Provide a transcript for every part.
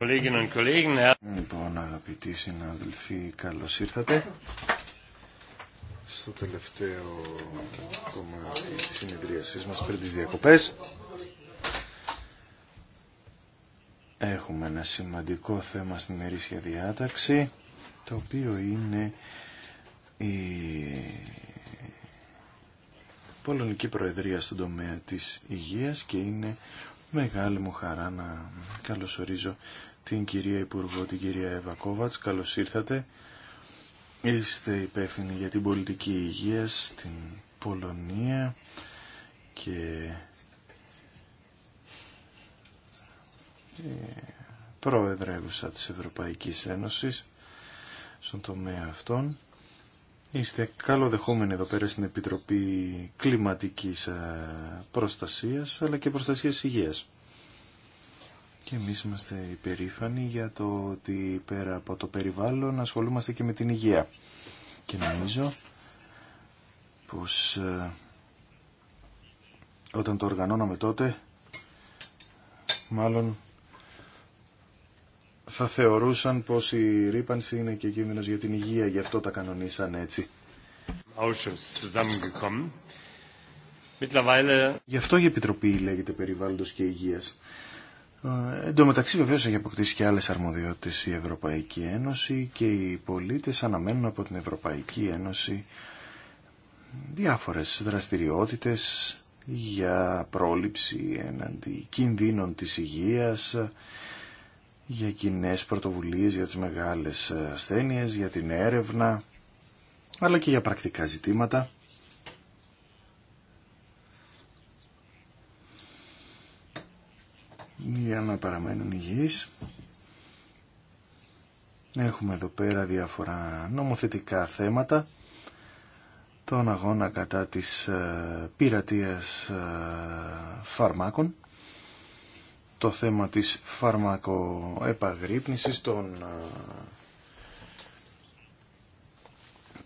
Λοιπόν, αγαπητοί συναδελφοί, καλώς ήρθατε στο τελευταίο κομμάτι τη συνεδρίασής μας πριν τις διακοπές. Έχουμε ένα σημαντικό θέμα στην μερίσια διάταξη, το οποίο είναι η Πολωνική Προεδρία στον τομέα της υγείας και είναι Μεγάλη μου χαρά να καλωσορίζω την κυρία Υπουργό, την κυρία Εύα Κόβατς. Καλώς ήρθατε. Είστε υπεύθυνοι για την πολιτική υγεία στην Πολωνία και ε, πρόεδρεύουσα της Ευρωπαϊκής Ένωσης στον τομέα αυτών. Είστε καλοδεχόμενοι εδώ πέρα στην Επιτροπή Κλιματικής ε, Προστασίας αλλά και Προστασίας Υγείας. Και εμείς είμαστε υπερήφανοι για το ότι πέρα από το περιβάλλον ασχολούμαστε και με την υγεία. Και νομίζω πως ε, όταν το οργανώναμε τότε μάλλον θα θεωρούσαν πως η ρήπανση είναι και κίνδυνος για την υγεία, γι' αυτό τα κανονίσαν έτσι. Γι' αυτό η Επιτροπή λέγεται Περιβάλλοντος και Υγείας. Ε, εν τω μεταξύ βεβαίως έχει αποκτήσει και άλλες αρμοδιότητες η Ευρωπαϊκή Ένωση και οι πολίτες αναμένουν από την Ευρωπαϊκή Ένωση διάφορες δραστηριότητες για πρόληψη εναντί κινδύνων της υγείας, για κοινέ πρωτοβουλίες, για τις μεγάλες ε, ασθένειες, για την έρευνα, αλλά και για πρακτικά ζητήματα. για να παραμένουν υγιείς. Έχουμε εδώ πέρα διάφορα νομοθετικά θέματα. Τον αγώνα κατά της ε, πειρατείας ε, φαρμάκων το θέμα της φαρμακοεπαγρύπνησης των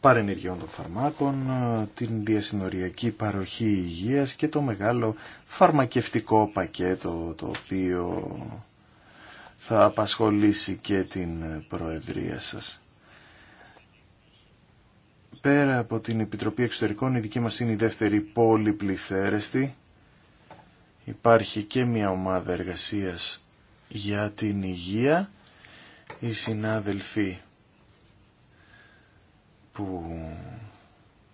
παρενεργειών των φαρμάκων, την διασυνοριακή παροχή υγείας και το μεγάλο φαρμακευτικό πακέτο το οποίο θα απασχολήσει και την Προεδρία σας. Πέρα από την Επιτροπή Εξωτερικών, η δική μας είναι η δεύτερη πόλη υπάρχει και μια ομάδα εργασίας για την υγεία. Οι συνάδελφοι που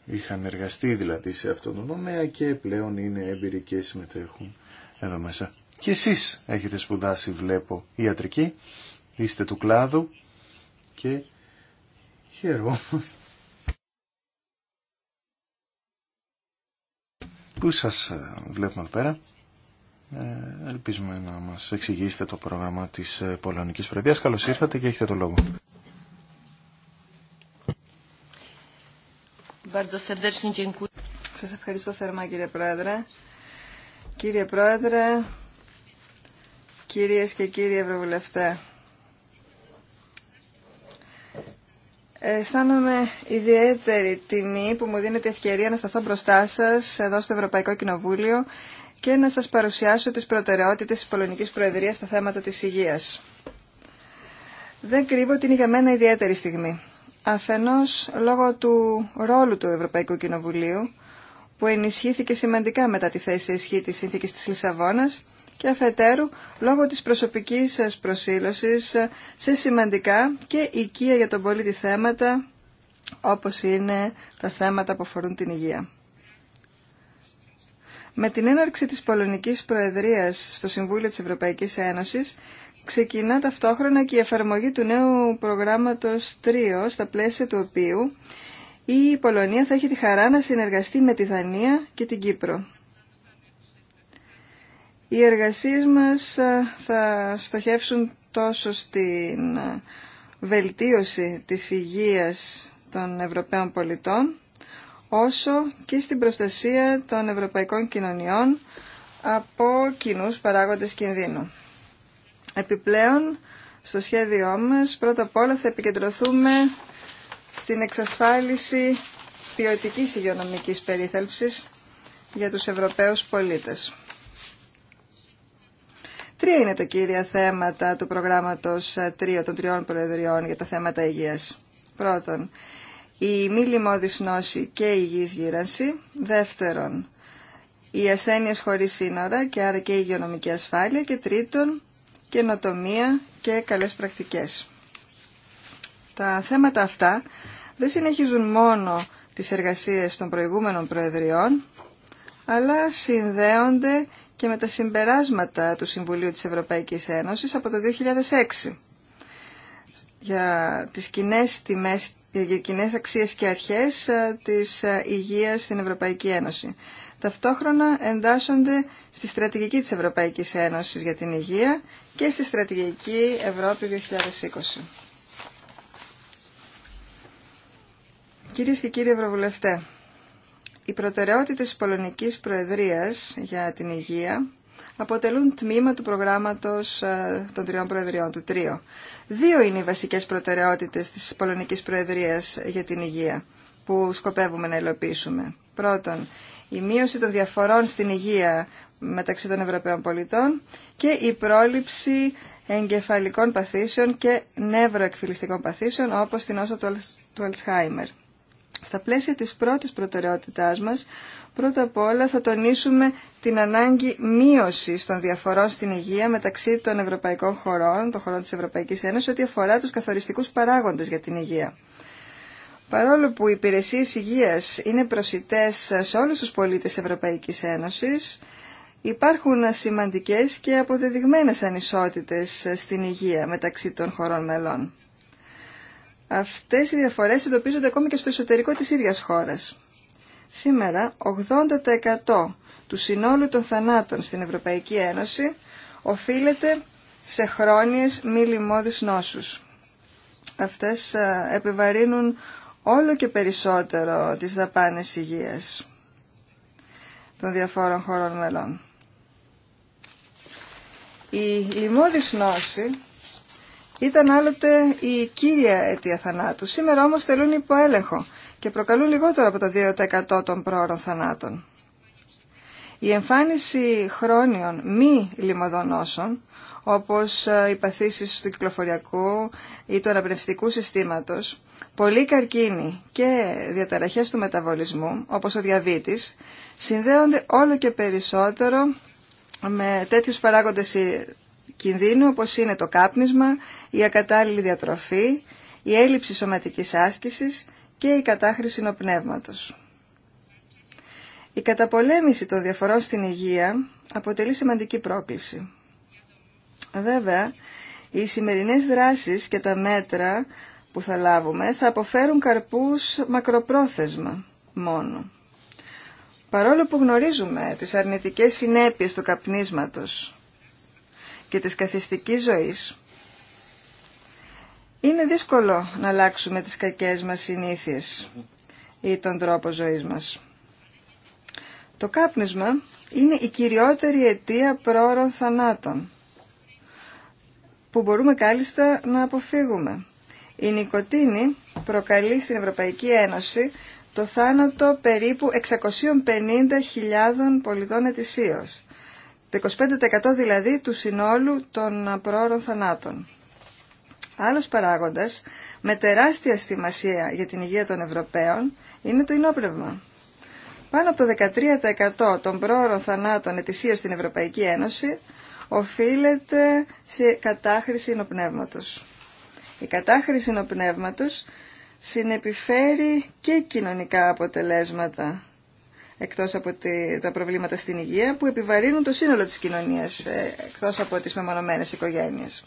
είχαν εργαστεί δηλαδή σε αυτόν τον τομέα και πλέον είναι έμπειροι και συμμετέχουν εδώ μέσα. Και εσείς έχετε σπουδάσει βλέπω ιατρική, είστε του κλάδου και χαιρόμαστε. Πού σας ε, βλέπουμε εδώ πέρα. Ε, ελπίζουμε να μας εξηγήσετε το πρόγραμμα της ε, Πολωνικής Προεδρίας. Καλώς ήρθατε και έχετε το λόγο. Σας ευχαριστώ θερμά κύριε Πρόεδρε. Κύριε Πρόεδρε, κυρίες και κύριοι Ευρωβουλευτέ. Αισθάνομαι ιδιαίτερη τιμή που μου δίνεται ευκαιρία να σταθώ μπροστά σας εδώ στο Ευρωπαϊκό Κοινοβούλιο και να σας παρουσιάσω τις προτεραιότητες της Πολωνικής Προεδρίας στα θέματα της υγείας. Δεν κρύβω την είναι ιδιαίτερη στιγμή. Αφενός λόγω του ρόλου του Ευρωπαϊκού Κοινοβουλίου, που ενισχύθηκε σημαντικά μετά τη θέση ισχύ της Σύνθηκης της Λισαβόνας και αφετέρου λόγω της προσωπικής σας προσήλωσης σε σημαντικά και οικία για τον πολίτη θέματα όπως είναι τα θέματα που αφορούν την υγεία. Με την έναρξη της Πολωνικής Προεδρίας στο Συμβούλιο της Ευρωπαϊκής Ένωσης ξεκινά ταυτόχρονα και η εφαρμογή του νέου προγράμματος 3, στα πλαίσια του οποίου η Πολωνία θα έχει τη χαρά να συνεργαστεί με τη Δανία και την Κύπρο. Οι εργασίες μας θα στοχεύσουν τόσο στην βελτίωση της υγείας των Ευρωπαίων πολιτών, όσο και στην προστασία των ευρωπαϊκών κοινωνιών από κοινού παράγοντες κινδύνου. Επιπλέον, στο σχέδιό μας, πρώτα απ' όλα θα επικεντρωθούμε στην εξασφάλιση ποιοτικής υγειονομικής περίθαλψης για τους Ευρωπαίους πολίτες. Τρία είναι τα κύρια θέματα του προγράμματος ε, τρίο, των τριών προεδριών για τα θέματα υγείας. Πρώτον, η μη λιμώδης νόση και η υγιής γύρανση. Δεύτερον, οι ασθένειες χωρίς σύνορα και άρα και η υγειονομική ασφάλεια. Και τρίτον, καινοτομία και καλές πρακτικές. Τα θέματα αυτά δεν συνεχίζουν μόνο τις εργασίες των προηγούμενων προεδριών, αλλά συνδέονται και με τα συμπεράσματα του Συμβουλίου της Ευρωπαϊκής Ένωσης από το 2006 για τις κοινέ τιμές ε, για κοινέ αξίες και αρχές ε, της ε, υγείας στην Ευρωπαϊκή Ένωση. Ταυτόχρονα εντάσσονται στη στρατηγική της Ευρωπαϊκής Ένωσης για την υγεία και στη στρατηγική Ευρώπη 2020. Κυρίε και κύριοι Ευρωβουλευτέ, οι προτεραιότητες της Πολωνικής Προεδρίας για την υγεία αποτελούν τμήμα του προγράμματος ε, των τριών προεδριών, του τρίου. Δύο είναι οι βασικές προτεραιότητες της Πολωνικής Προεδρίας για την υγεία που σκοπεύουμε να υλοποιήσουμε. Πρώτον, η μείωση των διαφορών στην υγεία μεταξύ των Ευρωπαίων πολιτών και η πρόληψη εγκεφαλικών παθήσεων και νευροεκφυλιστικών παθήσεων όπως την όσο του Αλσχάιμερ. Στα πλαίσια της πρώτης προτεραιότητάς μας Πρώτα απ' όλα θα τονίσουμε την ανάγκη μείωση των διαφορών στην υγεία μεταξύ των ευρωπαϊκών χωρών, των χωρών της Ευρωπαϊκής Ένωσης, ό,τι αφορά τους καθοριστικούς παράγοντες για την υγεία. Παρόλο που οι υπηρεσίε υγείας είναι προσιτές σε όλους τους πολίτες Ευρωπαϊκής Ένωσης, υπάρχουν σημαντικές και αποδεδειγμένες ανισότητες στην υγεία μεταξύ των χωρών μελών. Αυτές οι διαφορές εντοπίζονται ακόμη και στο εσωτερικό της ίδια χώρα. Σήμερα 80% του συνόλου των θανάτων στην Ευρωπαϊκή Ένωση οφείλεται σε χρόνιες μη λοιμώδεις νόσους. Αυτές ε, επιβαρύνουν όλο και περισσότερο τις δαπάνες υγείας των διαφόρων χωρών μελών. Η λοιμώδης νόση ήταν άλλοτε η κύρια αιτία θανάτου. Σήμερα όμως τελούν υπό έλεγχο και προκαλούν λιγότερο από το 2% των πρόωρων θανάτων. Η εμφάνιση χρόνιων μη λιμοδονώσεων, όπως ε, οι παθήσεις του κυκλοφοριακού ή του αναπνευστικού συστήματος, πολλοί καρκίνοι και διαταραχές του μεταβολισμού, όπως ο διαβήτης, συνδέονται όλο και περισσότερο με τέτοιους παράγοντες κινδύνου, όπως είναι το κάπνισμα, η ακατάλληλη διατροφή, η έλλειψη σωματικής άσκησης και η κατάχρηση νοπνεύματος. Η καταπολέμηση των διαφορών στην υγεία αποτελεί σημαντική πρόκληση. Βέβαια, οι σημερινές δράσεις και τα μέτρα που θα λάβουμε θα αποφέρουν καρπούς μακροπρόθεσμα μόνο. Παρόλο που γνωρίζουμε τις αρνητικές συνέπειες του καπνίσματος και της καθιστικής ζωής, είναι δύσκολο να αλλάξουμε τις κακές μας συνήθειες ή τον τρόπο ζωής μας. Το κάπνισμα είναι η κυριότερη αιτία πρόωρων θανάτων που μπορούμε κάλλιστα να αποφύγουμε. Η νοικοτήνη προκαλεί στην Ευρωπαϊκή Ένωση το θάνατο περίπου 650.000 πολιτών ετησίως. Το 25% δηλαδή του συνόλου των πρόωρων θανάτων. Άλλος παράγοντας με τεράστια σημασία για την υγεία των Ευρωπαίων είναι το ινόπνευμα. Πάνω από το 13% των πρόωρων θανάτων ετησίως στην Ευρωπαϊκή Ένωση οφείλεται σε κατάχρηση ινοπνεύματος. Η κατάχρηση ινοπνεύματος συνεπιφέρει και κοινωνικά αποτελέσματα εκτός από τα προβλήματα στην υγεία που επιβαρύνουν το σύνολο της κοινωνίας ε, εκτός από τις μεμονωμένες οικογένειες.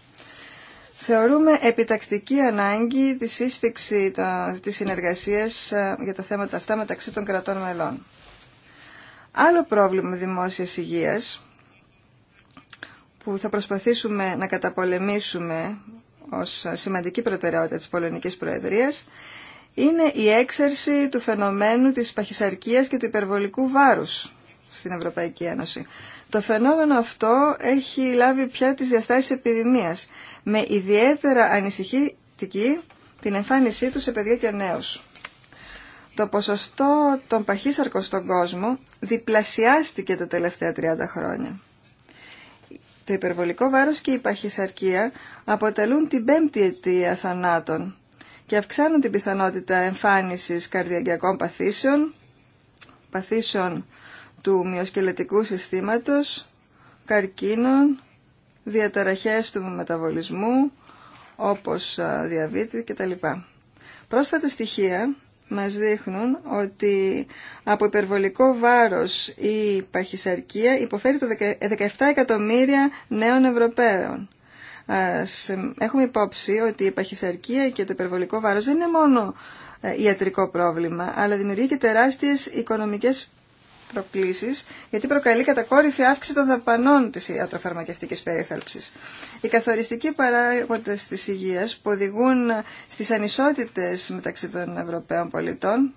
Θεωρούμε επιτακτική ανάγκη τη σύσφυξη της συνεργασίας ε, για τα θέματα αυτά μεταξύ των κρατών μελών. Άλλο πρόβλημα δημόσιας υγείας που θα προσπαθήσουμε να καταπολεμήσουμε ως σημαντική προτεραιότητα της Πολωνικής Προεδρίας είναι η έξαρση του φαινομένου της παχυσαρκίας και του υπερβολικού βάρους στην Ευρωπαϊκή Ένωση. Το φαινόμενο αυτό έχει λάβει πια τις διαστάσεις επιδημίας, με ιδιαίτερα ανησυχητική την εμφάνισή του σε παιδιά και νέους. Το ποσοστό των παχύσαρκων στον κόσμο διπλασιάστηκε τα τελευταία 30 χρόνια. Το υπερβολικό βάρος και η παχυσαρκία αποτελούν την πέμπτη αιτία θανάτων και αυξάνουν την πιθανότητα εμφάνισης καρδιαγκιακών παθήσεων, παθήσεων του μυοσκελετικού συστήματος, καρκίνων, διαταραχές του μεταβολισμού, όπως διαβήτη κτλ. Πρόσφατα στοιχεία μας δείχνουν ότι από υπερβολικό βάρος ή παχυσαρκία υποφέρει το 17 ε, εκατομμύρια νέων Ευρωπαίων. Έχουμε υπόψη ότι η παχυσαρκία και το υπερβολικό βάρος δεν είναι μόνο ε, ιατρικό πρόβλημα, αλλά δημιουργεί και τεράστιες οικονομικές προκλήσεις, γιατί προκαλεί κατακόρυφη αύξηση των δαπανών της ιατροφαρμακευτική περίθαλψη. Οι καθοριστικοί παράγοντε της υγείας που οδηγούν στις ανισότητες μεταξύ των Ευρωπαίων πολιτών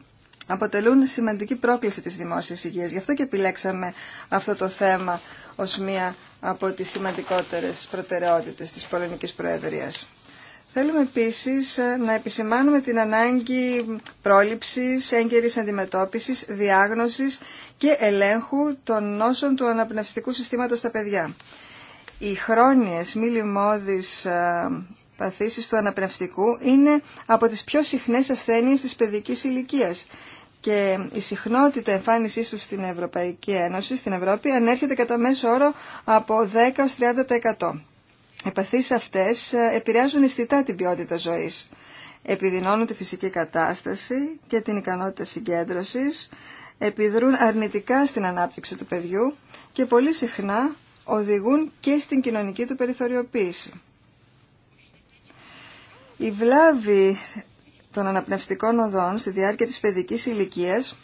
αποτελούν σημαντική πρόκληση της δημόσιας υγείας. Γι' αυτό και επιλέξαμε αυτό το θέμα ως μία από τις σημαντικότερες προτεραιότητες της Πολωνικής Προεδρίας. Θέλουμε επίσης ε, να επισημάνουμε την ανάγκη πρόληψης, έγκαιρης αντιμετώπισης, διάγνωσης και ελέγχου των νόσων του αναπνευστικού συστήματος στα παιδιά. Οι χρόνιες μη λιμώδεις ε, παθήσεις του αναπνευστικού είναι από τις πιο συχνές ασθένειες της παιδικής ηλικίας και η συχνότητα εμφάνισής τους στην Ευρωπαϊκή Ένωση, στην Ευρώπη, ανέρχεται κατά μέσο όρο από 10-30% επαθείς αυτές ε, επηρεάζουν αισθητά την ποιότητα ζωής. Επιδεινώνουν τη φυσική κατάσταση και την ικανότητα συγκέντρωσης, επιδρούν αρνητικά στην ανάπτυξη του παιδιού και πολύ συχνά οδηγούν και στην κοινωνική του περιθωριοποίηση. Η βλάβη των αναπνευστικών οδών στη διάρκεια της παιδικής ηλικίας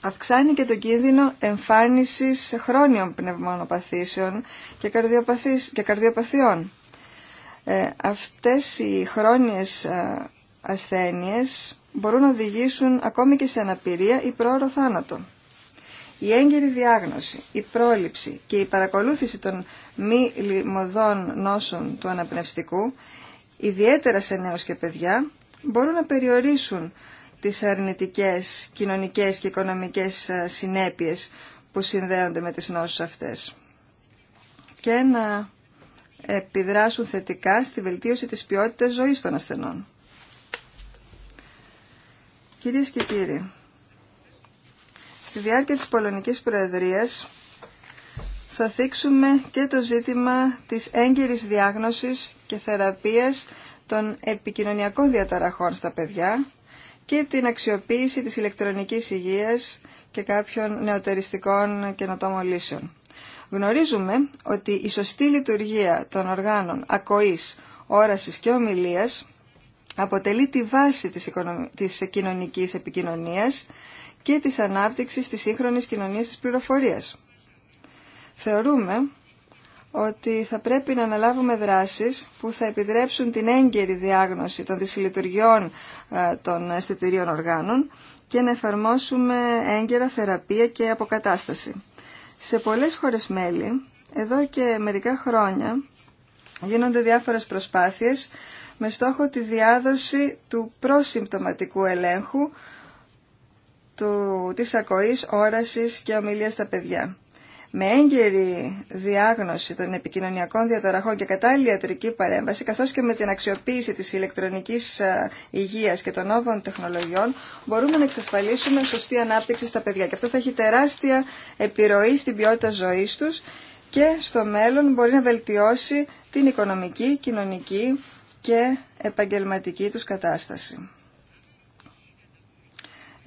αυξάνει και το κίνδυνο εμφάνισης χρόνιων πνευμονοπαθήσεων και, και καρδιοπαθειών. Ε, αυτές οι χρόνιες ε, ασθένειες μπορούν να οδηγήσουν ακόμη και σε αναπηρία ή πρόωρο θάνατο. Η έγκαιρη διάγνωση, η πρόληψη και η παρακολούθηση των μη λιμωδών νόσων του αναπνευστικού, ιδιαίτερα σε νέους και παιδιά, μπορούν να περιορίσουν τις αρνητικές κοινωνικές και οικονομικές ε, συνέπειες που συνδέονται με τις νόσους αυτές και να επιδράσουν θετικά στη βελτίωση της ποιότητας ζωής των ασθενών. Κυρίες και κύριοι, στη διάρκεια της Πολωνικής Προεδρίας θα θίξουμε και το ζήτημα της έγκυρης διάγνωσης και θεραπείας των επικοινωνιακών διαταραχών στα παιδιά και την αξιοποίηση της ηλεκτρονικής υγείας και κάποιων νεοτεριστικών καινοτόμων λύσεων. Γνωρίζουμε ότι η σωστή λειτουργία των οργάνων ακοής, όρασης και ομιλίας αποτελεί τη βάση της, οικονομ... της κοινωνικής επικοινωνίας και της ανάπτυξης της σύγχρονης κοινωνίας της πληροφορίας. Θεωρούμε ότι θα πρέπει να αναλάβουμε δράσεις που θα επιτρέψουν την έγκαιρη διάγνωση των δυσλειτουργιών ε, των αισθητηρίων οργάνων και να εφαρμόσουμε έγκαιρα θεραπεία και αποκατάσταση. Σε πολλές χώρες μέλη, εδώ και μερικά χρόνια, γίνονται διάφορες προσπάθειες με στόχο τη διάδοση του προσυμπτωματικού ελέγχου του, της ακοής, όρασης και ομιλίας στα παιδιά με έγκαιρη διάγνωση των επικοινωνιακών διαταραχών και κατάλληλη ιατρική παρέμβαση, καθώς και με την αξιοποίηση της ηλεκτρονικής ε, υγείας και των όβων τεχνολογιών, μπορούμε να εξασφαλίσουμε σωστή ανάπτυξη στα παιδιά. Και αυτό θα έχει τεράστια επιρροή στην ποιότητα ζωής τους και στο μέλλον μπορεί να βελτιώσει την οικονομική, κοινωνική και επαγγελματική τους κατάσταση.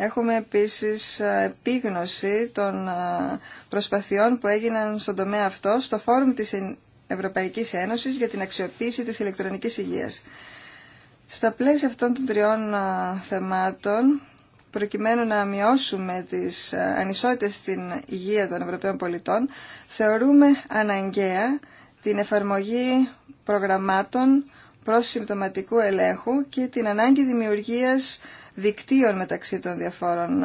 Έχουμε επίσης ε, επίγνωση των ε, προσπαθειών που έγιναν στον τομέα αυτό στο Φόρουμ της Ευρωπαϊκής Ένωσης για την αξιοποίηση της ηλεκτρονικής υγείας. Στα πλαίσια αυτών των τριών ε, θεμάτων, προκειμένου να μειώσουμε τις ανισότητες στην υγεία των Ευρωπαίων πολιτών, θεωρούμε αναγκαία την εφαρμογή προγραμμάτων προς συμπτωματικού ελέγχου και την ανάγκη δημιουργίας δικτύων μεταξύ των διαφόρων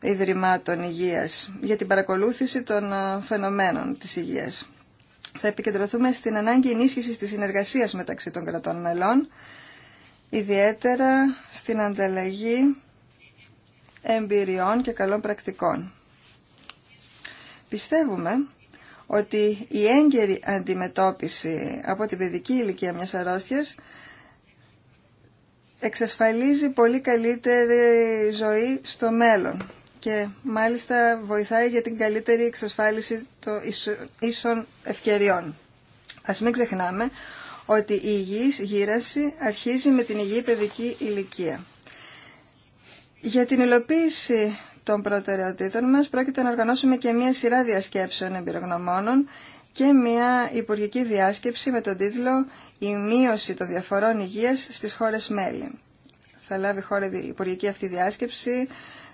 Ιδρυμάτων Υγείας για την παρακολούθηση των φαινομένων της υγείας. Θα επικεντρωθούμε στην ανάγκη ενίσχυσης της συνεργασίας μεταξύ των κρατών μελών, ιδιαίτερα στην ανταλλαγή εμπειριών και καλών πρακτικών. Πιστεύουμε ότι η έγκαιρη αντιμετώπιση από την παιδική ηλικία μιας αρρώστιας εξασφαλίζει πολύ καλύτερη ζωή στο μέλλον και μάλιστα βοηθάει για την καλύτερη εξασφάλιση των ίσων ευκαιριών. Ας μην ξεχνάμε ότι η υγιής γύραση αρχίζει με την υγιή παιδική ηλικία. Για την υλοποίηση των προτεραιοτήτων μας πρόκειται να οργανώσουμε και μία σειρά διασκέψεων εμπειρογνωμόνων και μία υπουργική διάσκεψη με τον τίτλο η μείωση των διαφορών υγείας στις χώρες μέλη. Θα λάβει χώρα η υπουργική αυτή διάσκεψη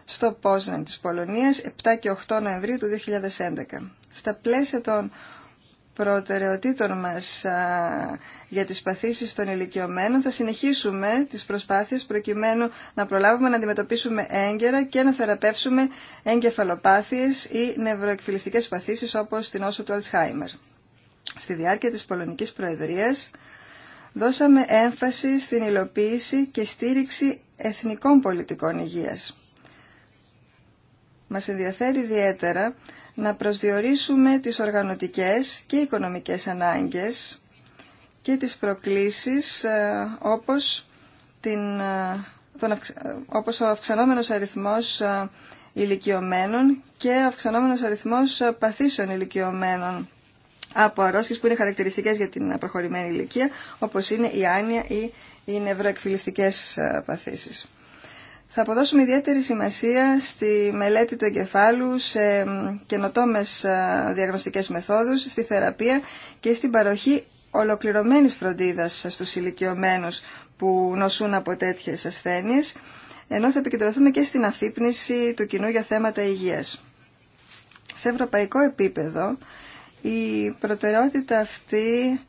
στο Πόσναν της Πολωνίας 7 και 8 Νοεμβρίου του 2011. Στα πλαίσια των προτεραιοτήτων μας για τις παθήσεις των ηλικιωμένων θα συνεχίσουμε τις προσπάθειες προκειμένου να προλάβουμε να αντιμετωπίσουμε έγκαιρα και να θεραπεύσουμε εγκεφαλοπάθειες ή νευροεκφυλιστικές παθήσεις όπως την όσο του Αλτσχάιμερ. Στη διάρκεια της Πολωνικής Προεδρίας δώσαμε έμφαση στην υλοποίηση και στήριξη εθνικών πολιτικών υγείας. Μας ενδιαφέρει ιδιαίτερα να προσδιορίσουμε τις οργανωτικές και οικονομικές ανάγκες και τις προκλήσεις ε, όπως, την, ε, τον, όπως ο αυξανόμενος αριθμός ε, ηλικιωμένων και ο αυξανόμενος αριθμός παθήσεων ηλικιωμένων από αρρώσκες που είναι χαρακτηριστικές για την προχωρημένη ηλικία, όπως είναι η άνοια ή οι νευροεκφυλιστικές ε, παθήσεις. Θα αποδώσουμε ιδιαίτερη σημασία στη μελέτη του εγκεφάλου σε καινοτόμες ε, διαγνωστικές μεθόδους, στη θεραπεία και στην παροχή ολοκληρωμένης φροντίδας στους ηλικιωμένους που νοσούν από τέτοιες ασθένειες, ενώ θα επικεντρωθούμε και στην αφύπνιση του κοινού για θέματα υγείας. Σε ευρωπαϊκό επίπεδο, η προτεραιότητα αυτή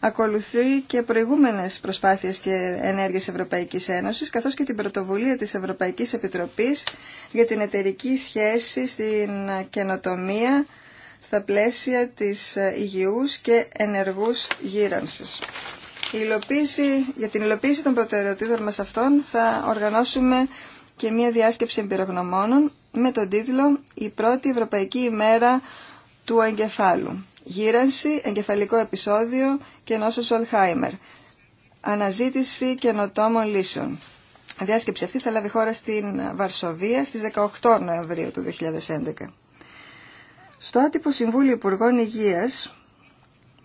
ακολουθεί και προηγούμενες προσπάθειες και ενέργειες Ευρωπαϊκής Ένωσης, καθώς και την πρωτοβουλία της Ευρωπαϊκής Επιτροπής για την εταιρική σχέση στην καινοτομία στα πλαίσια της υγιούς και ενεργούς γύρανσης. Η υλοποίηση, για την υλοποίηση των προτεραιοτήτων μας αυτών θα οργανώσουμε και μια διάσκεψη εμπειρογνωμόνων με τον τίτλο «Η πρώτη Ευρωπαϊκή ημέρα του εγκεφάλου. Γύρανση, εγκεφαλικό επεισόδιο και νόσος Ολχάιμερ. Αναζήτηση καινοτόμων λύσεων. διάσκεψη αυτή θα λάβει χώρα στην Βαρσοβία στις 18 Νοεμβρίου του 2011. Στο άτυπο Συμβούλιο Υπουργών Υγείας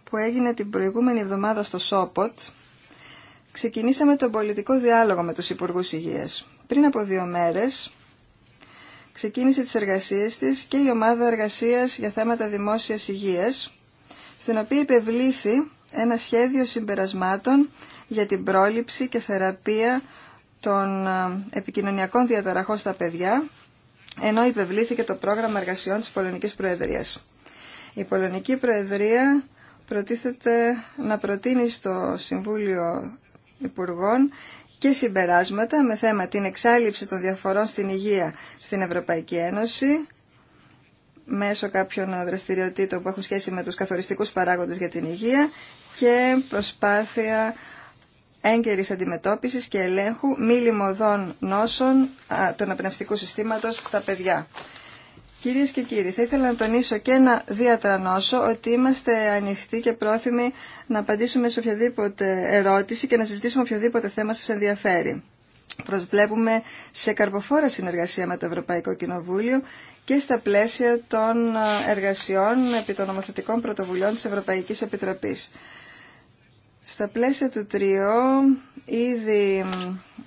που έγινε την προηγούμενη εβδομάδα στο Σόποτ, ξεκινήσαμε τον πολιτικό διάλογο με τους Υπουργούς Υγείας. Πριν από δύο μέρες ξεκίνησε τις εργασίες της και η ομάδα εργασίας για θέματα δημόσιας υγείας, στην οποία υπευλήθη ένα σχέδιο συμπερασμάτων για την πρόληψη και θεραπεία των ε, επικοινωνιακών διαταραχών στα παιδιά, ενώ υπευλήθηκε το πρόγραμμα εργασιών της Πολωνικής Προεδρίας. Η Πολωνική Προεδρία προτίθεται να προτείνει στο Συμβούλιο Υπουργών και συμπεράσματα με θέμα την εξάλληψη των διαφορών στην υγεία στην Ευρωπαϊκή Ένωση μέσω κάποιων δραστηριοτήτων που έχουν σχέση με τους καθοριστικούς παράγοντες για την υγεία και προσπάθεια έγκαιρης αντιμετώπισης και ελέγχου μη λιμωδών νόσων του αναπνευστικού συστήματος στα παιδιά. Κυρίες και κύριοι, θα ήθελα να τονίσω και να διατρανώσω ότι είμαστε ανοιχτοί και πρόθυμοι να απαντήσουμε σε οποιαδήποτε ερώτηση και να συζητήσουμε οποιοδήποτε θέμα σας ενδιαφέρει. Προσβλέπουμε σε καρποφόρα συνεργασία με το Ευρωπαϊκό Κοινοβούλιο και στα πλαίσια των εργασιών επί των νομοθετικών πρωτοβουλειών της Ευρωπαϊκής Επιτροπής. Στα πλαίσια του τριό, ήδη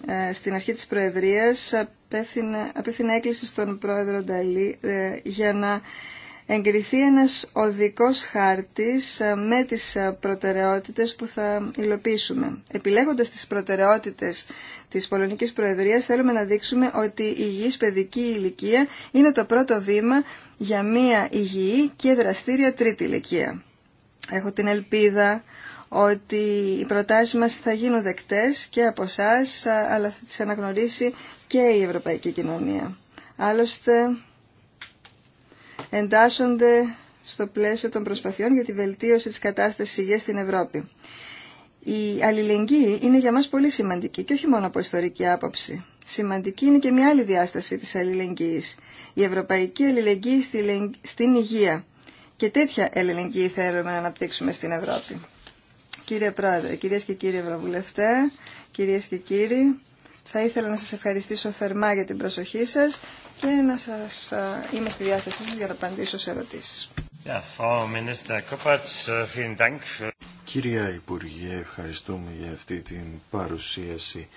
ε, στην αρχή της Προεδρίας απέθυνε, έκκληση στον πρόεδρο Νταλή ε, για να εγκριθεί ένας οδικός χάρτης ε, με τις προτεραιότητες που θα υλοποιήσουμε. Επιλέγοντας τις προτεραιότητες της Πολωνικής Προεδρίας θέλουμε να δείξουμε ότι η υγιής παιδική ηλικία είναι το πρώτο βήμα για μια υγιή και δραστήρια τρίτη ηλικία. Έχω την ελπίδα ότι οι προτάσει μα θα γίνουν δεκτέ και από εσά, αλλά θα τι αναγνωρίσει και η ευρωπαϊκή κοινωνία. Άλλωστε, εντάσσονται στο πλαίσιο των προσπαθειών για τη βελτίωση της κατάστασης υγείας στην Ευρώπη. Η αλληλεγγύη είναι για μας πολύ σημαντική και όχι μόνο από ιστορική άποψη. Σημαντική είναι και μια άλλη διάσταση της αλληλεγγύης. Η ευρωπαϊκή αλληλεγγύη στην υγεία. Και τέτοια αλληλεγγύη θέλουμε να αναπτύξουμε στην Ευρώπη. Κύριε Πρόεδρε, κυρίες και κύριοι Ευρωβουλευτέ, κυρίες και κύριοι, θα ήθελα να σας ευχαριστήσω θερμά για την προσοχή σας και να σας είμαι στη διάθεσή σας για να απαντήσω σε ερωτήσεις. Äh, Κυρία Υπουργέ, ευχαριστούμε για αυτή την παρουσίαση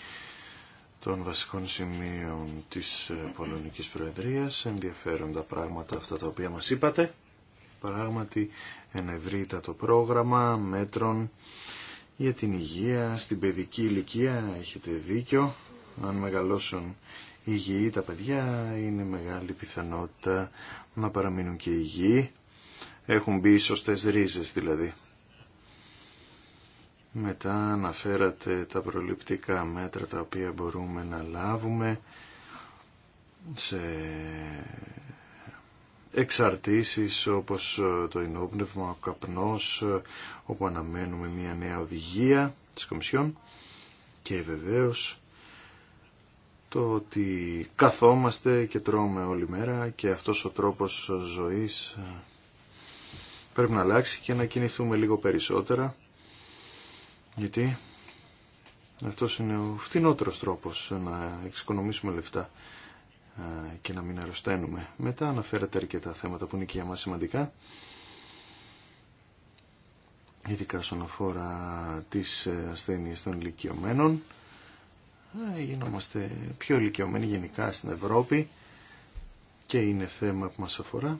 των βασικών σημείων της ε, Πολωνικής Προεδρίας. Ενδιαφέροντα πράγματα αυτά τα οποία μας είπατε. Πράγματι, το πρόγραμμα μέτρων για την υγεία, στην παιδική ηλικία, έχετε δίκιο, αν μεγαλώσουν υγιεί τα παιδιά είναι μεγάλη πιθανότητα να παραμείνουν και υγιεί. Έχουν μπει σωστές ρίζες δηλαδή. Μετά αναφέρατε τα προληπτικά μέτρα τα οποία μπορούμε να λάβουμε σε εξαρτήσεις όπως ε, το ενόπνευμα, ο καπνός, ε, όπου αναμένουμε μια νέα οδηγία της Κομισιόν και βεβαίως το ότι καθόμαστε και τρώμε όλη μέρα και αυτός ο τρόπος ζωής ε, πρέπει να αλλάξει και να κινηθούμε λίγο περισσότερα γιατί αυτός είναι ο φθηνότερος τρόπος να εξοικονομήσουμε λεφτά και να μην αρρωσταίνουμε. Μετά αναφέρατε αρκετά θέματα που είναι και για μας σημαντικά, ειδικά όσον αφορά τις ε, ασθένειες των ηλικιωμένων. Γινόμαστε πιο ηλικιωμένοι γενικά στην Ευρώπη και είναι θέμα που μας αφορά.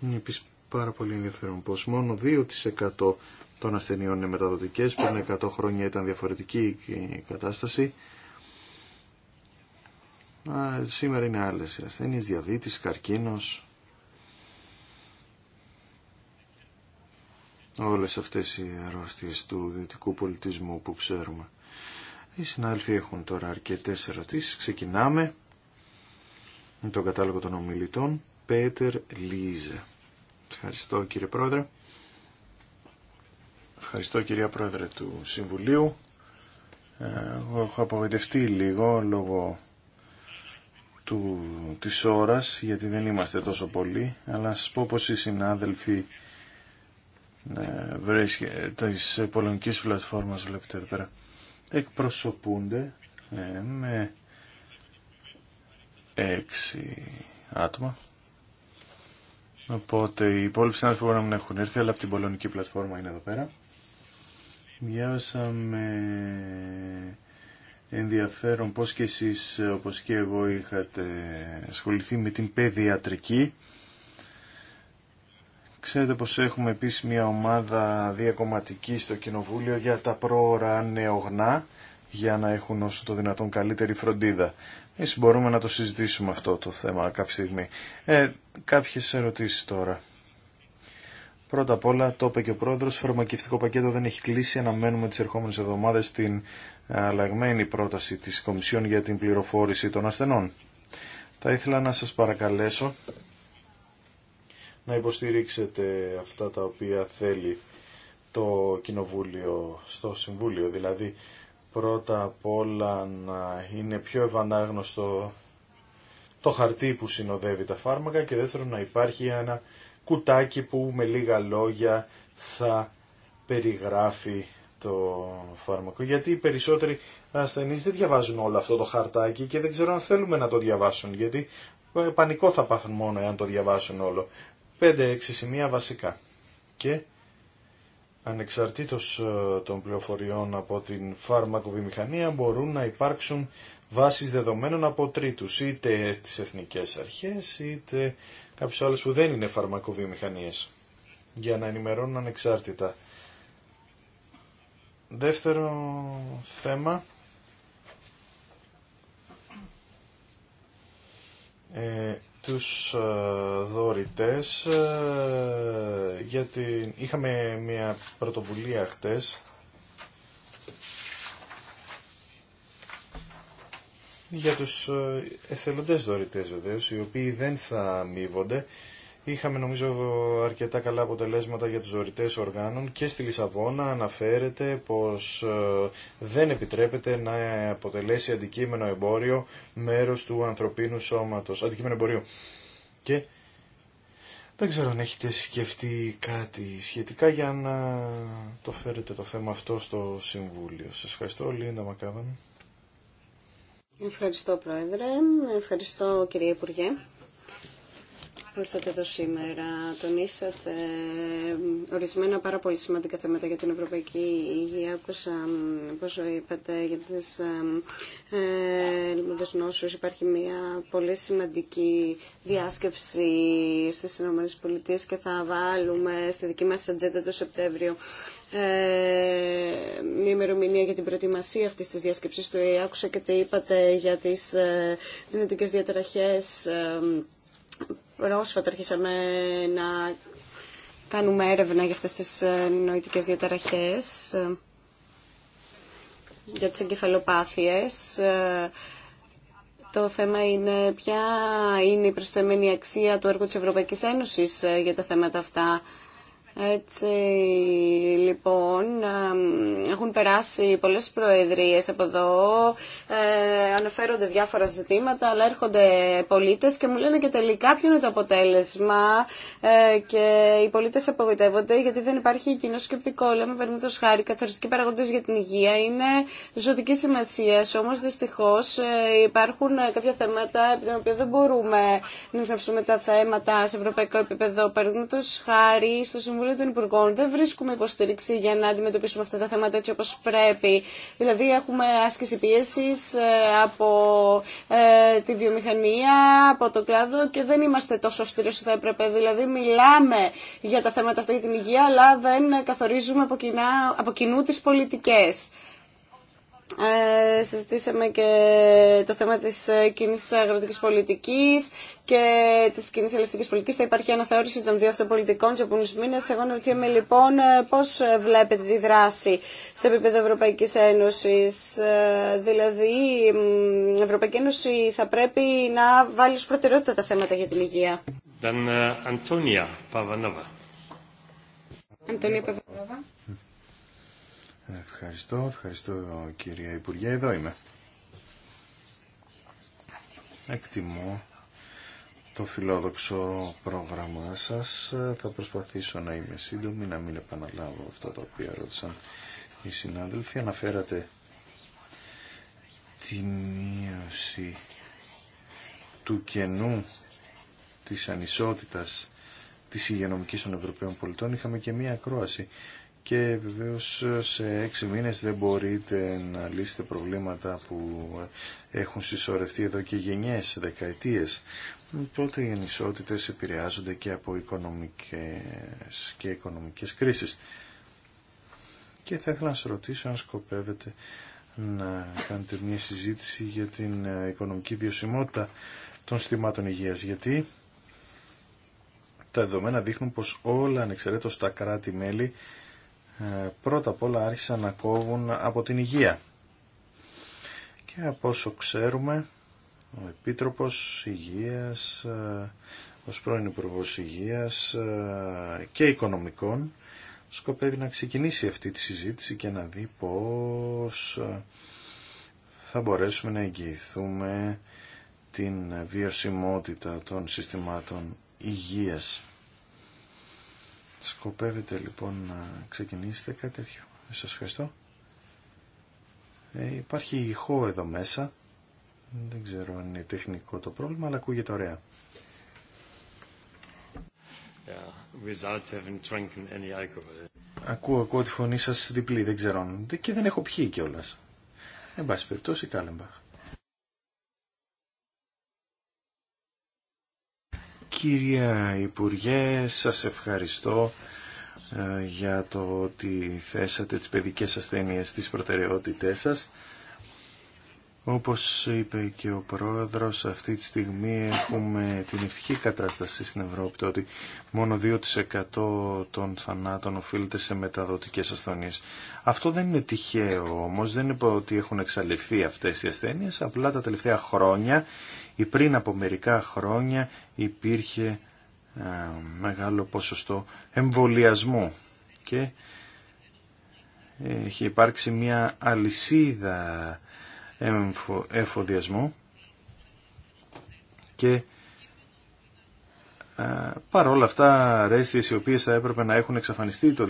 Είναι επίσης πάρα πολύ ενδιαφέρον πως μόνο 2% των ασθενειών είναι μεταδοτικές. Πριν 100 χρόνια ήταν διαφορετική η κατάσταση. Σήμερα είναι άλλες οι ασθένειες, διαβήτης, καρκίνος. Όλες αυτές οι αρρώστιες του δυτικού πολιτισμού που ξέρουμε. Οι συνάδελφοι έχουν τώρα αρκετές ερωτήσεις. Ξεκινάμε με τον κατάλογο των ομιλητών. Πέτερ Λίζε. Ευχαριστώ κύριε Πρόεδρε. Ευχαριστώ κυρία Πρόεδρε του Συμβουλίου. Ε, εγώ έχω απογοητευτεί λίγο λόγω του, της ώρας, γιατί δεν είμαστε τόσο πολλοί, αλλά σας πω πως οι συνάδελφοι ε, της πολωνικής πλατφόρμας, βλέπετε πέρα, εκπροσωπούνται ε, με έξι άτομα. Οπότε οι υπόλοιποι συνάδελφοι μπορεί να μην έχουν έρθει, αλλά από την πολωνική πλατφόρμα είναι εδώ πέρα. Διάβασαμε ενδιαφέρον πώς και εσείς, όπως και εγώ, είχατε ασχοληθεί με την παιδιατρική. Ξέρετε πως έχουμε επίσης μια ομάδα διακομματική στο Κοινοβούλιο για τα πρόωρα νεογνά για να έχουν όσο το δυνατόν καλύτερη φροντίδα. Εμείς μπορούμε να το συζητήσουμε αυτό το θέμα κάποια στιγμή. Ε, κάποιες ερωτήσεις τώρα. Πρώτα απ' όλα, το είπε και ο πρόεδρος, φαρμακευτικό πακέτο δεν έχει κλείσει. Αναμένουμε τις ερχόμενες εβδομάδε την αλλαγμένη πρόταση της Κομισιόν για την πληροφόρηση των ασθενών. Θα ήθελα να σας παρακαλέσω να υποστηρίξετε αυτά τα οποία θέλει το Κοινοβούλιο στο Συμβούλιο. Δηλαδή, πρώτα απ' όλα να είναι πιο ευανάγνωστο το χαρτί που συνοδεύει τα φάρμακα και δεύτερον να υπάρχει ένα κουτάκι που με λίγα λόγια θα περιγράφει το φάρμακο. Γιατί οι περισσότεροι ασθενείς δεν διαβάζουν όλο αυτό το χαρτάκι και δεν ξέρω αν θέλουμε να το διαβάσουν. Γιατί ε, πανικό θα πάθουν μόνο εάν το διαβάσουν όλο. 5-6 σημεία βασικά. Και ανεξαρτήτως ε, των πληροφοριών από την φάρμακοβιομηχανία μπορούν να υπάρξουν βάσεις δεδομένων από τρίτους, είτε τις εθνικές αρχές, είτε κάποιους άλλους που δεν είναι φαρμακοβιομηχανίες για να ενημερώνουν ανεξάρτητα. Δεύτερο θέμα ε, τους ε, δωρητές ε, γιατί είχαμε μια πρωτοβουλία χτες για τους ε, εθελοντές δωρητές βεβαίως, οι οποίοι δεν θα αμείβονται. Είχαμε νομίζω αρκετά καλά αποτελέσματα για τους δωρητές οργάνων και στη Λισαβόνα αναφέρεται πως ε, δεν επιτρέπεται να αποτελέσει αντικείμενο εμπόριο μέρος του ανθρωπίνου σώματος, αντικείμενο εμπορίου. Και δεν ξέρω αν έχετε σκεφτεί κάτι σχετικά για να το φέρετε το θέμα αυτό στο Συμβούλιο. Σας ευχαριστώ, Λίντα Ευχαριστώ Πρόεδρε, ευχαριστώ κυρία Υπουργέ που ήρθατε εδώ σήμερα. Τονίσατε ορισμένα πάρα πολύ σημαντικά θέματα για την ευρωπαϊκή υγεία. Άκουσα είπατε για τις ελληνικές ε, νόσους. Υπάρχει μια πολύ σημαντική διάσκεψη στις ΗΠΑ και θα βάλουμε στη δική μας ατζέντα το Σεπτέμβριο ε, μια ημερομηνία για την προετοιμασία αυτή της διάσκεψης του ΕΕ. Άκουσα και τι είπατε για τις ε, νοητικές διαταραχές. Ε, πρόσφατα αρχίσαμε να κάνουμε έρευνα για αυτές τις νοητικές διαταραχές, για τις εγκεφαλοπάθειες. Το θέμα είναι ποια είναι η προσθεμένη αξία του έργου της Ευρωπαϊκής Ένωσης για τα θέματα αυτά. Έτσι λοιπόν έχουν περάσει πολλές προεδρίες από εδώ, ε, αναφέρονται διάφορα ζητήματα, αλλά έρχονται πολίτες και μου λένε και τελικά ποιο είναι το αποτέλεσμα ε, και οι πολίτες απογοητεύονται γιατί δεν υπάρχει κοινό σκεπτικό. Λέμε περίμετως χάρη, καθοριστικοί παραγοντές για την υγεία είναι ζωτική σημασία, όμως δυστυχώς ε, υπάρχουν κάποια θέματα επί των οποίων δεν μπορούμε να εμπνευσούμε τα θέματα σε ευρωπαϊκό επίπεδο. Παραδείγματος χάρη στο Συμβούλιο Συμβουλίου των Υπουργών δεν βρίσκουμε υποστήριξη για να αντιμετωπίσουμε αυτά τα θέματα έτσι όπως πρέπει. Δηλαδή έχουμε άσκηση πίεσης ε, από ε, τη βιομηχανία, από το κλάδο και δεν είμαστε τόσο αυστηροί όσο θα έπρεπε. Δηλαδή μιλάμε για τα θέματα αυτά για την υγεία αλλά δεν καθορίζουμε από, κοινά, από κοινού τις πολιτικές ε, συζητήσαμε και το θέμα της ε, κοινή αγροτικής πολιτικής και της κοινή ελευθερικής πολιτικής. Θα υπάρχει αναθεώρηση των δύο αυτών πολιτικών σε επόμενους μήνες. Εγώ Με λοιπόν ε, πώς ε, βλέπετε τη δράση σε επίπεδο Ευρωπαϊκής Ένωσης. Δηλαδή η Ευρωπαϊκή Ένωση θα πρέπει να βάλει ως προτεραιότητα τα θέματα για την υγεία. Αντωνία Παβανόβα. Αντωνία Ευχαριστώ, ευχαριστώ κυρία Υπουργέ. Εδώ είμαι. Εκτιμώ το φιλόδοξο πρόγραμμά σας. Θα προσπαθήσω να είμαι σύντομη, να μην επαναλάβω αυτά τα οποία ρώτησαν οι συνάδελφοι. Αναφέρατε τη μείωση του κενού της ανισότητας της υγειονομικής των Ευρωπαίων πολιτών. Είχαμε και μία ακρόαση και βεβαίως σε έξι μήνες δεν μπορείτε να λύσετε προβλήματα που έχουν συσσωρευτεί εδώ και γενιές, δεκαετίες. Τότε οι ανισότητες επηρεάζονται και από οικονομικές και οικονομικές κρίσεις. Και θα ήθελα να σας ρωτήσω αν σκοπεύετε να κάνετε μια συζήτηση για την οικονομική βιωσιμότητα των στήματων υγείας. Γιατί τα δεδομένα δείχνουν πως όλα ανεξαιρέτως τα κράτη-μέλη ε, πρώτα απ' όλα άρχισαν να κόβουν από την υγεία. Και από όσο ξέρουμε, ο Επίτροπος Υγείας, ε, ως πρώην Υπουργός Υγείας ε, και Οικονομικών, σκοπεύει να ξεκινήσει αυτή τη συζήτηση και να δει πώς θα μπορέσουμε να εγγυηθούμε την βιωσιμότητα των συστημάτων υγείας Σκοπεύετε λοιπόν να ξεκινήσετε κάτι τέτοιο. Σας ευχαριστώ. Ε, υπάρχει ηχό εδώ μέσα. Δεν ξέρω αν είναι τεχνικό το πρόβλημα, αλλά ακούγεται ωραία. Yeah, ακούω, ακούω τη φωνή σας διπλή, δεν ξέρω αν... Και δεν έχω πιει κιόλας. Εν πάση περιπτώσει, Κάλεμπαχ. Κυρία Υπουργέ, σας ευχαριστώ ε, για το ότι θέσατε τις παιδικές ασθένειες στις προτεραιότητές σας. Όπως είπε και ο Πρόεδρος, αυτή τη στιγμή έχουμε την ευτυχή κατάσταση στην Ευρώπη, ότι μόνο 2% των θανάτων οφείλεται σε μεταδοτικές ασθονίες. Αυτό δεν είναι τυχαίο όμως, δεν είπα ότι έχουν εξαλειφθεί αυτές οι ασθένειες, απλά τα τελευταία χρόνια ή πριν από μερικά χρόνια υπήρχε ε, μεγάλο ποσοστό εμβολιασμού και έχει υπάρξει μια αλυσίδα εφοδιασμού και παρόλα αυτά αρέστιες οι οποίες θα έπρεπε να έχουν εξαφανιστεί το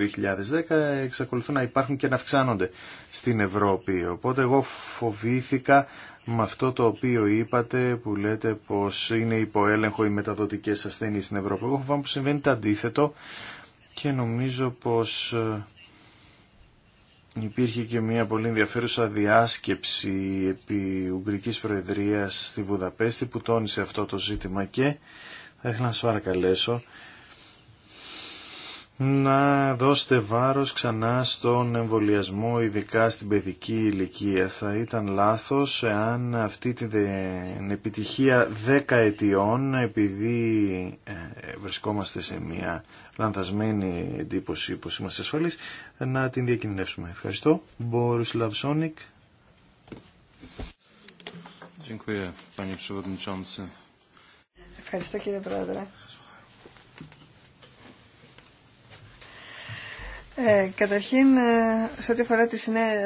2010 εξακολουθούν να υπάρχουν και να αυξάνονται στην Ευρώπη. Οπότε εγώ φοβήθηκα με αυτό το οποίο είπατε που λέτε πως είναι υποέλεγχο οι μεταδοτικές ασθένειες στην Ευρώπη. Εγώ φοβάμαι που συμβαίνει το αντίθετο και νομίζω πως Υπήρχε και μια πολύ ενδιαφέρουσα διάσκεψη επί Ουγγρικής Προεδρίας στη Βουδαπέστη που τόνισε αυτό το ζήτημα και θα ήθελα να σας παρακαλέσω να δώσετε βάρος ξανά στον εμβολιασμό, ειδικά στην παιδική ηλικία. Θα ήταν λάθος αν αυτή την επιτυχία δέκα ετιών, επειδή ε, βρισκόμαστε σε μια λανθασμένη εντύπωση πως είμαστε ασφαλείς, να την διακινδυνεύσουμε. Ευχαριστώ. Μπορούς Λαυσόνικ. Ευχαριστώ κύριε Πρόεδρε. Ε, καταρχήν, ε, σε ό,τι αφορά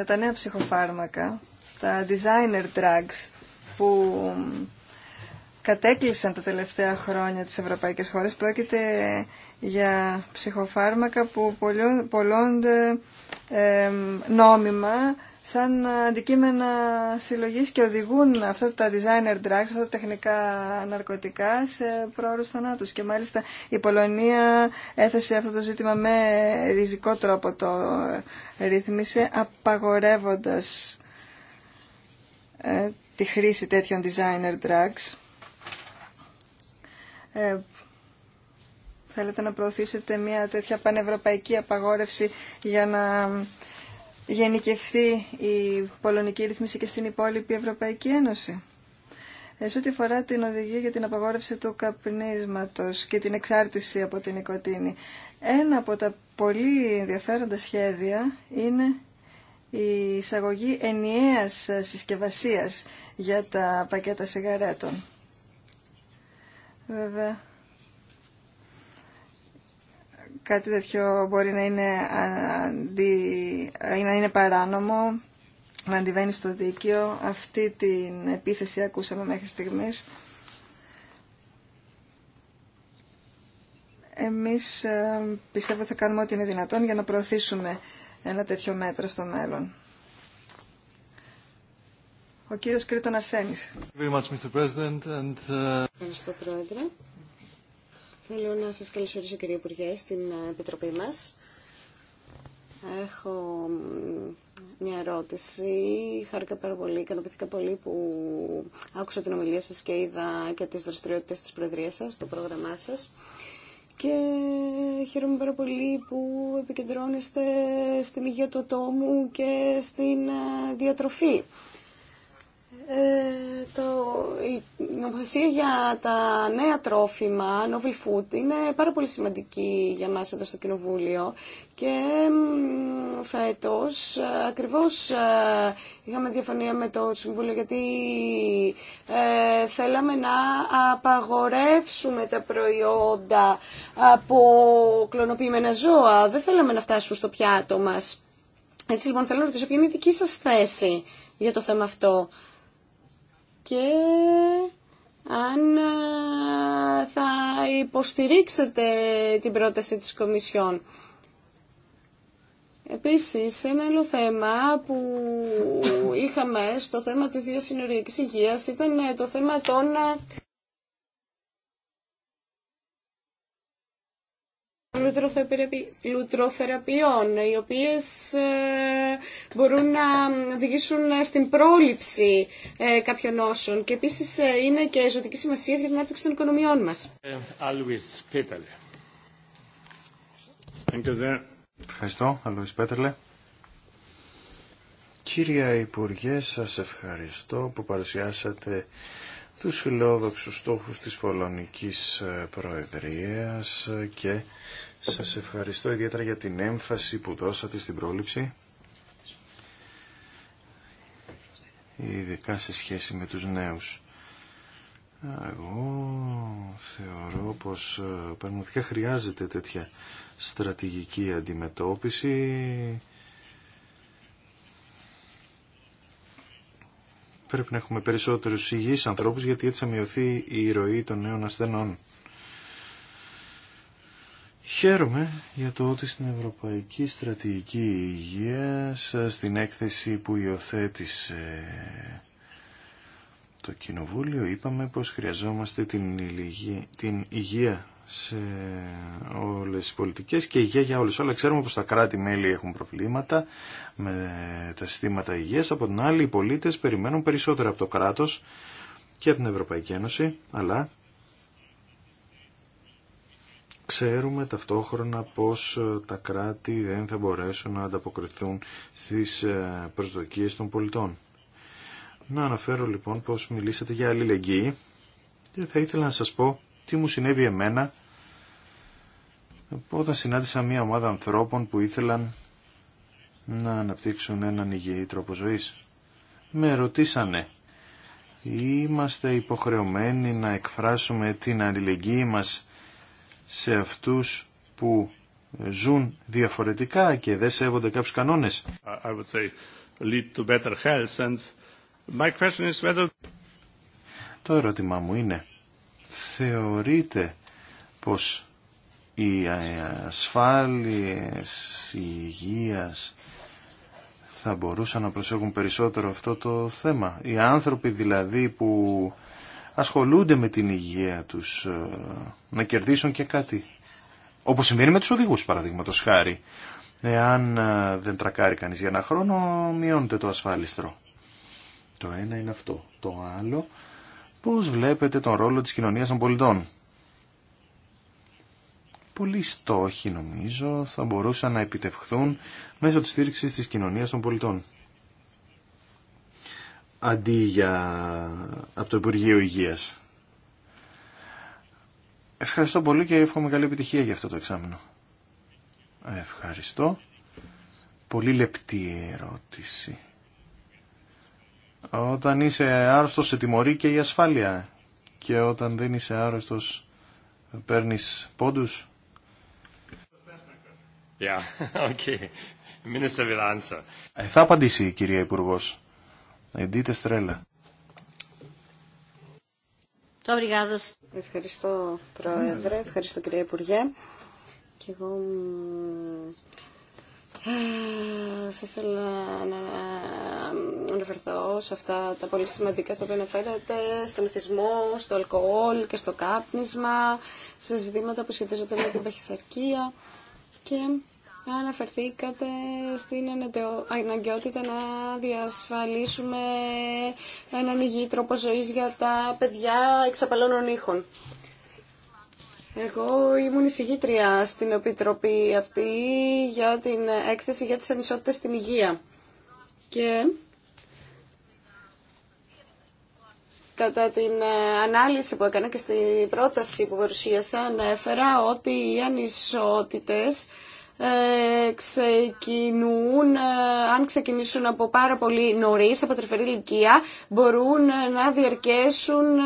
τα νέα ψυχοφάρμακα, τα designer drugs που κατέκλυσαν τα τελευταία χρόνια τις ευρωπαϊκές χώρες. Πρόκειται για ψυχοφάρμακα που πολλώνται νόμιμα σαν αντικείμενα συλλογής και οδηγούν αυτά τα designer drugs, αυτά τα τεχνικά ναρκωτικά σε πρόωρους θανάτους. Και μάλιστα η Πολωνία έθεσε αυτό το ζήτημα με ριζικό τρόπο το ρύθμισε, απαγορεύοντας ε, τη χρήση τέτοιων designer drugs ε, θέλετε να προωθήσετε μια τέτοια πανευρωπαϊκή απαγόρευση για να γενικευθεί η πολωνική ρυθμίση και στην υπόλοιπη Ευρωπαϊκή Ένωση. Ε, σε ό,τι αφορά την οδηγία για την απαγόρευση του καπνίσματος και την εξάρτηση από την νοικοτήνη, ένα από τα πολύ ενδιαφέροντα σχέδια είναι η εισαγωγή ενιαίας συσκευασίας για τα πακέτα σιγαρέτων. Βέβαια, κάτι τέτοιο μπορεί να είναι, αντι... να είναι παράνομο, να αντιβαίνει στο δίκαιο. Αυτή την επίθεση ακούσαμε μέχρι στιγμής. Εμείς ε, πιστεύω θα κάνουμε ό,τι είναι δυνατόν για να προωθήσουμε ένα τέτοιο μέτρο στο μέλλον. Ο κύριος Κρήτον Αρσένης. Uh, Ευχαριστώ, Πρόεδρε. Θέλω να σας καλωσορίσω, κύριε Υπουργέ, στην ε, Επιτροπή μας. Έχω μια ερώτηση. Χάρηκα πάρα πολύ, ικανοποιήθηκα πολύ που άκουσα την ομιλία σας και είδα και τις δραστηριότητες της Προεδρίας σας, το πρόγραμμά σας. Και χαίρομαι πάρα πολύ που επικεντρώνεστε στην υγεία του ατόμου και στην ε, διατροφή. Ε, το, η νομοθεσία για τα νέα τρόφιμα, novel food, είναι πάρα πολύ σημαντική για μας εδώ στο Κοινοβούλιο και φέτος ακριβώς ε, είχαμε διαφωνία με το Συμβούλιο γιατί ε, θέλαμε να απαγορεύσουμε τα προϊόντα από κλωνοποιημένα ζώα. Δεν θέλαμε να φτάσουν στο πιάτο μας. Έτσι λοιπόν θέλω να ρωτήσω ποια είναι η δική σας θέση για το θέμα αυτό και αν ε, θα υποστηρίξετε την πρόταση της Κομισιόν. Επίσης, ένα άλλο θέμα που είχαμε στο θέμα της διασυνοριακής υγείας ήταν το θέμα των ε, λουτροθεραπείων, οι οποίες ε, μπορούν να οδηγήσουν στην πρόληψη ε, κάποιων νόσων και επίσης ε, είναι και ζωτική σημασία για την άπτυξη των οικονομιών μας. Ευχαριστώ, Αλουίς Πέτελε. Κύριε Υπουργέ, σας ευχαριστώ που παρουσιάσατε τους φιλόδοξους στόχους της Πολωνικής ε, Προεδρίας και σας ευχαριστώ ιδιαίτερα για την έμφαση που δώσατε στην πρόληψη ειδικά σε σχέση με τους νέους. Εγώ θεωρώ πως ε, πραγματικά χρειάζεται τέτοια στρατηγική αντιμετώπιση Πρέπει να έχουμε περισσότερους υγιείς ανθρώπους γιατί έτσι θα μειωθεί η ροή των νέων ασθενών. Χαίρομαι για το ότι στην Ευρωπαϊκή Στρατηγική Υγείας, στην έκθεση που υιοθέτησε το Κοινοβούλιο είπαμε πως χρειαζόμαστε την, υγεία, την υγεία σε όλες τις πολιτικές και υγεία για όλους. Αλλά ξέρουμε πως τα κράτη-μέλη έχουν προβλήματα με τα συστήματα υγείας. Από την άλλη οι πολίτες περιμένουν περισσότερα από το κράτος και από την Ευρωπαϊκή Ένωση, αλλά ξέρουμε ταυτόχρονα πως τα κράτη δεν θα μπορέσουν να ανταποκριθούν στις προσδοκίες των πολιτών. Να αναφέρω λοιπόν πως μιλήσατε για αλληλεγγύη και θα ήθελα να σας πω τι μου συνέβη εμένα όταν συνάντησα μια ομάδα ανθρώπων που ήθελαν να αναπτύξουν έναν υγιή τρόπο ζωής. Με ρωτήσανε είμαστε υποχρεωμένοι να εκφράσουμε την αλληλεγγύη μας σε αυτούς που ζουν διαφορετικά και δεν σέβονται κάποιους κανόνες. Το ερώτημά μου είναι, θεωρείτε πως οι ασφάλειες, η υγείας θα μπορούσαν να προσέχουν περισσότερο αυτό το θέμα. Οι άνθρωποι δηλαδή που ασχολούνται με την υγεία τους ε, να κερδίσουν και κάτι. Όπως συμβαίνει με τους οδηγούς παραδείγματος χάρη. Εάν ε, δεν τρακάρει κανείς για ένα χρόνο μειώνεται το ασφάλιστρο. Το ένα είναι αυτό. Το άλλο, πώς βλέπετε τον ρόλο της κοινωνίας των πολιτών. Πολλοί στόχοι, νομίζω, θα μπορούσαν να επιτευχθούν μέσω της στήριξης της κοινωνίας των πολιτών. Αντί για... από το Υπουργείο Υγείας. Ευχαριστώ πολύ και εύχομαι καλή επιτυχία για αυτό το εξάμεινο. Ευχαριστώ. Πολύ λεπτή ερώτηση. Όταν είσαι άρρωστος σε τιμωρεί και η ασφάλεια. Και όταν δεν είσαι άρρωστος παίρνεις πόντους. Ε, θα απαντήσει η κυρία Υπουργός. Εντίτε στρέλα. Ευχαριστώ Πρόεδρε, ευχαριστώ κυρία Υπουργέ. Και εγώ θα ήθελα ε, να αναφερθώ σε αυτά τα πολύ σημαντικά στο οποίο αναφέρατε, στον μυθισμό, στο αλκοόλ και στο κάπνισμα, σε ζητήματα που σχετίζονται με την παχυσαρκία και αναφερθήκατε στην αναγκαιότητα να διασφαλίσουμε έναν υγιή τρόπο ζωής για τα παιδιά εξαπαλώνων ήχων. Εγώ ήμουν εισηγήτρια στην Επιτροπή αυτή για την έκθεση για τις ανισότητες στην υγεία. Και κατά την ε, ανάλυση που έκανα και στην πρόταση που παρουσίασα ανέφερα ότι οι ανισότητες ε, ξεκινούν, ε, αν ξεκινήσουν από πάρα πολύ νωρίς, από τρυφερή ηλικία, μπορούν να διαρκέσουν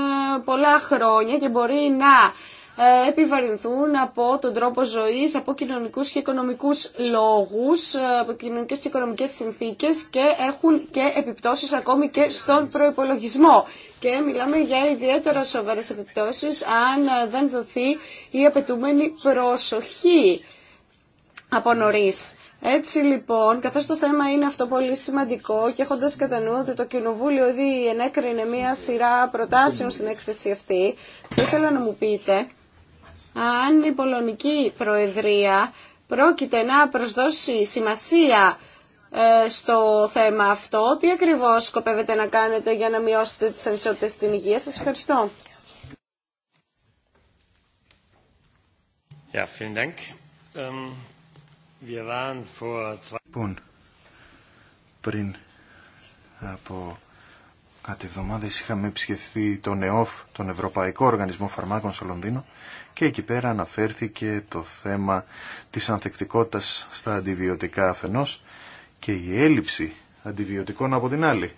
πολλά χρόνια και μπορεί να ε, επιβαρυνθούν από τον τρόπο ζωής, από κοινωνικούς και οικονομικούς λόγους, ε, από κοινωνικές και οικονομικές συνθήκες και έχουν και επιπτώσεις ακόμη και στον προϋπολογισμό. Και μιλάμε για ιδιαίτερα σοβαρές επιπτώσεις αν ε, δεν δοθεί η απαιτούμενη προσοχή από νωρίς. Έτσι λοιπόν, καθώς το θέμα είναι αυτό πολύ σημαντικό και έχοντας κατά νου ότι το Κοινοβούλιο ήδη ενέκρινε μία σειρά προτάσεων στην έκθεση αυτή, ήθελα να μου πείτε αν η Πολωνική Προεδρία πρόκειται να προσδώσει σημασία ε, στο θέμα αυτό. Τι ακριβώς σκοπεύετε να κάνετε για να μειώσετε τις ανισότητες στην υγεία. Σας ευχαριστώ. Ähm, λοιπόν, πριν από κάτι εβδομάδες είχαμε επισκεφθεί τον ΕΟΦ, τον Ευρωπαϊκό Οργανισμό Φαρμάκων στο Λονδίνο και εκεί πέρα αναφέρθηκε το θέμα της ανθεκτικότητας στα αντιβιωτικά αφενός και η έλλειψη αντιβιωτικών από την άλλη.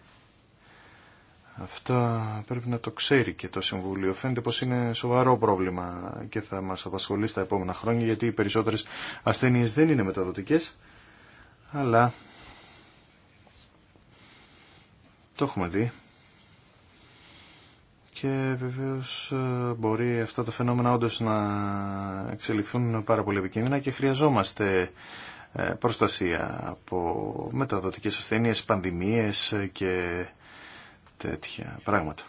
Αυτό πρέπει να το ξέρει και το Συμβούλιο. Φαίνεται πως είναι σοβαρό πρόβλημα και θα μας απασχολεί στα επόμενα χρόνια γιατί οι περισσότερες ασθένειες δεν είναι μεταδοτικές αλλά το έχουμε δει και βεβαίως ε, μπορεί αυτά τα φαινόμενα όντως να εξελιχθούν πάρα πολύ επικίνδυνα και χρειαζόμαστε ε, προστασία από μεταδοτικές ασθένειες, πανδημίες ε, και τέτοια πράγματα.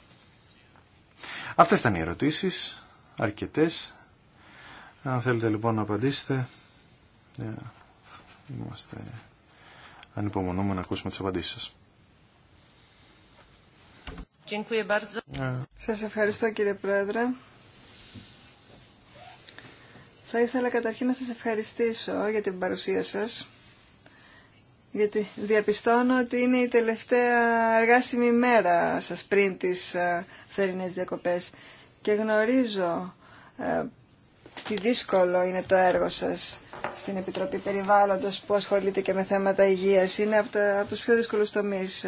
Αυτές ήταν οι ερωτήσεις, αρκετές. Αν θέλετε λοιπόν να απαντήσετε, είμαστε ανυπομονούμε να ακούσουμε τις απαντήσεις σας. Σας ευχαριστώ κύριε Πρόεδρε. Θα ήθελα καταρχήν να σας ευχαριστήσω για την παρουσία σας, γιατί διαπιστώνω ότι είναι η τελευταία αργάσιμη μέρα σας πριν τις ε, θερινές διακοπές και γνωρίζω ε, τι δύσκολο είναι το έργο σας στην Επιτροπή Περιβάλλοντος που ασχολείται και με θέματα υγείας. Είναι από, τα, από τους πιο δύσκολους τομείς.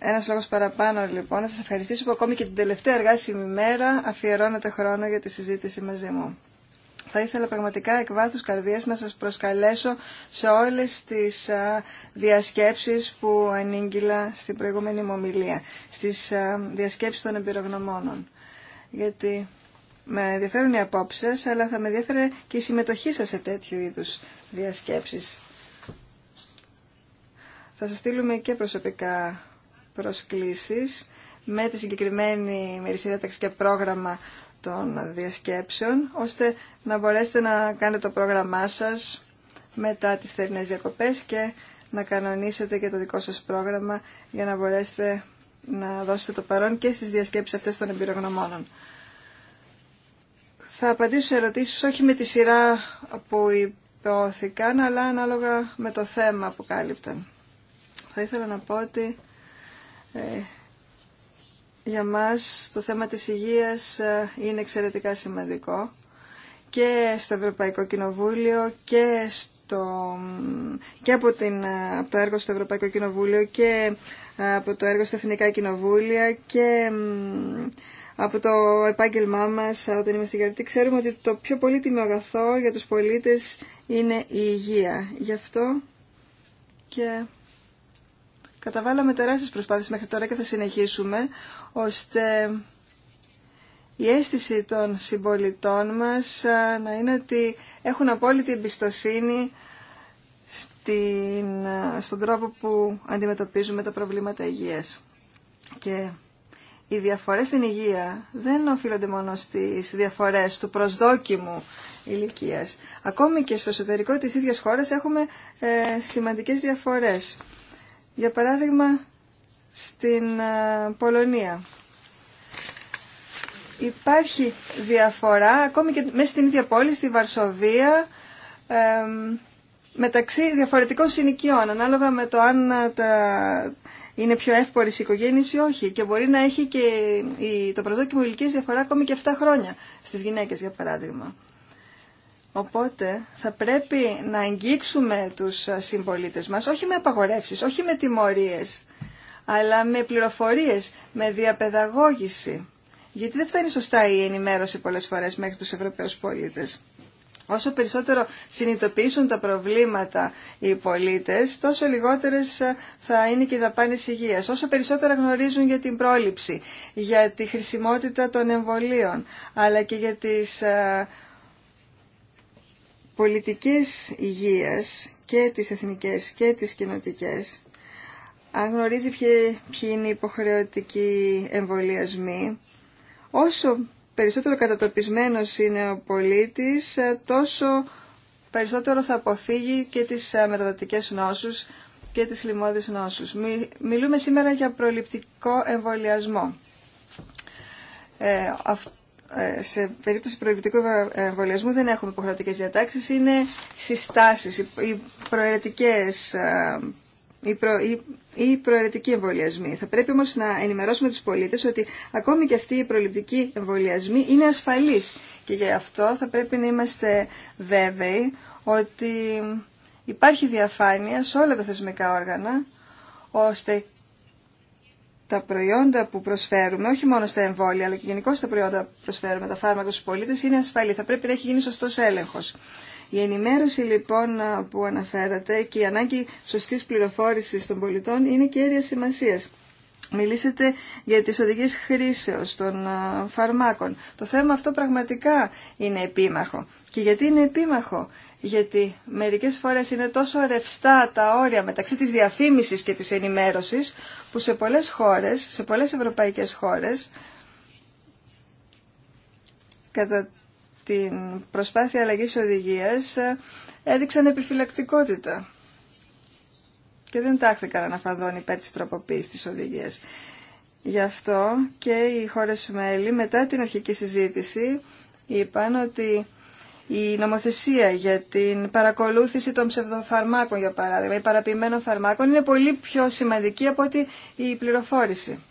Ένα λόγος παραπάνω λοιπόν. Να σας ευχαριστήσω που ακόμη και την τελευταία εργάσιμη μέρα αφιερώνετε χρόνο για τη συζήτηση μαζί μου. Θα ήθελα πραγματικά εκ βάθους καρδίας να σας προσκαλέσω σε όλες τις διασκέψεις που ανήγγυλα στην προηγούμενη μου ομιλία, στις διασκέψεις των εμπειρογνωμόνων. Γιατί με ενδιαφέρουν οι απόψεις, αλλά θα με ενδιαφέρε και η συμμετοχή σας σε τέτοιου είδους διασκέψεις. Θα σας στείλουμε και προσωπικά προσκλήσεις με τη συγκεκριμένη ημερησία διάταξη και πρόγραμμα των διασκέψεων, ώστε να μπορέσετε να κάνετε το πρόγραμμά σας μετά τις θερινές διακοπές και να κανονίσετε και το δικό σας πρόγραμμα για να μπορέσετε να δώσετε το παρόν και στις διασκέψεις αυτές των εμπειρογνωμόνων. Θα απαντήσω ερωτήσεις όχι με τη σειρά που υπόθηκαν, αλλά ανάλογα με το θέμα που κάλυπταν. Θα ήθελα να πω ότι ε, για μας το θέμα της υγείας ε, είναι εξαιρετικά σημαντικό και στο Ευρωπαϊκό Κοινοβούλιο και, στο, και από, την, ε, από το έργο στο Ευρωπαϊκό Κοινοβούλιο και από το έργο στα Εθνικά Κοινοβούλια και από το επάγγελμά μας όταν είμαστε γιατί ξέρουμε ότι το πιο πολύτιμο αγαθό για τους πολίτες είναι η υγεία. Γι' αυτό και Καταβάλαμε τεράστιες προσπάθειες μέχρι τώρα και θα συνεχίσουμε, ώστε η αίσθηση των συμπολιτών μας να είναι ότι έχουν απόλυτη εμπιστοσύνη στην, στον τρόπο που αντιμετωπίζουμε τα προβλήματα υγείας. Και οι διαφορές στην υγεία δεν οφείλονται μόνο στις διαφορές του προσδόκιμου ηλικίας. Ακόμη και στο εσωτερικό της ίδιας χώρας έχουμε ε, σημαντικές διαφορές. Για παράδειγμα, στην ε, Πολωνία υπάρχει διαφορά, ακόμη και μέσα στην ίδια πόλη, στη Βαρσοβία, μεταξύ διαφορετικών συνοικιών, ανάλογα με το αν ε, είναι πιο εύπορη η οικογένεια ή όχι. Και μπορεί να έχει και το προσδόκιμο ηλικία διαφορά ακόμη και 7 χρόνια στις γυναίκες, για παράδειγμα. Οπότε θα πρέπει να αγγίξουμε τους ε, συμπολίτες μας, όχι με απαγορεύσεις, όχι με τιμωρίες, αλλά με πληροφορίες, με διαπαιδαγώγηση. Γιατί δεν φτάνει σωστά η ενημέρωση πολλές φορές μέχρι τους Ευρωπαίους πολίτες. Όσο περισσότερο συνειδητοποιήσουν τα προβλήματα οι πολίτες, τόσο λιγότερες ε, θα είναι και οι δαπάνες υγείας. Όσο περισσότερα γνωρίζουν για την πρόληψη, για τη χρησιμότητα των εμβολίων, αλλά και για τις ε, πολιτικές υγείας και τις εθνικές και τις κοινοτικές, αν γνωρίζει ποιοι, είναι οι υποχρεωτικοί εμβολιασμοί, όσο περισσότερο κατατοπισμένος είναι ο πολίτης, τόσο περισσότερο θα αποφύγει και τις ε, μεταδοτικές νόσους και τις λοιμώδεις νόσους. Μιλούμε σήμερα για προληπτικό εμβολιασμό. Ε, αυτό ε, σε περίπτωση προληπτικού εμβολιασμού δεν έχουμε υποχρεωτικές διατάξεις, είναι συστάσεις, οι προαιρετικές, ε, οι, οι προαιρετικοί εμβολιασμοί. Θα πρέπει όμως να ενημερώσουμε τους πολίτες ότι ακόμη και αυτοί οι προληπτικοί εμβολιασμοί είναι ασφαλείς και γι' αυτό θα πρέπει να είμαστε βέβαιοι ότι υπάρχει διαφάνεια σε όλα τα θεσμικά όργανα ώστε τα προϊόντα που προσφέρουμε, όχι μόνο στα εμβόλια, αλλά και γενικώ τα προϊόντα που προσφέρουμε, τα φάρμακα στους πολίτες, είναι ασφαλή. Θα πρέπει να έχει γίνει σωστό έλεγχος. Η ενημέρωση λοιπόν που αναφέρατε και η ανάγκη σωστή πληροφόρηση των πολιτών είναι κέρια σημασία. Μιλήσετε για τις οδηγίες χρήσεως των φαρμάκων. Το θέμα αυτό πραγματικά είναι επίμαχο. Και γιατί είναι επίμαχο γιατί μερικές φορές είναι τόσο ρευστά τα όρια μεταξύ της διαφήμισης και της ενημέρωσης που σε πολλές χώρες, σε πολλές ευρωπαϊκές χώρες κατά την προσπάθεια αλλαγής οδηγίας ε, έδειξαν επιφυλακτικότητα και δεν τάχθηκαν να φαδών υπέρ της τροποποίησης της οδηγίας. Γι' αυτό και οι χώρες μέλη μετά την αρχική συζήτηση είπαν ότι η νομοθεσία για την παρακολούθηση των ψευδοφαρμάκων, για παράδειγμα, ή παραποιημένων φαρμάκων, είναι πολύ πιο σημαντική από ότι η πληροφόρηση.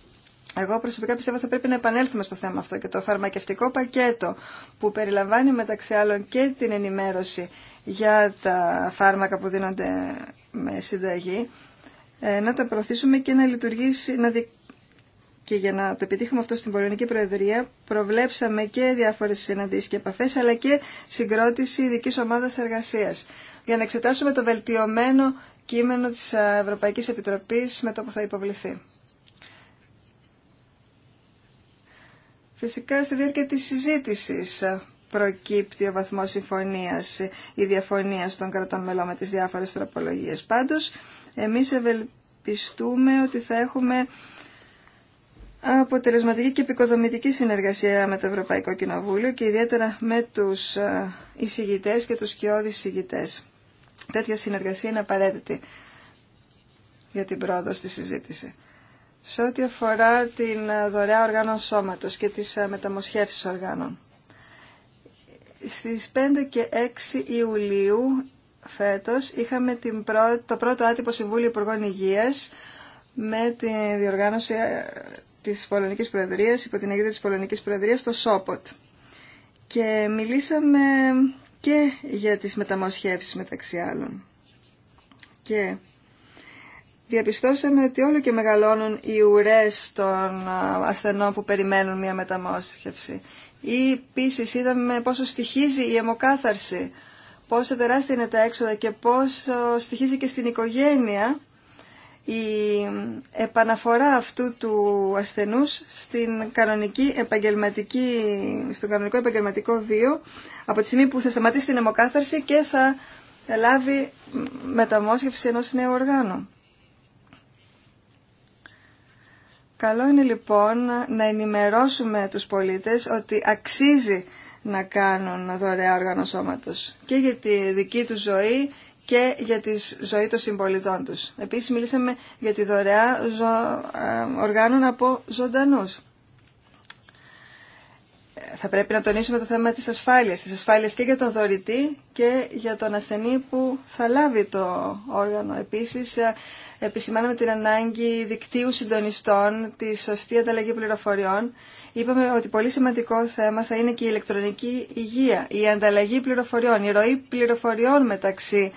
Εγώ προσωπικά πιστεύω θα πρέπει να επανέλθουμε στο θέμα αυτό και το φαρμακευτικό πακέτο που περιλαμβάνει μεταξύ άλλων και την ενημέρωση για τα φάρμακα που δίνονται με συνταγή ε, να τα προωθήσουμε και να λειτουργήσει, να, και για να το επιτύχουμε αυτό στην Πολωνική Προεδρία, προβλέψαμε και διάφορε συναντήσει και επαφέ, αλλά και συγκρότηση ειδική ομάδα εργασία. Για να εξετάσουμε το βελτιωμένο κείμενο τη ε, Ευρωπαϊκή Επιτροπή το που θα υποβληθεί. Φυσικά στη διάρκεια τη συζήτηση ε, προκύπτει ο βαθμό συμφωνία ή διαφωνία των κρατών μελών με τι διάφορε τροπολογίε Πάντω, Εμεί ευελπιστούμε ότι θα έχουμε αποτελεσματική και επικοδομητική συνεργασία με το Ευρωπαϊκό Κοινοβούλιο και ιδιαίτερα με τους ε, εισηγητές και τους σκιώδεις εισηγητές. Τέτοια συνεργασία είναι απαραίτητη για την πρόοδο στη συζήτηση. Σε ό,τι αφορά την ε, δωρεά οργάνων σώματος και τις ε, μεταμοσχεύσεις οργάνων. Στις 5 και 6 Ιουλίου φέτος είχαμε την το πρώτο άτυπο Συμβούλιο Υπουργών Υγείας με τη διοργάνωση της Πολωνικής Προεδρίας, υπό την αιγύδα της Πολωνικής Προεδρίας, στο Σόποτ. Και μιλήσαμε και για τις μεταμόσχευσει μεταξύ άλλων. Και διαπιστώσαμε ότι όλο και μεγαλώνουν οι ουρές των ασθενών που περιμένουν μια μεταμόσχευση. Ή επίση είδαμε πόσο στοιχίζει η αιμοκάθαρση, πόσο τεράστια είναι τα έξοδα και πόσο στοιχίζει και στην οικογένεια η επαναφορά αυτού του ασθενούς στην κανονική επαγγελματική, στον κανονικό επαγγελματικό βίο από τη στιγμή που θα σταματήσει την αιμοκάθαρση και θα λάβει μεταμόσχευση ενός νέου οργάνου. Καλό είναι λοιπόν να ενημερώσουμε τους πολίτες ότι αξίζει να κάνουν δωρεά όργανο σώματος και για τη δική του ζωή και για τη ζωή των συμπολιτών τους. Επίσης μιλήσαμε για τη δωρεά οργάνων από ζωντανούς. Θα πρέπει να τονίσουμε το θέμα της ασφάλειας, της ασφάλειας και για τον δωρητή και για τον ασθενή που θα λάβει το όργανο. Επίσης, ε, επισημάναμε την ανάγκη δικτύου συντονιστών, τη σωστή ανταλλαγή πληροφοριών είπαμε ότι πολύ σημαντικό θέμα θα είναι και η ηλεκτρονική υγεία, η ανταλλαγή πληροφοριών, η ροή πληροφοριών μεταξύ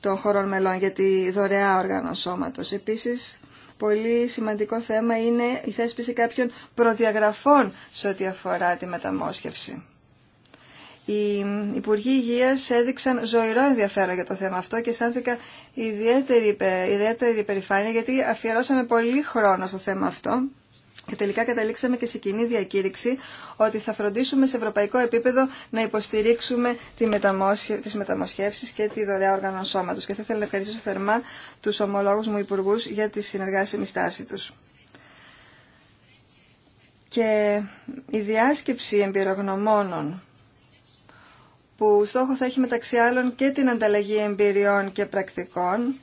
των χωρών μελών για τη δωρεά όργανο Επίσης, πολύ σημαντικό θέμα είναι η θέσπιση κάποιων προδιαγραφών σε ό,τι αφορά τη μεταμόσχευση. Οι Υπουργοί υγεία έδειξαν ζωηρό ενδιαφέρον για το θέμα αυτό και αισθάνθηκα ιδιαίτερη, ιδιαίτερη γιατί αφιερώσαμε πολύ χρόνο στο θέμα αυτό και τελικά καταλήξαμε και σε κοινή διακήρυξη ότι θα φροντίσουμε σε ευρωπαϊκό επίπεδο να υποστηρίξουμε τη μεταμόσχε... τις μεταμοσχεύσεις και τη δωρεά όργανων σώματος. Και θα ήθελα να ευχαριστήσω θερμά τους ομολόγους μου υπουργού για τη συνεργάσιμη στάση τους. Και η διάσκεψη εμπειρογνωμόνων που στόχο θα έχει μεταξύ άλλων και την ανταλλαγή εμπειριών και πρακτικών,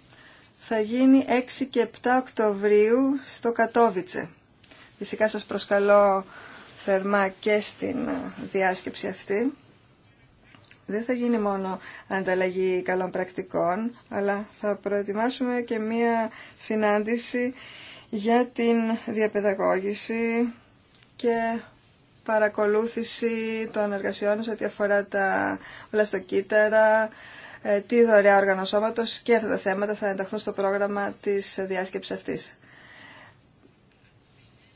θα γίνει 6 και 7 Οκτωβρίου στο Κατόβιτσε. Φυσικά σας προσκαλώ θερμά και στην ε, διάσκεψη αυτή. Δεν θα γίνει μόνο ανταλλαγή καλών πρακτικών, αλλά θα προετοιμάσουμε και μία συνάντηση για την διαπαιδαγώγηση και παρακολούθηση των εργασιών σε ό,τι αφορά τα βλαστοκύτταρα, ε, τη δωρεά όργανο και αυτά τα θέματα θα ενταχθούν στο πρόγραμμα της διάσκεψης αυτής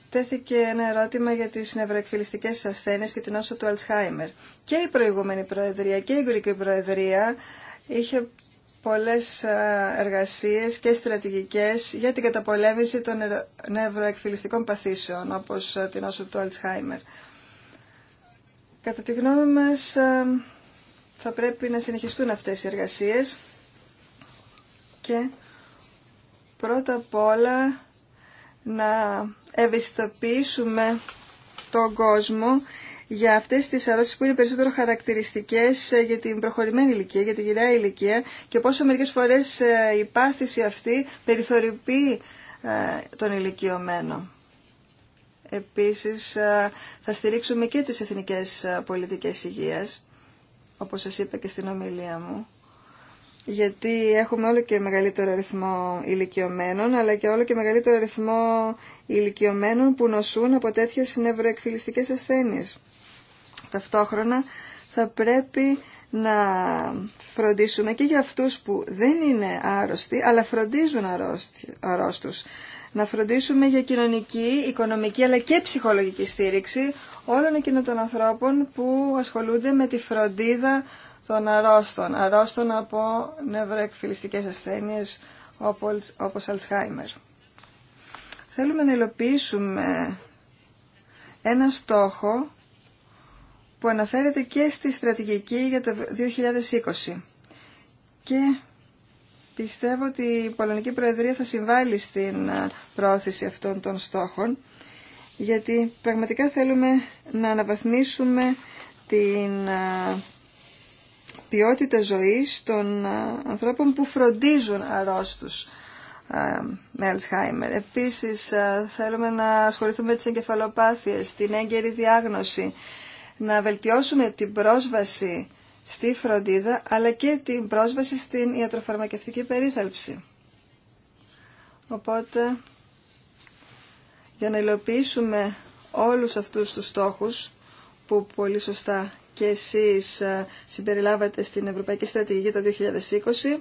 τέθηκε ένα ερώτημα για τις νευροεκφυλιστικές ασθένειες και την όσο του Αλτσχάιμερ. Και η προηγούμενη Προεδρία και η Γκρική Προεδρία είχε πολλές εργασίες και στρατηγικές για την καταπολέμηση των νευροεκφυλιστικών παθήσεων, όπως την όσο του Αλτσχάιμερ. Κατά τη γνώμη μας θα πρέπει να συνεχιστούν αυτές οι εργασίες και πρώτα απ' όλα να ευαισθητοποιήσουμε τον κόσμο για αυτές τις αρρώσεις που είναι περισσότερο χαρακτηριστικές ε, για την προχωρημένη ηλικία, για την γυραιά ηλικία και πόσο μερικές φορές ε, η πάθηση αυτή περιθωριοποιεί ε, τον ηλικιωμένο. Επίσης θα στηρίξουμε και τις εθνικές πολιτικές υγείας, όπως σας είπα και στην ομιλία μου γιατί έχουμε όλο και μεγαλύτερο αριθμό ηλικιωμένων, αλλά και όλο και μεγαλύτερο αριθμό ηλικιωμένων που νοσούν από τέτοιες νευροεκφυλιστικές ασθένειες. Ταυτόχρονα θα πρέπει να φροντίσουμε και για αυτούς που δεν είναι άρρωστοι, αλλά φροντίζουν αρρώστους. Να φροντίσουμε για κοινωνική, οικονομική, αλλά και ψυχολογική στήριξη όλων εκείνων των ανθρώπων που ασχολούνται με τη φροντίδα των αρρώστων, αρρώστων από νευροεκφυλιστικές ασθένειες όπως Alzheimer. Θέλουμε να υλοποιήσουμε ένα στόχο που αναφέρεται και στη στρατηγική για το 2020. Και πιστεύω ότι η Πολωνική Προεδρία θα συμβάλλει στην ε, πρόθεση αυτών των στόχων, γιατί πραγματικά θέλουμε να αναβαθμίσουμε την ε, ποιότητα ζωής των ε, ανθρώπων που φροντίζουν αρρώστους ε, με Alzheimer. Επίσης ε, θέλουμε να ασχοληθούμε με τις εγκεφαλοπάθειες, την έγκαιρη διάγνωση, να βελτιώσουμε την πρόσβαση στη φροντίδα αλλά και την πρόσβαση στην ιατροφαρμακευτική περίθαλψη. Οπότε για να υλοποιήσουμε όλους αυτούς τους στόχους που πολύ σωστά και εσείς ε, συμπεριλάβατε στην Ευρωπαϊκή Στρατηγική το 2020,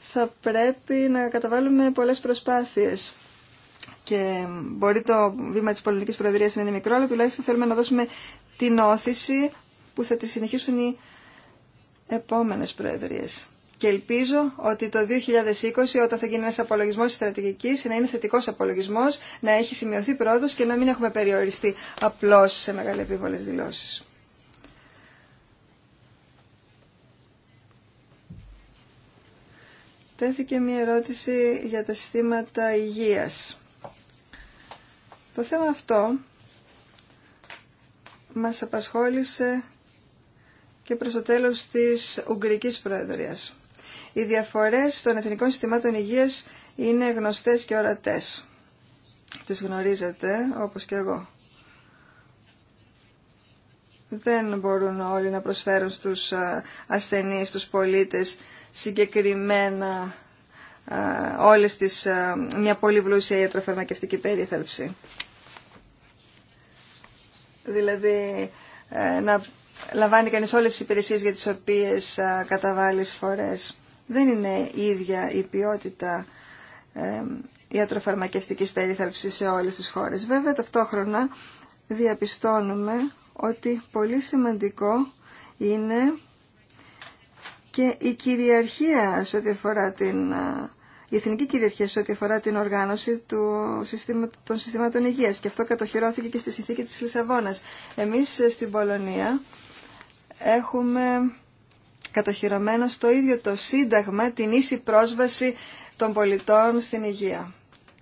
θα πρέπει να καταβάλουμε πολλές προσπάθειες. Και μπορεί το βήμα της Πολωνικής Προεδρίας να είναι μικρό, αλλά τουλάχιστον θέλουμε να δώσουμε την όθηση που θα τη συνεχίσουν οι επόμενες Προεδρίες. Και ελπίζω ότι το 2020, όταν θα γίνει ένας απολογισμός στρατηγικής, να είναι θετικός απολογισμός, να έχει σημειωθεί πρόοδος και να μην έχουμε περιοριστεί απλώς σε επίβολες δηλώσεις. τέθηκε μια ερώτηση για τα συστήματα υγείας. Το θέμα αυτό μας απασχόλησε και προς το τέλος της Ουγγρικής Προεδρίας. Οι διαφορές των εθνικών συστημάτων υγείας είναι γνωστές και ορατές. Τις γνωρίζετε, όπως και εγώ. Δεν μπορούν όλοι να προσφέρουν στους ε, ασθενείς, στους πολίτες, συγκεκριμένα ε, όλες τις, ε, μια η ιατροφαρμακευτική περίθαλψη. Δηλαδή ε, να λαμβάνει κανείς όλες τις υπηρεσίες για τις οποίες καταβάλεις φορές. Δεν είναι η ίδια η ποιότητα ιατροφαρμακευτικής περίθαλψης σε όλες τις χώρες. Βέβαια ταυτόχρονα διαπιστώνουμε ότι πολύ σημαντικό είναι και η κυριαρχία σε ό,τι την εθνική κυριαρχία σε ό,τι αφορά την οργάνωση του συστήμα, των συστήματων υγείας και αυτό κατοχυρώθηκε και στη συνθήκη της Λισαβόνας. Εμείς ε, στην Πολωνία έχουμε κατοχυρωμένο στο ίδιο το Σύνταγμα την ίση πρόσβαση των πολιτών στην υγεία.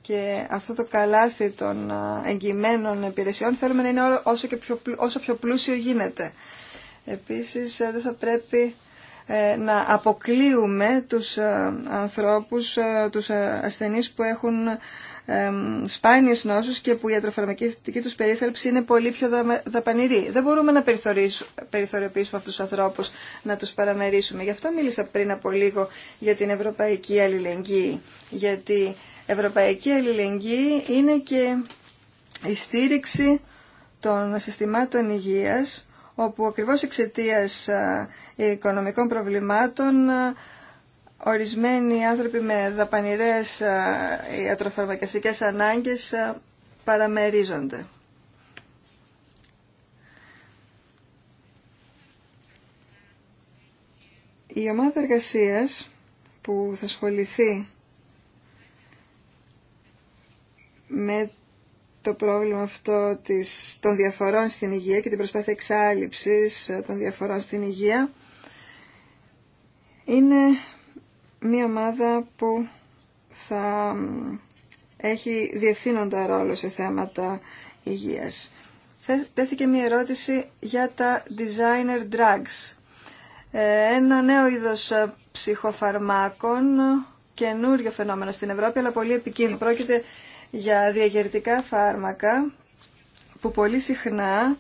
Και αυτό το καλάθι των εγγυημένων υπηρεσιών θέλουμε να είναι όσο, πιο, όσο πιο πλούσιο γίνεται. Επίσης ε, δεν θα πρέπει ε, να αποκλείουμε τους ε, ανθρώπους, ε, τους ασθενείς που έχουν σπάνιες νόσους και που η ιατροφαρμακευτική τους περίθαλψη είναι πολύ πιο δαπανηρή. Δεν μπορούμε να περιθωριοποιήσουμε αυτούς τους ανθρώπους, να τους παραμερίσουμε. Γι' αυτό μίλησα πριν από λίγο για την ευρωπαϊκή αλληλεγγύη. Γιατί η ευρωπαϊκή αλληλεγγύη είναι και η στήριξη των συστημάτων υγείας όπου ακριβώς εξαιτία οικονομικών προβλημάτων ορισμένοι άνθρωποι με δαπανηρές ιατροφαρμακευτικές ανάγκες παραμερίζονται. Η ομάδα εργασίας που θα ασχοληθεί με το πρόβλημα αυτό της, των διαφορών στην υγεία και την προσπάθεια εξάλληψης ε, των διαφορών στην υγεία είναι μια ομάδα που θα έχει διευθύνοντα ρόλο σε θέματα υγείας. Τέθηκε μια ερώτηση για τα designer drugs. Ε, ένα νέο είδος ε, ψυχοφαρμάκων, καινούριο φαινόμενο στην Ευρώπη, αλλά πολύ επικίνδυνο. Πρόκειται για διαγερτικά φάρμακα που πολύ συχνά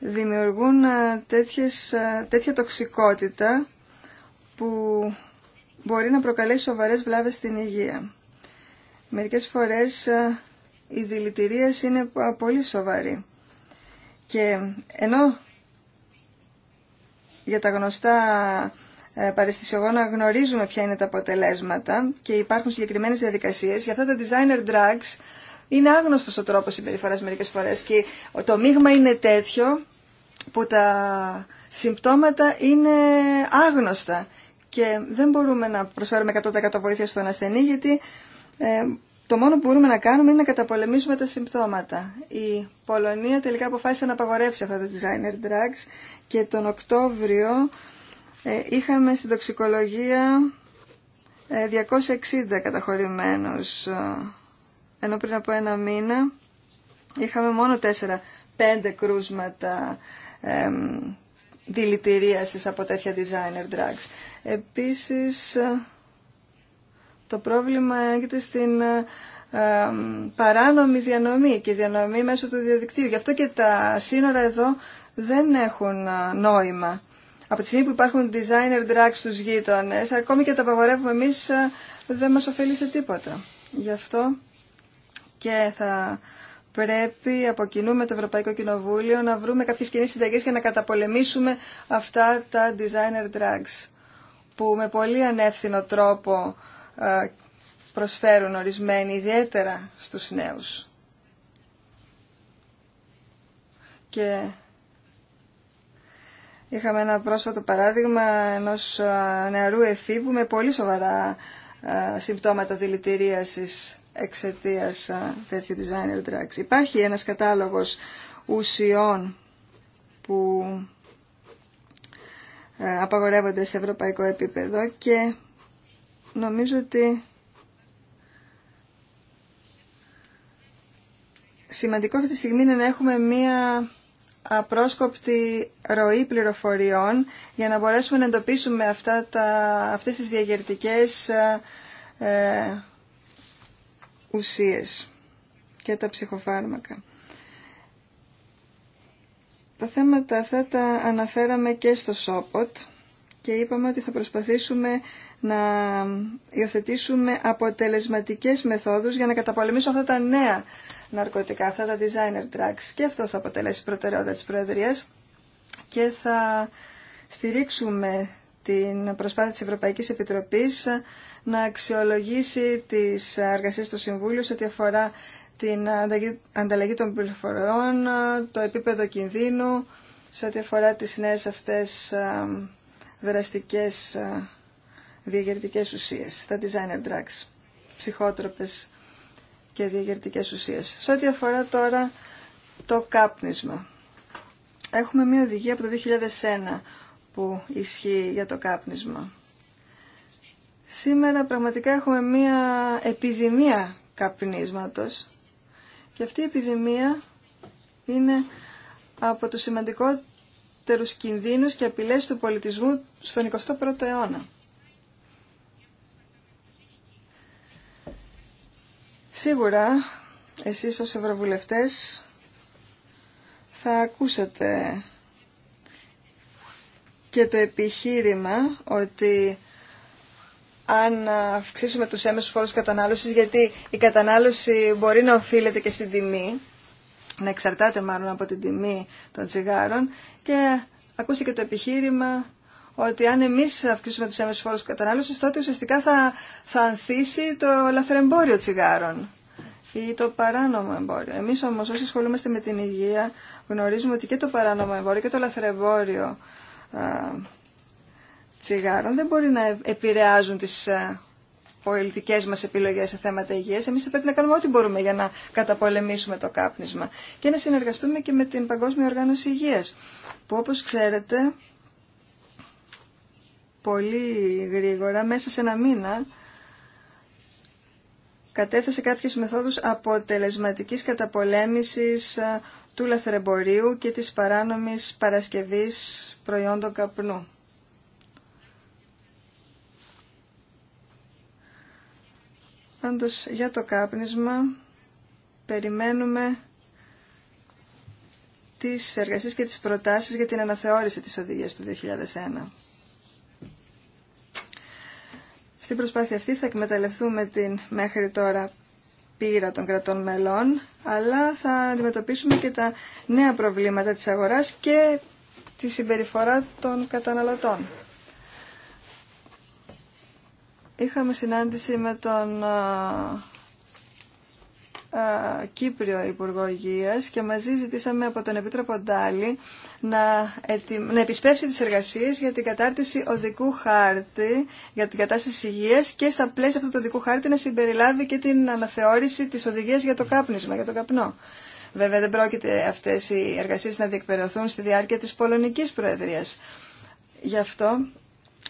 δημιουργούν ε, τέτοιες, ε, τέτοια τοξικότητα που μπορεί να προκαλέσει σοβαρές βλάβες στην υγεία. Μερικές φορές ε, η δηλητηρίαση είναι πολύ σοβαρή. Και ενώ για τα γνωστά ε, να γνωρίζουμε ποια είναι τα αποτελέσματα και υπάρχουν συγκεκριμένες διαδικασίες. Για αυτά τα designer drugs είναι άγνωστος ο τρόπος συμπεριφοράς μερικές φορές και το μείγμα είναι τέτοιο που τα συμπτώματα είναι άγνωστα και δεν μπορούμε να προσφέρουμε 100% βοήθεια στον ασθενή γιατί ε, το μόνο που μπορούμε να κάνουμε είναι να καταπολεμήσουμε τα συμπτώματα. Η Πολωνία τελικά αποφάσισε να απαγορεύσει αυτά τα designer drugs και τον Οκτώβριο ε, είχαμε στην τοξικολογία 260 ε, καταχωρημένους, ε, ενώ πριν από ένα μήνα είχαμε μόνο 4-5 κρούσματα δηλητηρίασης από τέτοια designer drugs. Επίσης, το πρόβλημα έγινε στην παράνομη διανομή και διανομή μέσω του διαδικτύου. Γι' αυτό και τα σύνορα εδώ δεν έχουν νόημα από τη στιγμή που υπάρχουν designer drugs στους γείτονες, ακόμη και τα απαγορεύουμε εμείς, ε, δεν μας ωφελεί σε τίποτα. Γι' αυτό και θα πρέπει από κοινού με το Ευρωπαϊκό Κοινοβούλιο να βρούμε κάποιες κοινές συνταγές για να καταπολεμήσουμε αυτά τα designer drugs που με πολύ ανεύθυνο τρόπο ε, προσφέρουν ορισμένοι ιδιαίτερα στους νέους. Και Είχαμε ένα πρόσφατο παράδειγμα ενός ε, νεαρού εφήβου με πολύ σοβαρά ε, συμπτώματα δηλητηρίασης εξαιτία ε, τέτοιου designer drugs. Υπάρχει ένας κατάλογος ουσιών που απαγορεύονται σε ευρωπαϊκό επίπεδο και νομίζω ότι σημαντικό αυτή τη στιγμή είναι να έχουμε μία απρόσκοπτη ροή πληροφοριών για να μπορέσουμε να εντοπίσουμε αυτά τα, αυτές τις διαγερτικές ε, ε ουσίες και τα ψυχοφάρμακα. Τα θέματα αυτά τα αναφέραμε και στο ΣΟΠΟΤ και είπαμε ότι θα προσπαθήσουμε να υιοθετήσουμε αποτελεσματικές μεθόδους για να καταπολεμήσουμε αυτά τα νέα ναρκωτικά, αυτά τα designer drugs. Και αυτό θα αποτελέσει προτεραιότητα της Προεδρίας και θα στηρίξουμε την προσπάθεια της Ευρωπαϊκής Επιτροπής να αξιολογήσει τις εργασίες του Συμβούλου σε ό,τι αφορά την ανταλλαγή των πληροφοριών, το επίπεδο κινδύνου, σε ό,τι αφορά τις νέες αυτές δραστικές διαγερτικές ουσίες, τα designer drugs, ψυχότροπες και διαγερτικές ουσίες. Σε ό,τι αφορά τώρα το κάπνισμα. Έχουμε μια οδηγία από το 2001 που ισχύει για το κάπνισμα. Σήμερα πραγματικά έχουμε μια επιδημία καπνίσματος και αυτή η επιδημία είναι από τους σημαντικότερους κινδύνους και απειλές του πολιτισμού στον 21ο αιώνα. Σίγουρα εσείς ως ευρωβουλευτές θα ακούσατε και το επιχείρημα ότι αν αυξήσουμε τους έμεσους φόρους κατανάλωσης, γιατί η κατανάλωση μπορεί να οφείλεται και στην τιμή, να εξαρτάται μάλλον από την τιμή των τσιγάρων και ακούστηκε το επιχείρημα ότι αν εμεί αυξήσουμε του έμεσου φόρου κατανάλωση, τότε ουσιαστικά θα, θα ανθίσει το λαθρεμπόριο τσιγάρων ή το παράνομο εμπόριο. Εμείς όμως όσοι ασχολούμαστε με την υγεία γνωρίζουμε ότι και το παράνομο εμπόριο και το λαθρεμπόριο τσιγάρων δεν μπορεί να επηρεάζουν τι πολιτικές μας επιλογές σε θέματα υγείας. Εμείς θα πρέπει να κάνουμε ό,τι μπορούμε για να καταπολεμήσουμε το κάπνισμα και να συνεργαστούμε και με την Παγκόσμια Οργάνωση Υγείας που όπω ξέρετε πολύ γρήγορα, μέσα σε ένα μήνα, κατέθεσε κάποιες μεθόδους αποτελεσματικής καταπολέμησης ε, του λαθρεμπορίου και της παράνομης παρασκευής προϊόντων καπνού. Πάντως για το κάπνισμα περιμένουμε τις εργασίες και τις προτάσεις για την αναθεώρηση της οδηγίας του 2001. Στην προσπάθεια αυτή θα εκμεταλλευτούμε την μέχρι τώρα πείρα των κρατών μελών, αλλά θα αντιμετωπίσουμε και τα νέα προβλήματα της αγοράς και τη συμπεριφορά των καταναλωτών. Είχαμε συνάντηση με τον Κύπριο Υπουργό Υγεία και μαζί ζητήσαμε από τον Επίτροπο Ντάλι να, να επισπεύσει τις εργασίες για την κατάρτιση οδικού χάρτη για την κατάσταση υγείας και στα πλαίσια αυτού του οδικού χάρτη να συμπεριλάβει και την αναθεώρηση της οδηγίας για το κάπνισμα, για τον καπνό. Βέβαια δεν πρόκειται αυτές οι εργασίες να διεκπαιρεωθούν στη διάρκεια της Πολωνικής Προεδρίας. Γι' αυτό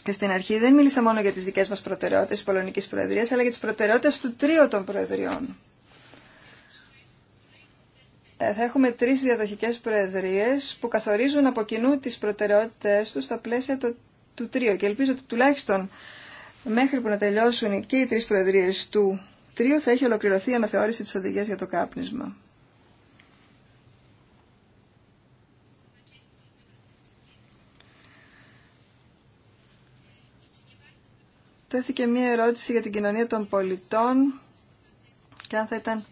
και στην αρχή δεν μίλησα μόνο για τις δικές μας προτεραιότητες της Πολωνικής Προεδρίας, αλλά για τις προτεραιότητες του τρίου των Προεδριών. Ε, θα έχουμε τρεις διαδοχικές προεδρίες που καθορίζουν από κοινού τις προτεραιότητες τους στα πλαίσια του τρίου και ελπίζω ότι τουλάχιστον μέχρι που να τελειώσουν και οι τρεις προεδρίες του τρίου θα έχει ολοκληρωθεί η αναθεώρηση της οδηγίας για το κάπνισμα. Τέθηκε μία ερώτηση για την κοινωνία των πολιτών και αν θα ήταν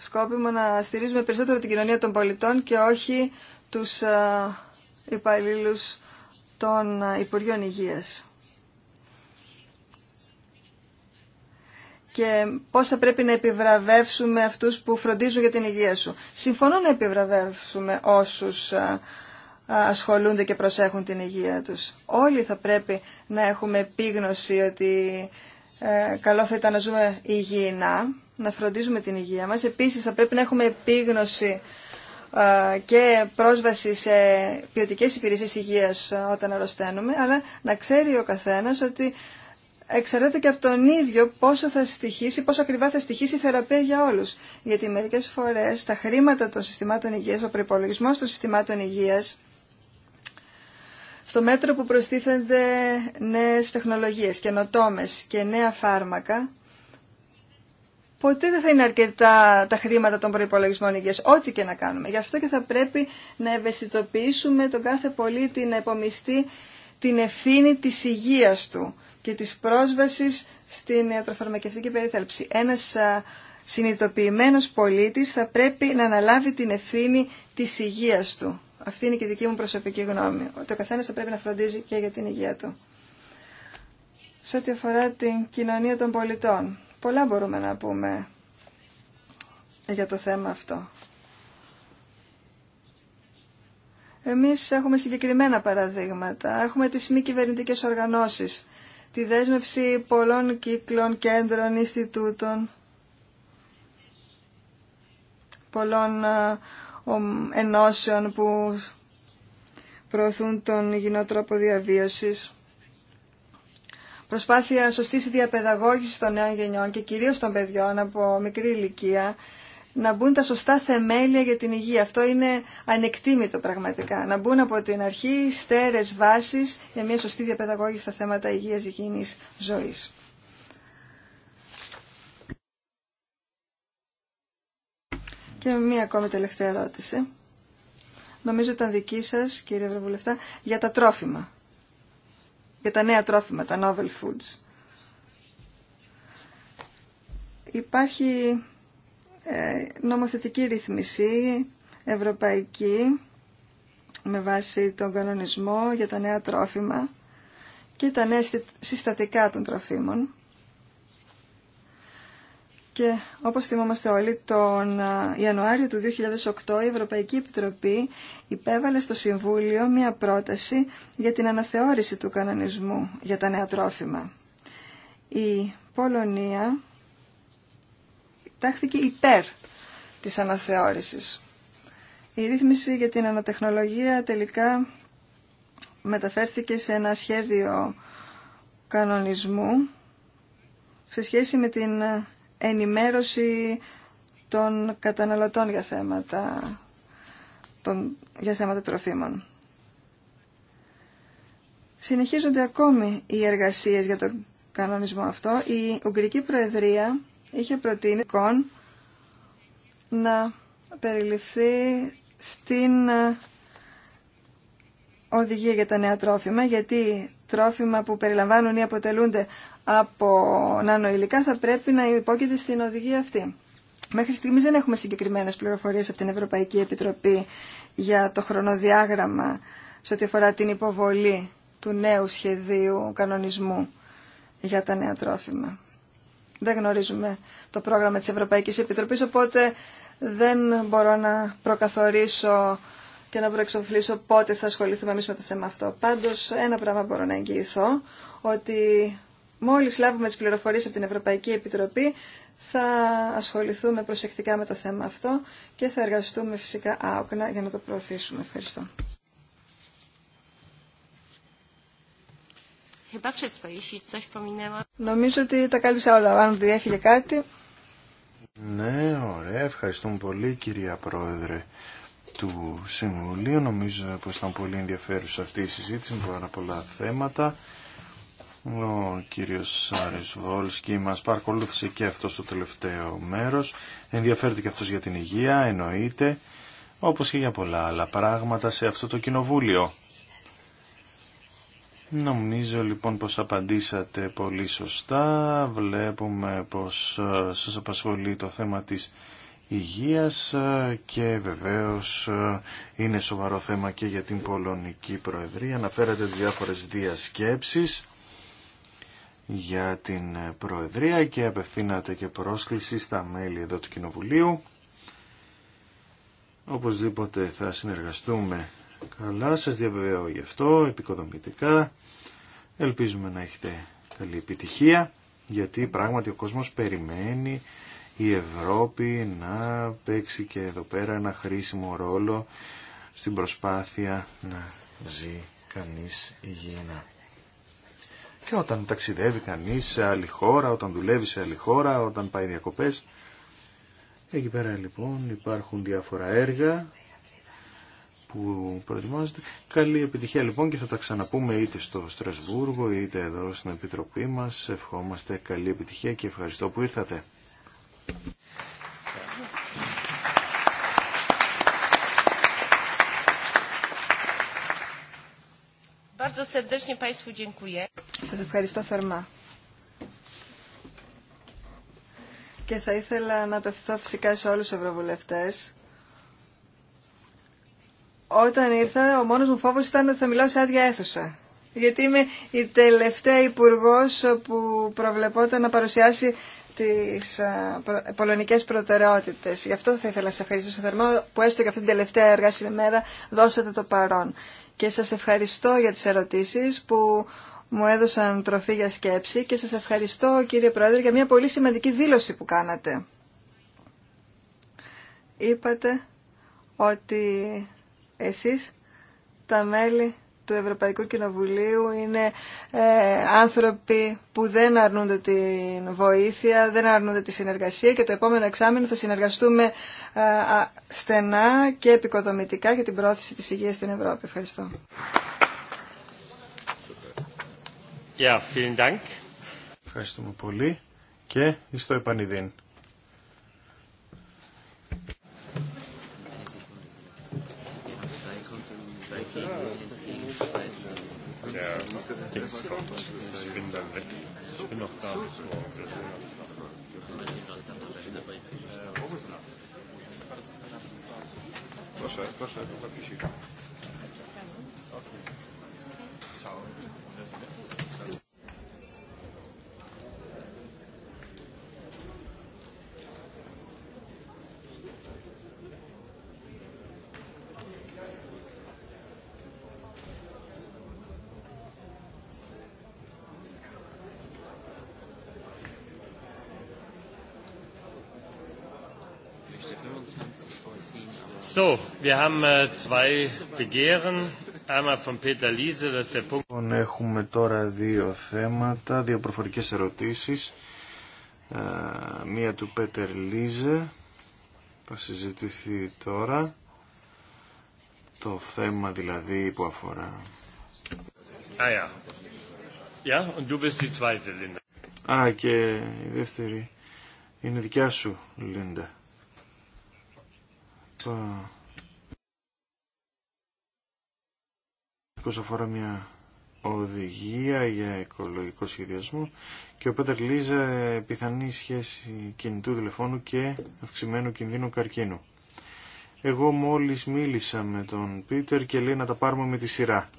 σκόπιμο να στηρίζουμε περισσότερο την κοινωνία των πολιτών και όχι τους ε, υπαλλήλου των ε, Υπουργείων Υγείας. Και πώς θα πρέπει να επιβραβεύσουμε αυτούς που φροντίζουν για την υγεία σου. Συμφωνώ να επιβραβεύσουμε όσους ε, ασχολούνται και προσέχουν την υγεία τους. Όλοι θα πρέπει να έχουμε επίγνωση ότι καλό θα ήταν να ζούμε υγιεινά να φροντίζουμε την υγεία μας. Επίσης θα πρέπει να έχουμε επίγνωση και πρόσβαση σε ποιοτικέ υπηρεσίες υγείας όταν αρρωσταίνουμε, αλλά να ξέρει ο καθένας ότι εξαρτάται και από τον ίδιο πόσο θα στοιχήσει, πόσο ακριβά θα στοιχήσει η θεραπεία για όλους. Γιατί μερικές φορές τα χρήματα των συστημάτων υγείας, ο προπολογισμό των συστημάτων υγείας, στο μέτρο που προστίθενται νέες τεχνολογίες, καινοτόμε και νέα φάρμακα, ποτέ δεν θα είναι αρκετά τα χρήματα των προπολογισμών Υγεία, ό,τι και να κάνουμε. Γι' αυτό και θα πρέπει να ευαισθητοποιήσουμε τον κάθε πολίτη να υπομειστεί την ευθύνη τη υγεία του και τη πρόσβαση στην ιατροφαρμακευτική περίθαλψη. Ένα συνειδητοποιημένο πολίτη θα πρέπει να αναλάβει την ευθύνη τη υγεία του. Αυτή είναι και η δική μου προσωπική γνώμη, ότι ο θα πρέπει να φροντίζει και για την υγεία του. Σε ό,τι αφορά την κοινωνία των πολιτών, Πολλά μπορούμε να πούμε για το θέμα αυτό. Εμείς έχουμε συγκεκριμένα παραδείγματα. Έχουμε τις μη κυβερνητικέ οργανώσεις, τη δέσμευση πολλών κύκλων, κέντρων, Ινστιτούτων, πολλών ενώσεων που προωθούν τον υγιεινό τρόπο διαβίωσης προσπάθεια σωστής διαπαιδαγώγησης των νέων γενιών και κυρίω των παιδιών από μικρή ηλικία να μπουν τα σωστά θεμέλια για την υγεία. Αυτό είναι ανεκτήμητο πραγματικά. Να μπουν από την αρχή στέρε βάσεις για μια σωστή διαπαιδαγώγηση στα θέματα υγείας υγιεινής ζωή. Και μία ακόμη τελευταία ερώτηση. Νομίζω ήταν δική σας, κύριε Ευρωβουλευτά, για τα τρόφιμα για τα νέα τρόφιμα, τα novel foods. Υπάρχει ε, νομοθετική ρυθμισή ευρωπαϊκή με βάση τον κανονισμό για τα νέα τρόφιμα και τα νέα συστατικά των τροφίμων και όπως θυμόμαστε όλοι, τον ε, Ιανουάριο του 2008 η Ευρωπαϊκή Επιτροπή υπέβαλε στο Συμβούλιο μία πρόταση για την αναθεώρηση του κανονισμού για τα νέα τρόφιμα. Η Πολωνία τάχθηκε υπέρ της αναθεώρησης. Η ρύθμιση για την ανατεχνολογία τελικά μεταφέρθηκε σε ένα σχέδιο κανονισμού σε σχέση με την ενημέρωση των καταναλωτών για θέματα, των, για θέματα τροφίμων. Συνεχίζονται ακόμη οι εργασίες για τον κανονισμό αυτό. Η Ουγγρική Προεδρία είχε προτείνει λοιπόν να περιληφθεί στην ε, οδηγία για τα νέα τρόφιμα, γιατί τρόφιμα που περιλαμβάνουν ή αποτελούνται από νανοηλικά θα πρέπει να υπόκειται στην οδηγία αυτή. Μέχρι στιγμής δεν έχουμε συγκεκριμένες πληροφορίες από την Ευρωπαϊκή Επιτροπή για το χρονοδιάγραμμα σε ό,τι αφορά την υποβολή του νέου σχεδίου κανονισμού για τα νέα τρόφιμα. Δεν γνωρίζουμε το πρόγραμμα της Ευρωπαϊκής Επιτροπής, οπότε δεν μπορώ να προκαθορίσω και να προεξοφλήσω πότε θα ασχοληθούμε εμείς με το θέμα αυτό. Πάντως, ένα πράγμα μπορώ να εγγυηθώ, ότι μόλις λάβουμε τις πληροφορίες από την Ευρωπαϊκή Επιτροπή θα ασχοληθούμε προσεκτικά με το θέμα αυτό και θα εργαστούμε φυσικά άοκνα για να το προωθήσουμε. Ευχαριστώ. Νομίζω ότι τα κάλυψα όλα. Αν διέχει κάτι. Ναι, ωραία. Ευχαριστούμε πολύ κυρία Πρόεδρε του Συμβουλίου. Νομίζω πως ήταν πολύ ενδιαφέρουσα αυτή η συζήτηση με πάρα πολλά θέματα. Ο κύριος Σάρης Βόλσκι μας παρακολούθησε και αυτό στο τελευταίο μέρος. Ενδιαφέρεται και αυτός για την υγεία, εννοείται, όπως και για πολλά άλλα πράγματα σε αυτό το κοινοβούλιο. Νομίζω λοιπόν πως απαντήσατε πολύ σωστά. Βλέπουμε πως ε, σας απασχολεί το θέμα της υγείας ε, και βεβαίως ε, είναι σοβαρό θέμα και για την Πολωνική Προεδρία. Αναφέρατε διάφορες διασκέψεις για την Προεδρία και απευθύνατε και πρόσκληση στα μέλη εδώ του Κοινοβουλίου. Οπωσδήποτε θα συνεργαστούμε καλά, σας διαβεβαιώ γι' αυτό, επικοδομητικά. Ελπίζουμε να έχετε καλή επιτυχία, γιατί πράγματι ο κόσμος περιμένει η Ευρώπη να παίξει και εδώ πέρα ένα χρήσιμο ρόλο στην προσπάθεια να ζει κανείς υγιεινά. Και όταν ταξιδεύει κανεί σε άλλη χώρα, όταν δουλεύει σε άλλη χώρα, όταν πάει διακοπέ, Εκεί πέρα λοιπόν υπάρχουν διάφορα έργα που προετοιμάζονται. Καλή επιτυχία λοιπόν και θα τα ξαναπούμε είτε στο Στρασβούργο είτε εδώ στην Επιτροπή μας. Ευχόμαστε καλή επιτυχία και ευχαριστώ που ήρθατε. Bardzo Σας ευχαριστώ θερμά. Και θα ήθελα να απευθώ φυσικά σε όλους τους ευρωβουλευτές. Όταν ήρθα, ο μόνος μου φόβος ήταν ότι θα μιλάω σε άδεια αίθουσα. Γιατί είμαι η τελευταία υπουργό που προβλεπόταν να παρουσιάσει τις πολωνικές προτεραιότητες. Γι' αυτό θα ήθελα να σας ευχαριστήσω θερμά που έστω και αυτή την τελευταία εργάσιμη μέρα δώσατε το παρόν και σας ευχαριστώ για τις ερωτήσεις που μου έδωσαν τροφή για σκέψη και σας ευχαριστώ κύριε Πρόεδρε για μια πολύ σημαντική δήλωση που κάνατε. Είπατε ότι εσείς τα μέλη του Ευρωπαϊκού Κοινοβουλίου είναι ε, άνθρωποι που δεν αρνούνται την βοήθεια, δεν αρνούνται τη συνεργασία και το επόμενο εξάμεινο θα συνεργαστούμε ε, στενά και επικοδομητικά για την πρόθεση της υγείας στην Ευρώπη. Ευχαριστώ. Ευχαριστούμε πολύ και το επανειδήν. Text kommt. Ich bin dann So, Έχουμε τώρα δύο θέματα, δύο προφορικές ερωτήσεις. Ε, μία του Πέτερ Λίζε, θα συζητηθεί τώρα. Το θέμα δηλαδή που αφορά. Α, ah, Α, και η δεύτερη είναι δικιά σου, Λίντα. Όσον αφορά μια οδηγία για οικολογικό σχεδιασμό και ο Πέτερ Λίζα πιθανή σχέση κινητού τηλεφώνου και αυξημένου κινδύνου καρκίνου. Εγώ μόλις μίλησα με τον Πίτερ και λέει να τα πάρουμε με τη σειρά.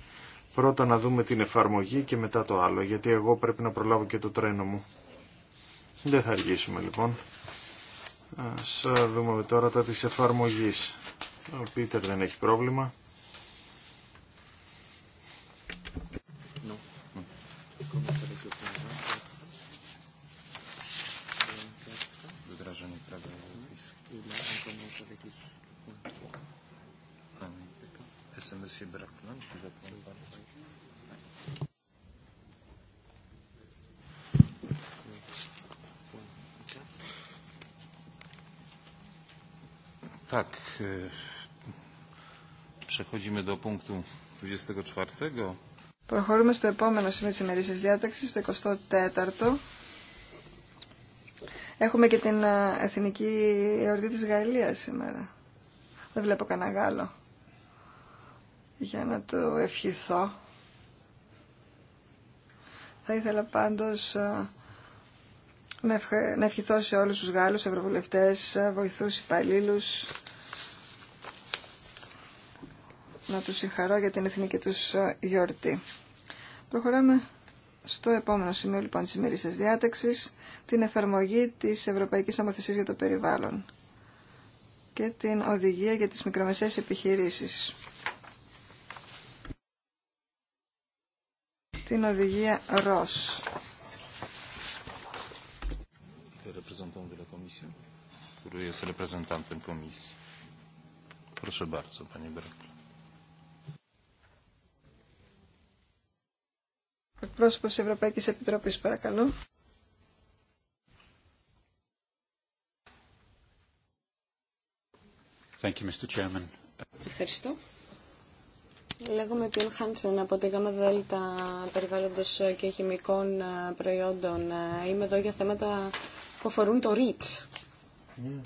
Πρώτα να δούμε την εφαρμογή και μετά το άλλο, γιατί εγώ πρέπει να προλάβω και το τρένο μου. Δεν θα αργήσουμε λοιπόν. Ας δούμε τώρα τα της εφαρμογής. Ο Πίτερ δεν έχει πρόβλημα. Tak. Przechodzimy do punktu 24. Προχωρούμε στο επόμενο σημείο της ημερήσιας διάταξης, στο 24ο. Έχουμε και την e, Εθνική Εορτή της Γαλλίας σήμερα. Δεν βλέπω κανένα Γάλλο. Για να του ευχηθώ. Θα ήθελα πάντως e, να ευχηθώ σε όλους τους Γάλλους, ευρωβουλευτές, βοηθούς, υπαλλήλου. να τους συγχαρώ για την εθνική τους ε, γιορτή. Προχωράμε στο επόμενο σημείο λοιπόν της ημερήσιας διάταξης, την εφαρμογή της Ευρωπαϊκής Νομοθεσίας για το Περιβάλλον και την οδηγία για τις μικρομεσαίες επιχειρήσεις. Την οδηγία ΡΟΣ. który jest reprezentantem komisji. Proszę bardzo, panie Brekle. Εκπρόσωπος Ευρωπαϊκής Επιτροπής, παρακαλώ. Thank you, Mr. Chairman. Ευχαριστώ. Λέγομαι Πιέλ Χάντσεν από τη ΓΑΜΑ ΔΕΛΤΑ περιβάλλοντος και χημικών προϊόντων. Είμαι εδώ για θέματα που αφορούν το REACH. Σημείο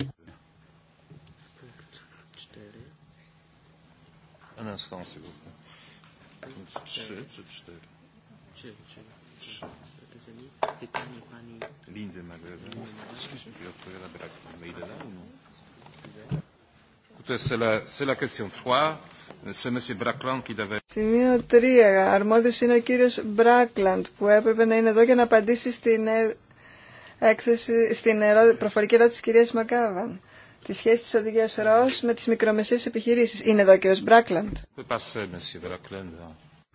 3. Αρμόδιος είναι ο κύριος Μπράκλαντ που έπρεπε να είναι εδώ για να απαντήσει στην ε- έκθεση, στην προφορική ερώτηση της κυρίας Μακάβαν. Τη σχέση της οδηγίας ΡΟΣ με τις μικρομεσαίες επιχειρήσεις. Είναι εδώ ο κύριος Μπράκλαντ.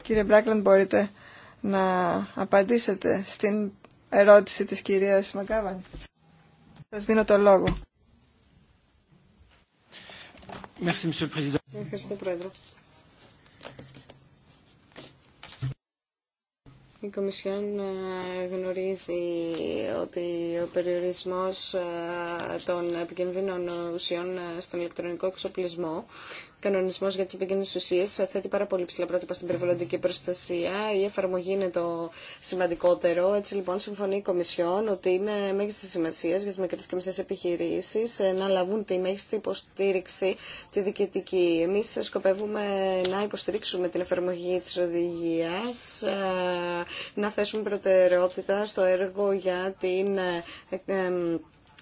Κύριε Μπράκλαντ, μπορείτε να απαντήσετε στην ερώτηση της κυρίας Μακάβαν. Σας δίνω το λόγο. Ευχαριστώ, Πρόεδρο. Η Κομισιόν ε, γνωρίζει ότι ο περιορισμός ε, των επικίνδυνων ουσιών ε, στον ηλεκτρονικό εξοπλισμό κανονισμό για τι επικίνδυνε ουσίε θέτει πάρα πολύ ψηλά πρότυπα στην περιβαλλοντική προστασία. Η εφαρμογή είναι το σημαντικότερο. Έτσι λοιπόν συμφωνεί η Κομισιόν ότι είναι μέγιστη σημασία για τι μικρέ και μισέ επιχειρήσει ε, να λαβούν τη μέγιστη υποστήριξη τη διοικητική. Εμεί σκοπεύουμε να υποστηρίξουμε την εφαρμογή τη οδηγία, ε, να θέσουμε προτεραιότητα στο έργο για την ε,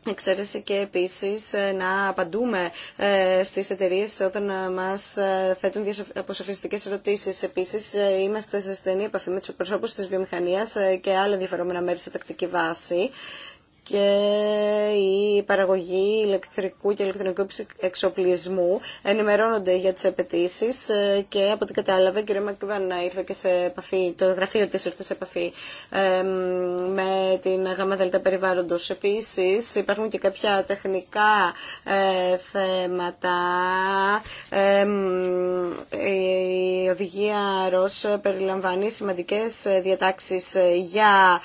εξαίρεση και επίσης ε, να απαντούμε ε, στις εταιρείε όταν ε, μας θέτουν αποσοφιστικές ερωτήσεις. Επίσης είμαστε σε στενή επαφή με τους προσώπους της βιομηχανίας και άλλα ενδιαφερόμενα μέρη σε τακτική βάση και η παραγωγή ηλεκτρικού και ηλεκτρονικού εξοπλισμού ενημερώνονται για τις απαιτήσει ε, και από ό,τι κατάλαβε, κύριε Μακβάν, ήρθε και σε επαφή, το γραφείο της ήρθε σε επαφή με την ΓΑΜΑ ΔΕΛΤΑ Περιβάλλοντος. Επίσης, υπάρχουν και κάποια τεχνικά ε, θέματα. η οδηγία ΡΟΣ περιλαμβάνει σημαντικές ε, διατάξεις για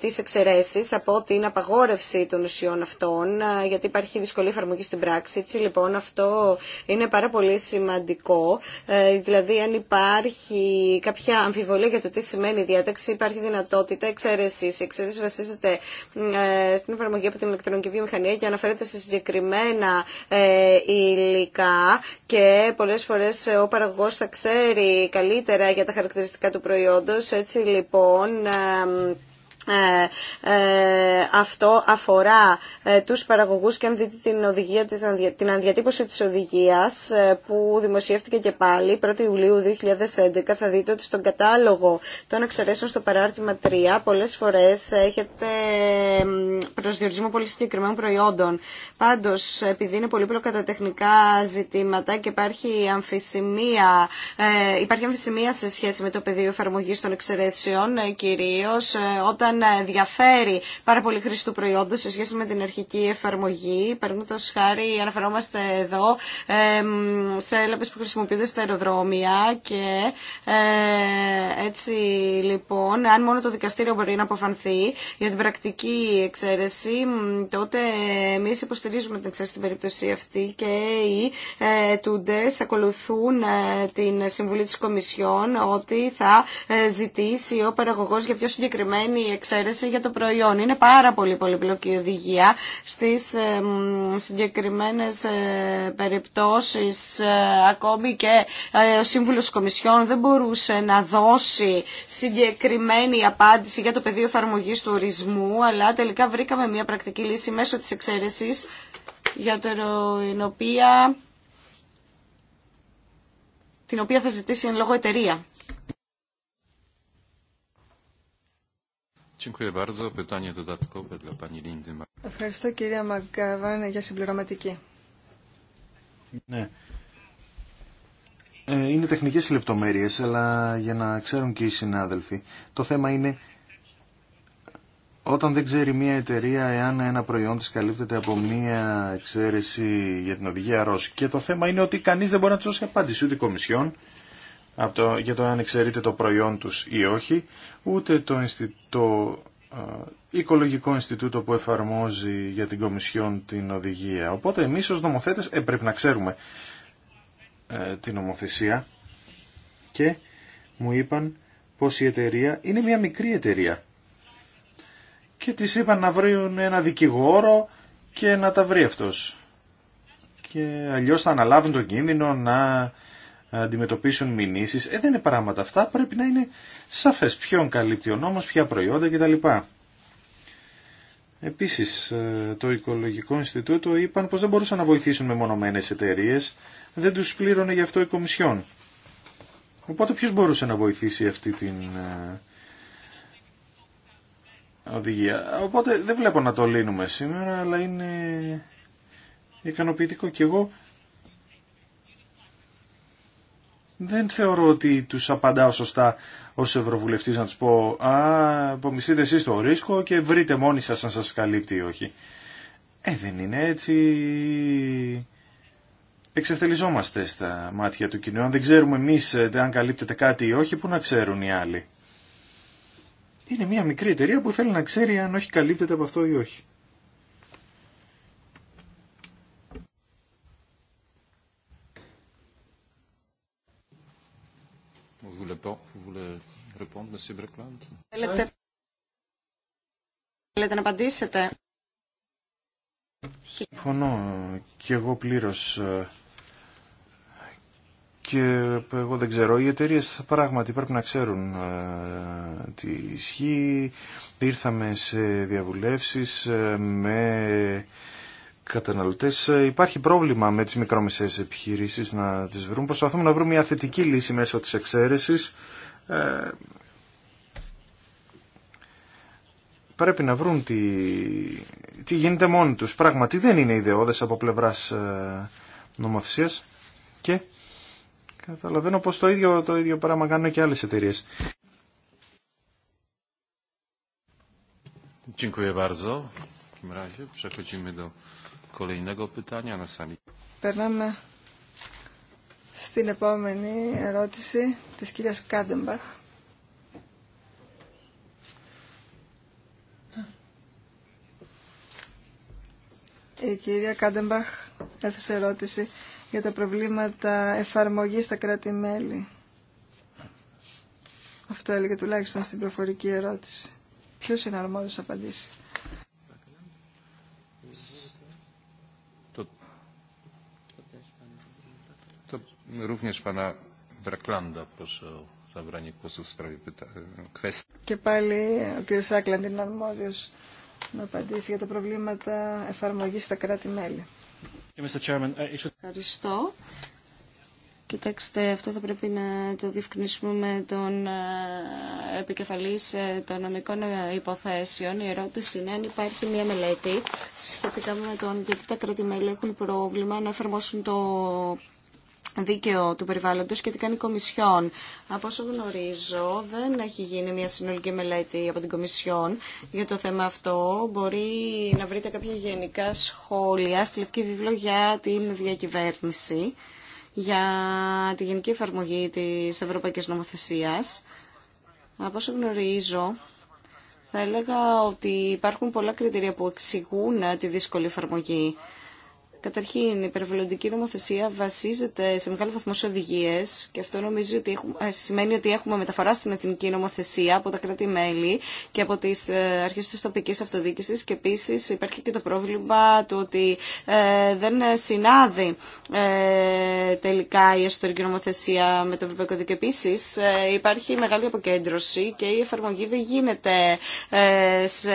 τις εξαιρέσεις από την απαγόρευση των ουσιών αυτών, γιατί υπάρχει δυσκολία εφαρμογή στην πράξη. Έτσι λοιπόν αυτό είναι πάρα πολύ σημαντικό. Ε, δηλαδή αν υπάρχει κάποια αμφιβολία για το τι σημαίνει η διάταξη, υπάρχει δυνατότητα εξαίρεση. Η εξαίρεση βασίζεται ε, στην εφαρμογή από την ηλεκτρονική βιομηχανία και αναφέρεται σε συγκεκριμένα ε, υλικά και πολλέ φορέ ο παραγωγό θα ξέρει καλύτερα για τα χαρακτηριστικά του προϊόντος. Έτσι λοιπόν ε, ε, αυτό αφορά ε, τους παραγωγούς και αν δείτε την, οδηγία, την ανδιατύπωση της οδηγίας που δημοσιεύτηκε και πάλι Ιουλίου 2011 θα δείτε ότι στον κατάλογο των εξαιρέσεων στο παράρτημα 3 πολλές φορές έχετε προσδιορισμό πολύ συγκεκριμένων προϊόντων. Πάντως επειδή είναι πολύ προκατατεχνικά τεχνικά ζητήματα και υπάρχει αμφισημία, υπάρχει αμφισημία σε σχέση με το πεδίο εφαρμογή των εξαιρέσεων κυρίως όταν διαφέρει πάρα πολύ χρήση του προϊόντο σε σχέση με την αρχική εφαρμογή. Παραδείγματο χάρη, αναφερόμαστε εδώ σε έλαπε που χρησιμοποιούνται στα αεροδρόμια και ε, έτσι λοιπόν, αν μόνο το δικαστήριο μπορεί να αποφανθεί για την πρακτική εξαίρεση, τότε εμεί υποστηρίζουμε την εξαίρεση στην περίπτωση αυτή και οι ε, ετούντε ακολουθούν ε, την συμβουλή τη Κομισιόν ότι θα ζητήσει ο παραγωγό για πιο συγκεκριμένη εξαίρεση εξαίρεση για το προϊόν. Είναι πάρα πολύ πολύπλοκη η οδηγία στις ε, συγκεκριμένες ε, περιπτώσεις. Ε, ακόμη και ο Σύμβουλος κομισιών δεν μπορούσε να δώσει συγκεκριμένη απάντηση για το πεδίο εφαρμογή του ορισμού, αλλά τελικά βρήκαμε μια πρακτική λύση μέσω της εξαίρεσης για την οποία, την οποία θα ζητήσει εν λόγω εταιρεία. Ευχαριστώ κυρία Μαγκάβαν για συμπληρωματική. Ναι. Ε, είναι τεχνικές λεπτομέρειες, αλλά για να ξέρουν και οι συνάδελφοι. Το θέμα είναι όταν δεν ξέρει μια εταιρεία εάν ένα προϊόν της καλύπτεται από μια εξαίρεση για την οδηγία ΡΟΣ. Και το θέμα είναι ότι κανείς δεν μπορεί να του δώσει απάντηση, ούτε η Κομισιόν, από το, για το αν εξαιρείται το προϊόν τους ή όχι, ούτε το, το Οικολογικό Ινστιτούτο που εφαρμόζει για την Κομισιόν την οδηγία. Οπότε εμείς ως νομοθέτες ε, να ξέρουμε ε, την νομοθεσία και μου είπαν πως η εταιρεία είναι μια μικρή εταιρεία και τις είπαν να βρουν ένα δικηγόρο και να τα βρει αυτός και αλλιώς θα αναλάβουν τον κίνδυνο να αντιμετωπίσουν μηνύσεις. Ε, δεν είναι πράγματα αυτά, πρέπει να είναι σαφές ποιον καλύπτει ο νόμος, ποια προϊόντα κτλ. Επίσης, ε, το Οικολογικό Ινστιτούτο είπαν πως δεν μπορούσαν να βοηθήσουν με μονομένες εταιρείε, δεν τους πλήρωνε γι' αυτό η Κομισιόν. Οπότε ποιος μπορούσε να βοηθήσει αυτή την ε, οδηγία. Οπότε δεν βλέπω να το λύνουμε σήμερα, αλλά είναι ικανοποιητικό. Και εγώ δεν θεωρώ ότι τους απαντάω σωστά ως Ευρωβουλευτής να τους πω «Α, απομισθείτε εσείς το ρίσκο και βρείτε μόνοι σας αν σας καλύπτει ή όχι». Ε, δεν είναι έτσι. Εξευθελιζόμαστε στα μάτια του κοινού. Αν δεν ξέρουμε εμείς ε, αν καλύπτεται κάτι ή όχι, πού να ξέρουν οι άλλοι. Είναι μια μικρή εταιρεία που θέλει να ξέρει αν όχι καλύπτεται από αυτό ή όχι. Θέλετε να απαντήσετε. Συμφωνώ και εγώ πλήρως και εγώ δεν ξέρω. Οι εταιρείε πράγματι πρέπει να ξέρουν ε, τι ισχύει. Ήρθαμε σε διαβουλεύσεις ε, με Καταναλωτέ, ε, Υπάρχει πρόβλημα με τις μικρομεσαίε επιχειρήσει να τις βρουν. Προσπαθούμε να βρούμε μια θετική λύση μέσω τη εξαίρεση. Ε, πρέπει να βρουν τι, τι γίνεται μόνοι τους. Πράγματι δεν είναι ιδεώδες από πλευράς ε, νομοθεσία και καταλαβαίνω πως το ίδιο, το ίδιο πράγμα κάνουν και άλλες εταιρείε. Dziękuję bardzo. W takim razie przechodzimy do Περνάμε στην επόμενη ερώτηση της κυρίας Κάντεμπαχ. Η κυρία Κάντεμπαχ έθεσε ερώτηση για τα προβλήματα εφαρμογής στα κράτη-μέλη. Αυτό έλεγε τουλάχιστον στην προφορική ερώτηση. Ποιος είναι αρμόδιος απαντήσει. Και πάλι ο κ. Σάκλαντ είναι αρμόδιο να απαντήσει για τα προβλήματα εφαρμογή στα κράτη-μέλη. Ε, Ευχαριστώ. Κοιτάξτε, αυτό θα πρέπει να το διευκρινίσουμε με τον ε, επικεφαλή ε, των νομικών υποθέσεων. Η ερώτηση είναι αν υπάρχει μια μελέτη σχετικά με τον γιατί τα κράτη-μέλη έχουν πρόβλημα να εφαρμόσουν το δίκαιο του περιβάλλοντος και τι κάνει η Κομισιόν. Από όσο γνωρίζω δεν έχει γίνει μια συνολική μελέτη από την Κομισιόν για το θέμα αυτό. Μπορεί να βρείτε κάποια γενικά σχόλια στη Λευκή Βιβλό για την διακυβέρνηση, για τη γενική εφαρμογή της Ευρωπαϊκή Νομοθεσία. Από όσο γνωρίζω θα έλεγα ότι υπάρχουν πολλά κριτήρια που εξηγούν τη δύσκολη εφαρμογή Καταρχήν, η περιβαλλοντική νομοθεσία βασίζεται σε μεγάλο βαθμό σε οδηγίε και αυτό νομίζει ότι ε, σημαίνει ότι έχουμε μεταφορά στην εθνική νομοθεσία από τα κράτη-μέλη και από τι ε, αρχέ τη τοπική αυτοδιοίκηση και επίση υπάρχει και το πρόβλημα του ότι ε, δεν συνάδει τελικά η εσωτερική νομοθεσία με το Ευρωπαϊκό Δίκαιο. Επίση, υπάρχει μεγάλη αποκέντρωση και η εφαρμογή δεν γίνεται σε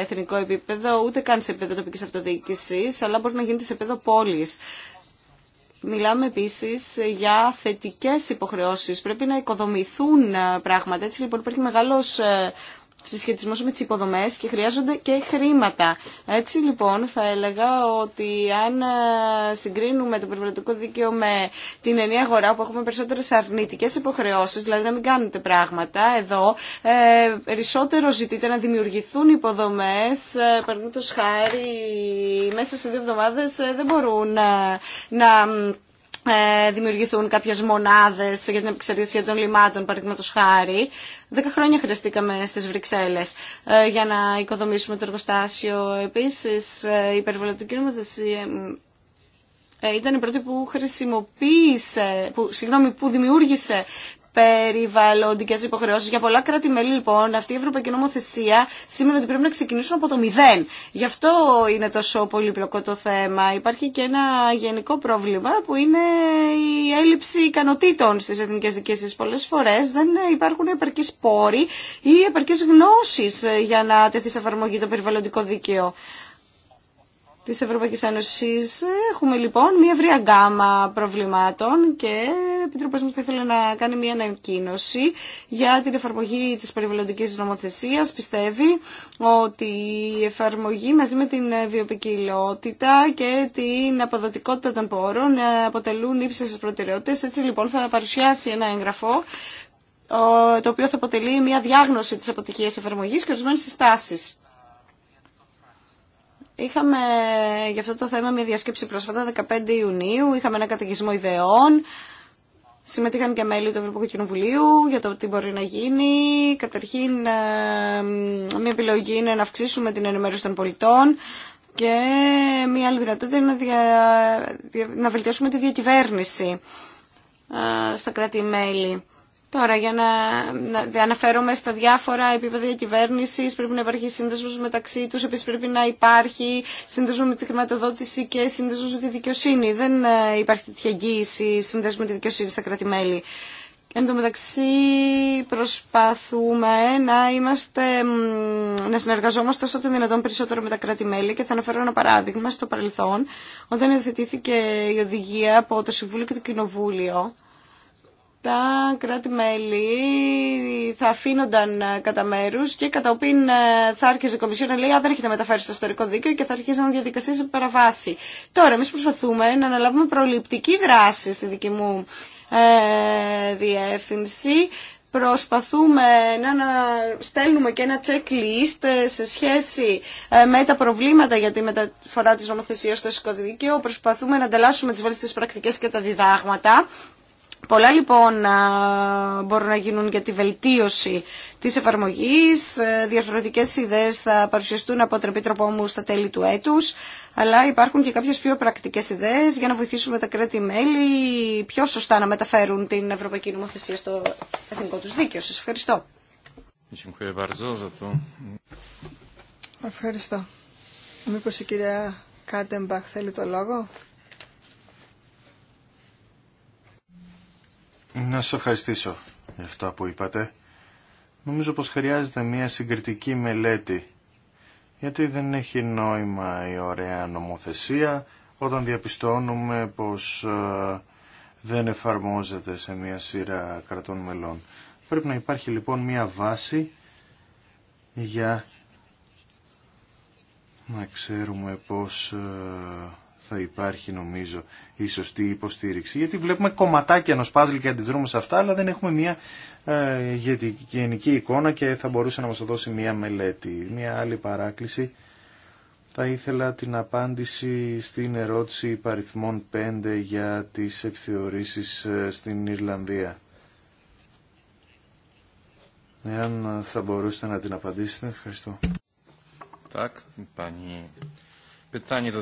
εθνικό επίπεδο ούτε καν σε επίπεδο τοπική αυτοδιοίκηση, αλλά μπορεί να γίνει γίνεται σε επίπεδο Μιλάμε επίσης για θετικές υποχρεώσεις. Πρέπει να οικοδομηθούν ε, πράγματα. Έτσι λοιπόν υπάρχει μεγάλος ε, συσχετισμό με τις υποδομές και χρειάζονται και χρήματα. Έτσι λοιπόν θα έλεγα ότι αν ε, συγκρίνουμε το περιβαλλοντικό δίκαιο με την ενιαία αγορά που έχουμε περισσότερες αρνητικές υποχρεώσει, δηλαδή να μην κάνετε πράγματα εδώ, ε, περισσότερο ζητείτε να δημιουργηθούν υποδομές, ε, το χάρη μέσα σε δύο εβδομάδε ε, δεν μπορούν ε, να ε, δημιουργηθούν κάποιες μονάδες για την επεξεργασία των λιμάτων, παραδείγματο χάρη. Δέκα χρόνια χρειαστήκαμε στις Βρυξέλλες ε, για να οικοδομήσουμε το εργοστάσιο. Επίσης, ε, η περιβαλλοντική νομοθεσία ήταν η πρώτη που χρησιμοποίησε, που, συγγνώμη, που δημιούργησε περιβαλλοντικέ υποχρεώσει. Για πολλά κράτη-μέλη, λοιπόν, αυτή η Ευρωπαϊκή Νομοθεσία σημαίνει ότι πρέπει να ξεκινήσουν από το μηδέν. Γι' αυτό είναι τόσο πολύπλοκο το θέμα. Υπάρχει και ένα γενικό πρόβλημα που είναι η έλλειψη ικανοτήτων στι εθνικέ δικασίες Πολλέ φορέ δεν υπάρχουν επαρκεί πόροι ή επαρκεί γνώσει για να τεθεί σε εφαρμογή το περιβαλλοντικό δίκαιο. Τη Ευρωπαϊκή Ένωση Έχουμε λοιπόν μια ευρία γκάμα προβλημάτων και ο Επιτροπή μου θα ήθελε να κάνει μια ανακοίνωση για την εφαρμογή τη περιβαλλοντική νομοθεσία. Πιστεύει ότι η εφαρμογή μαζί με την βιοπικιλότητα και την αποδοτικότητα των πόρων αποτελούν ύψε προτεραιότητε. Έτσι λοιπόν θα παρουσιάσει ένα εγγραφό το οποίο θα αποτελεί μια διάγνωση της αποτυχίας εφαρμογής και ορισμένες συστάσεις. Είχαμε για αυτό το θέμα μια διασκέψη πρόσφατα, 15 Ιουνίου, είχαμε ένα καταιγισμό ιδεών, συμμετείχαν και μέλη του Ευρωπαϊκού Κοινοβουλίου για το τι μπορεί να γίνει. Καταρχήν, ε, μια επιλογή είναι να αυξήσουμε την ενημέρωση των πολιτών και μια άλλη δυνατότητα είναι να, να βελτιώσουμε τη διακυβέρνηση ε, στα κράτη-μέλη. Τώρα, για να, να αναφέρομαι στα διάφορα επίπεδα διακυβέρνηση, πρέπει να υπάρχει σύνδεσμο μεταξύ του, επίση πρέπει να υπάρχει σύνδεσμο με τη χρηματοδότηση και σύνδεσμο με τη δικαιοσύνη. Δεν ε, υπάρχει τέτοια εγγύηση σύνδεσμο με τη δικαιοσύνη στα κράτη-μέλη. Εν τω μεταξύ προσπαθούμε να, είμαστε, να συνεργαζόμαστε όσο το δυνατόν περισσότερο με τα κράτη-μέλη και θα αναφέρω ένα παράδειγμα στο παρελθόν όταν υιοθετήθηκε η οδηγία από το Συμβούλιο και το Κοινοβούλιο τα κράτη-μέλη θα αφήνονταν ε, κατά μέρου και κατά κατόπιν ε, θα άρχιζε η Κομισιόν να λέει δεν έχετε μεταφέρει στο ιστορικό δίκαιο και θα αρχίζουν διαδικασίε σε παραβάση. Τώρα, εμεί προσπαθούμε να αναλάβουμε προληπτική δράση στη δική μου ε, διεύθυνση. Προσπαθούμε να στέλνουμε και ένα checklist ε, σε σχέση με τα προβλήματα για τη μεταφορά της νομοθεσίας στο ιστορικό δίκαιο. Προσπαθούμε να ανταλλάσσουμε τις βέλτιστες πρακτικές και τα διδάγματα Πολλά λοιπόν μπορούν να γίνουν για τη βελτίωση της εφαρμογής, ε, διαφορετικές ιδέες θα παρουσιαστούν από τον Επίτροπό μου στα τέλη του έτους, αλλά υπάρχουν και κάποιες πιο πρακτικές ιδέες για να βοηθήσουμε τα κράτη-μέλη πιο σωστά να μεταφέρουν την Ευρωπαϊκή Νομοθεσία στο εθνικό τους δίκαιο. Σας ευχαριστώ. Ευχαριστώ. Μήπως η κυρία Κάντεμπαχ θέλει το λόγο. Να σας ευχαριστήσω για αυτά που είπατε. Νομίζω πως χρειάζεται μια συγκριτική μελέτη, γιατί δεν έχει νόημα η ωραία νομοθεσία όταν διαπιστώνουμε πως ε, δεν εφαρμόζεται σε μια σειρά κρατών μελών. Πρέπει να υπάρχει λοιπόν μια βάση για να ξέρουμε πως ε, θα υπάρχει νομίζω η σωστή υποστήριξη. Γιατί βλέπουμε κομματάκια ενό παζλ και αντιδρούμε σε αυτά, αλλά δεν έχουμε μια ε, γενική εικόνα και θα μπορούσε να μα το δώσει μια μελέτη. Μια άλλη παράκληση. Θα ήθελα την απάντηση στην ερώτηση παριθμών 5 για τις επιθεωρήσεις ε, στην Ιρλανδία. Εάν θα μπορούσατε να την απαντήσετε, ευχαριστώ. Tak, pani. Pytanie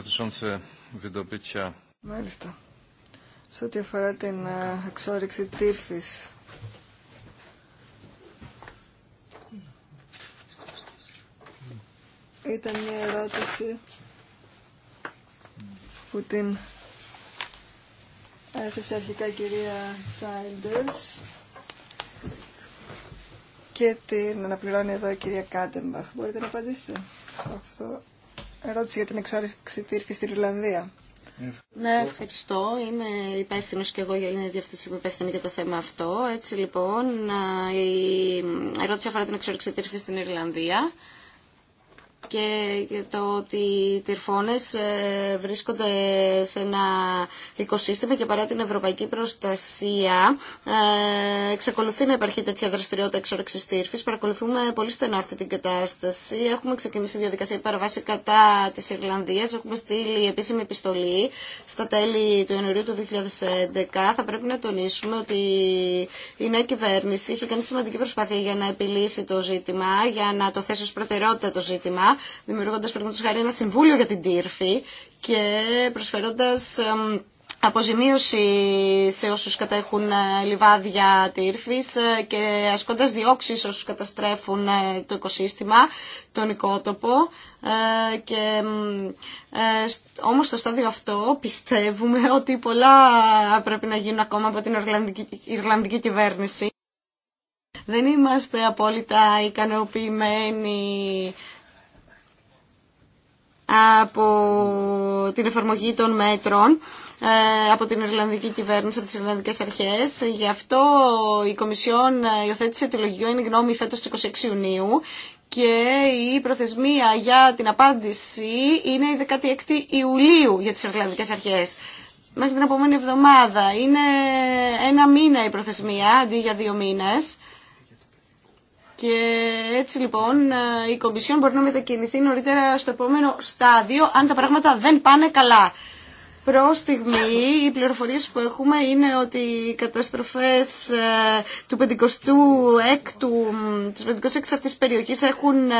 Μάλιστα. Σε ό,τι αφορά την ε, εξόριξη τύρφης. Ήταν μια ερώτηση που την έθεσε αρχικά η κυρία Childers και την αναπληρώνει εδώ η κυρία Κάτεμπαχ. Μπορείτε να απαντήσετε σε αυτό ερώτηση για την εξόριξη τύρκη στην Ιρλανδία. Ναι, ευχαριστώ. Είμαι υπεύθυνο και εγώ για είναι διευθυντή που υπεύθυνη για το θέμα αυτό. Έτσι λοιπόν, η ερώτηση αφορά την εξόριξη τύρφη στην Ιρλανδία και το ότι οι τυρφώνες ε, βρίσκονται σε ένα οικοσύστημα και παρά την ευρωπαϊκή προστασία ε, εξακολουθεί να υπάρχει τέτοια δραστηριότητα εξόρεξης τύρφης. Παρακολουθούμε πολύ στενά αυτή την κατάσταση. Έχουμε ξεκινήσει διαδικασία παραβάση κατά της Ιρλανδίας. Έχουμε στείλει επίσημη επιστολή στα τέλη του Ιανουαρίου του 2011. Θα πρέπει να τονίσουμε ότι η νέα κυβέρνηση είχε κάνει σημαντική προσπάθεια για να επιλύσει το ζήτημα, για να το θέσει ως προτεραιότητα το ζήτημα δημιουργώντας παραδείγματος χάρη ένα συμβούλιο για την τύρφη και προσφέροντας αποζημίωση σε όσους κατέχουν ε, λιβάδια τύρφης ε, και ασκώντας διώξεις όσους καταστρέφουν ε, το οικοσύστημα, τον οικότοπο. Και, όμως στο στάδιο αυτό πιστεύουμε ότι πολλά πρέπει να γίνουν ακόμα από την Ιρλανδική, Ιρλανδική κυβέρνηση. Δεν είμαστε απόλυτα ικανοποιημένοι από την εφαρμογή των μέτρων ε, από την Ιρλανδική κυβέρνηση, από τις Ιρλανδικές αρχές. Γι' αυτό η Κομισιόν ε, υιοθέτησε τη λογική είναι γνώμη φέτος 26 Ιουνίου και η προθεσμία για την απάντηση είναι η 16 Ιουλίου για τις Ιρλανδικές αρχές. Μέχρι την επόμενη εβδομάδα είναι ένα μήνα η προθεσμία αντί για δύο μήνες. Και έτσι λοιπόν ε, η Κομισιόν μπορεί να μετακινηθεί νωρίτερα στο επόμενο στάδιο αν τα πράγματα δεν πάνε καλά. Προ στιγμή οι πληροφορίε που έχουμε είναι ότι οι καταστροφές ε, του 56ου, της 56 περιοχής έχουν ε,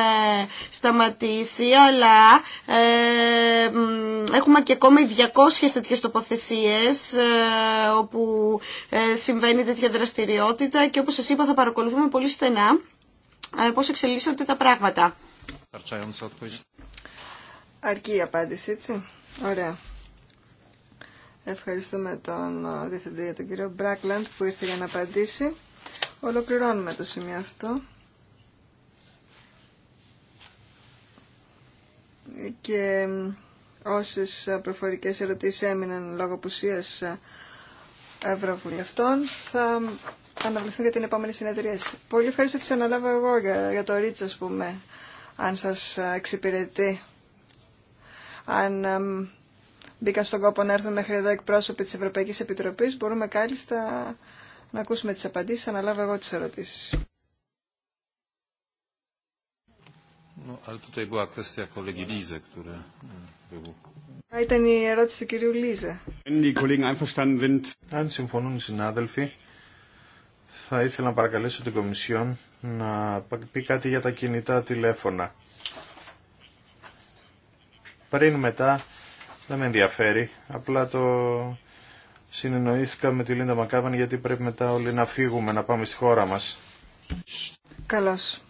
σταματήσει, αλλά έχουμε και ακόμα 200 τέτοιες τοποθεσίες όπου συμβαίνει τέτοια δραστηριότητα και όπως σας είπα θα παρακολουθούμε πολύ στενά πώς εξελίσσονται τα πράγματα. Αρκεί η απάντηση, έτσι. Ωραία. Ευχαριστούμε τον Διευθυντή, τον κύριο Μπράκλαντ, που ήρθε για να απαντήσει. Ολοκληρώνουμε το σημείο αυτό. Και όσες προφορικές ερωτήσεις έμειναν λόγω απουσίας ευρωβουλευτών, θα αναβληθούν για την επόμενη συνεδρίαση. Πολύ ευχαριστώ τις αναλάβω εγώ για, για το ρίτσο, ας πούμε, αν σας ε, εξυπηρετεί. Αν εμ, μπήκαν στον κόπο να έρθουν μέχρι εδώ εκπρόσωποι της Ευρωπαϊκής Επιτροπής, μπορούμε κάλλιστα να ακούσουμε τις απαντήσεις, αναλάβω εγώ τις ερωτήσεις. Mm, Ήταν η ερώτηση του κυρίου Λίζε. Αν συμφωνούν οι συνάδελφοι, θα ήθελα να παρακαλέσω την Κομισιόν να πει κάτι για τα κινητά τηλέφωνα. Πριν μετά δεν με ενδιαφέρει, απλά το συνεννοήθηκα με τη Λίντα Μακάβαν γιατί πρέπει μετά όλοι να φύγουμε, να πάμε στη χώρα μας. Καλώς.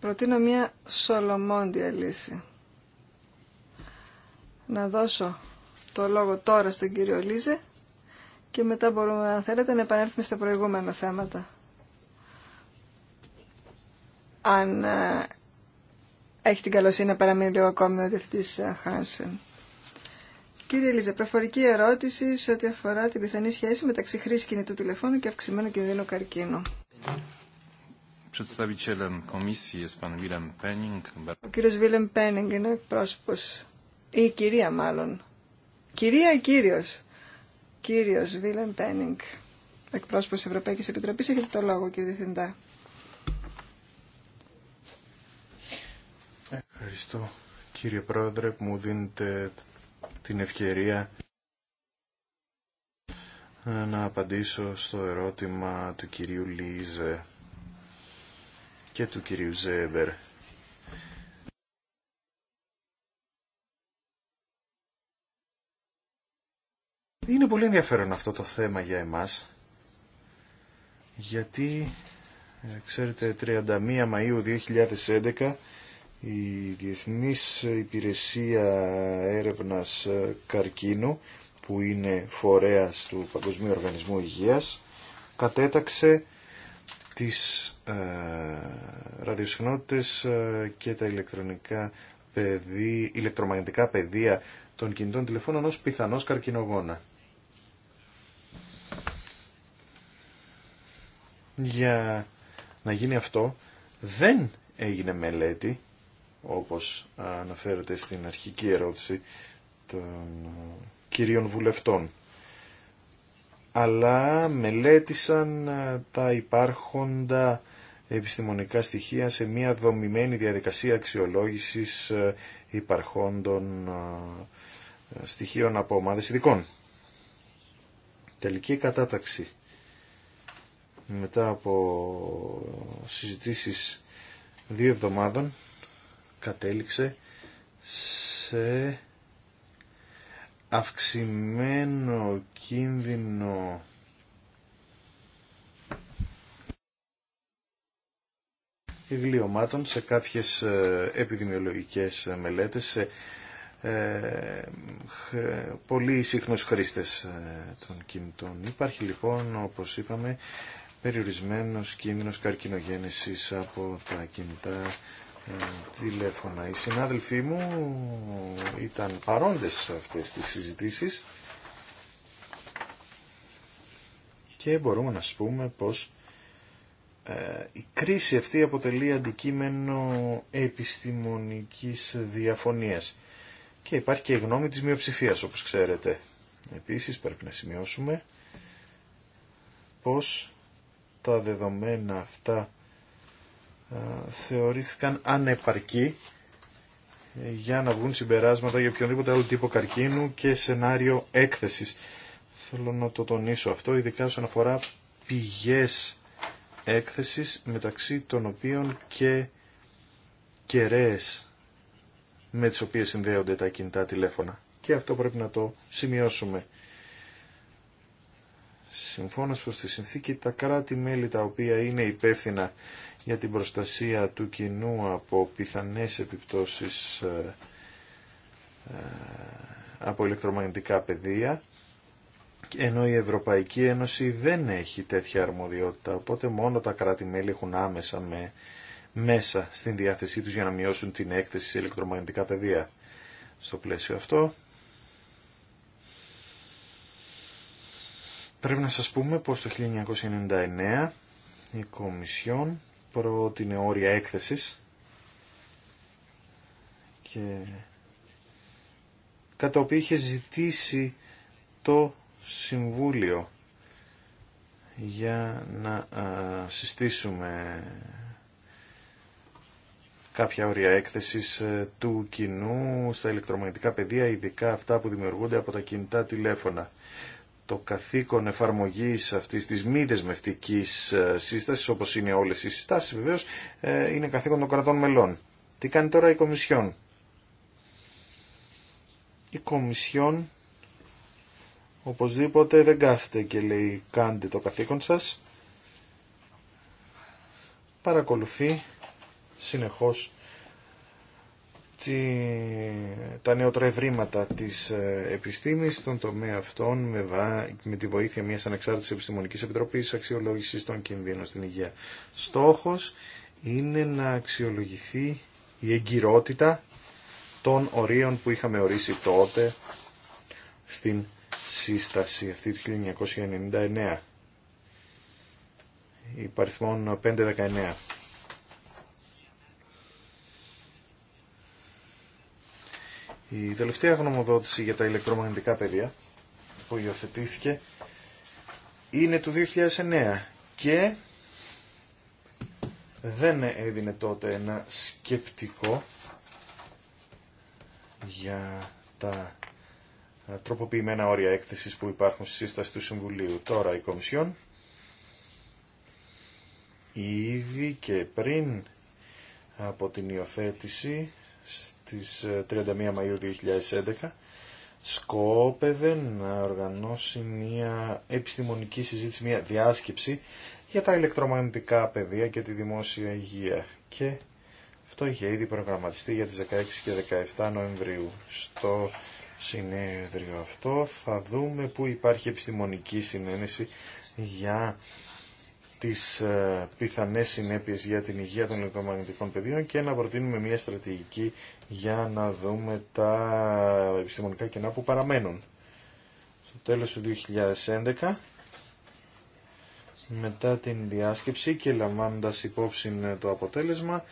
Προτείνω μια σολομόντια λύση. Να δώσω το λόγο τώρα στον κύριο Λίζε και μετά μπορούμε, αν θέλετε, να επανέλθουμε στα προηγούμενα θέματα. Αν ε, έχει την καλοσύνη να παραμείνει λίγο ακόμη ο διευθυντής ε, Χάνσεν. Κύριε Λίζα, προφορική ερώτηση σε ό,τι αφορά την πιθανή σχέση μεταξύ χρήση κινητού τηλεφώνου και αυξημένου κινδύνου καρκίνου. Ο κύριο Βίλεμ Πένιγκ είναι πρόσωπος, ή η κυρια μάλλον. Κυρία ή κύριο κύριος Βίλεν Πένινγκ, εκπρόσωπος της Ευρωπαϊκής Επιτροπής. Έχετε το λόγο, κύριε Διευθυντά. Ευχαριστώ, κύριε Πρόεδρε, που μου δίνετε την ευκαιρία να απαντήσω στο ερώτημα του κυρίου Λίζε και του κυρίου Ζέμπερ. Είναι πολύ ενδιαφέρον αυτό το θέμα για εμάς, γιατί, ε, ξέρετε, 31 Μαΐου 2011 η Διεθνής Υπηρεσία Έρευνας ε, Καρκίνου, που είναι φορέας του Παγκοσμίου Οργανισμού Υγείας, κατέταξε τις ε, ε και τα ηλεκτρονικά ηλεκτρομαγνητικά πεδία των κινητών τηλεφώνων ως πιθανός καρκινογόνα. Για να γίνει αυτό δεν έγινε μελέτη, όπως αναφέρεται στην αρχική ερώτηση των κυρίων βουλευτών, αλλά μελέτησαν ε, τα υπάρχοντα επιστημονικά στοιχεία σε μια δομημένη διαδικασία αξιολόγησης ε, υπαρχόντων ε, στοιχείων από ομάδες ειδικών. Τελική κατάταξη μετά από συζητήσεις δύο εβδομάδων κατέληξε σε αυξημένο κίνδυνο γλιωμάτων σε κάποιες ε, επιδημιολογικές μελέτες σε ε, πολύ συχνούς χρήστες ε, των κινητών. Υπάρχει λοιπόν, όπως είπαμε, περιορισμένος κίνδυνος καρκινογένεσης από τα κινητά ε, τηλέφωνα. Οι συνάδελφοί μου ήταν παρόντες σε αυτές τις συζητήσεις και μπορούμε να πούμε πως ε, η κρίση αυτή αποτελεί αντικείμενο επιστημονικής διαφωνίας και υπάρχει και η γνώμη της μειοψηφίας όπως ξέρετε. Επίσης πρέπει να σημειώσουμε πως τα δεδομένα αυτά θεωρήθηκαν ανεπαρκή για να βγουν συμπεράσματα για οποιονδήποτε άλλο τύπο καρκίνου και σενάριο έκθεσης. Θέλω να το τονίσω αυτό, ειδικά όσον αφορά πηγές έκθεσης μεταξύ των οποίων και κεραίες με τις οποίες συνδέονται τα κινητά τηλέφωνα. Και αυτό πρέπει να το σημειώσουμε. Συμφώνω προς τη συνθήκη, τα κράτη-μέλη τα οποία είναι υπεύθυνα για την προστασία του κοινού από πιθανές επιπτώσεις ε, ε, από ηλεκτρομαγνητικά πεδία, ενώ η Ευρωπαϊκή Ένωση δεν έχει τέτοια αρμοδιότητα, οπότε μόνο τα κράτη-μέλη έχουν άμεσα μέσα στην διάθεσή τους για να μειώσουν την έκθεση σε ηλεκτρομαγνητικά πεδία. Στο πλαίσιο αυτό, Πρέπει να σας πούμε πως το 1999 η Κομισιόν πρότεινε όρια έκθεσης και κατά οποία είχε ζητήσει το Συμβούλιο για να συστήσουμε κάποια όρια έκθεσης ε, του κοινού στα ηλεκτρομαγνητικά πεδία, ειδικά αυτά που δημιουργούνται από τα κινητά τηλέφωνα το καθήκον εφαρμογής αυτής της μη δεσμευτική ε, σύστασης, όπως είναι όλες οι συστάσεις βεβαίως, ε, είναι καθήκον των κρατών μελών. Τι κάνει τώρα η Κομισιόν. Η Κομισιόν οπωσδήποτε δεν κάθεται και λέει κάντε το καθήκον σας. Παρακολουθεί συνεχώς τα ευρήματα της ε, επιστήμης στον τομέα αυτών με, βα... με τη βοήθεια μιας ανεξάρτητης επιστημονικής επιτροπής αξιολόγησης των κινδύνων στην υγεία. Στόχος είναι να αξιολογηθεί η εγκυρότητα των ορίων που είχαμε ορίσει τότε στην σύσταση αυτή του 1999 υπαριθμών 519. Η τελευταία γνωμοδότηση για τα ηλεκτρομαγνητικά πεδία που υιοθετήθηκε είναι του 2009 και δεν έδινε τότε ένα σκεπτικό για τα τροποποιημένα όρια έκθεσης που υπάρχουν στη σύσταση του Συμβουλίου. Τώρα η Κομισιόν ήδη και πριν από την υιοθέτηση στις 31 ε, Μαΐου 2011 σκόπευε να οργανώσει μια επιστημονική συζήτηση, μια διάσκεψη για τα ηλεκτρομαγνητικά πεδία και τη δημόσια υγεία. Και αυτό είχε ήδη προγραμματιστεί για τις 16 και 17 Νοεμβρίου. Στο συνέδριο αυτό θα δούμε που υπάρχει επιστημονική συνένεση για τις ε, πιθανές συνέπειες για την υγεία των ηλεκτρομαγνητικών πεδίων και να προτείνουμε μια στρατηγική για να δούμε τα επιστημονικά κενά που παραμένουν. Στο τέλος του 2011, μετά την διάσκεψη και λαμβάνοντας υπόψη ε, το αποτέλεσμα,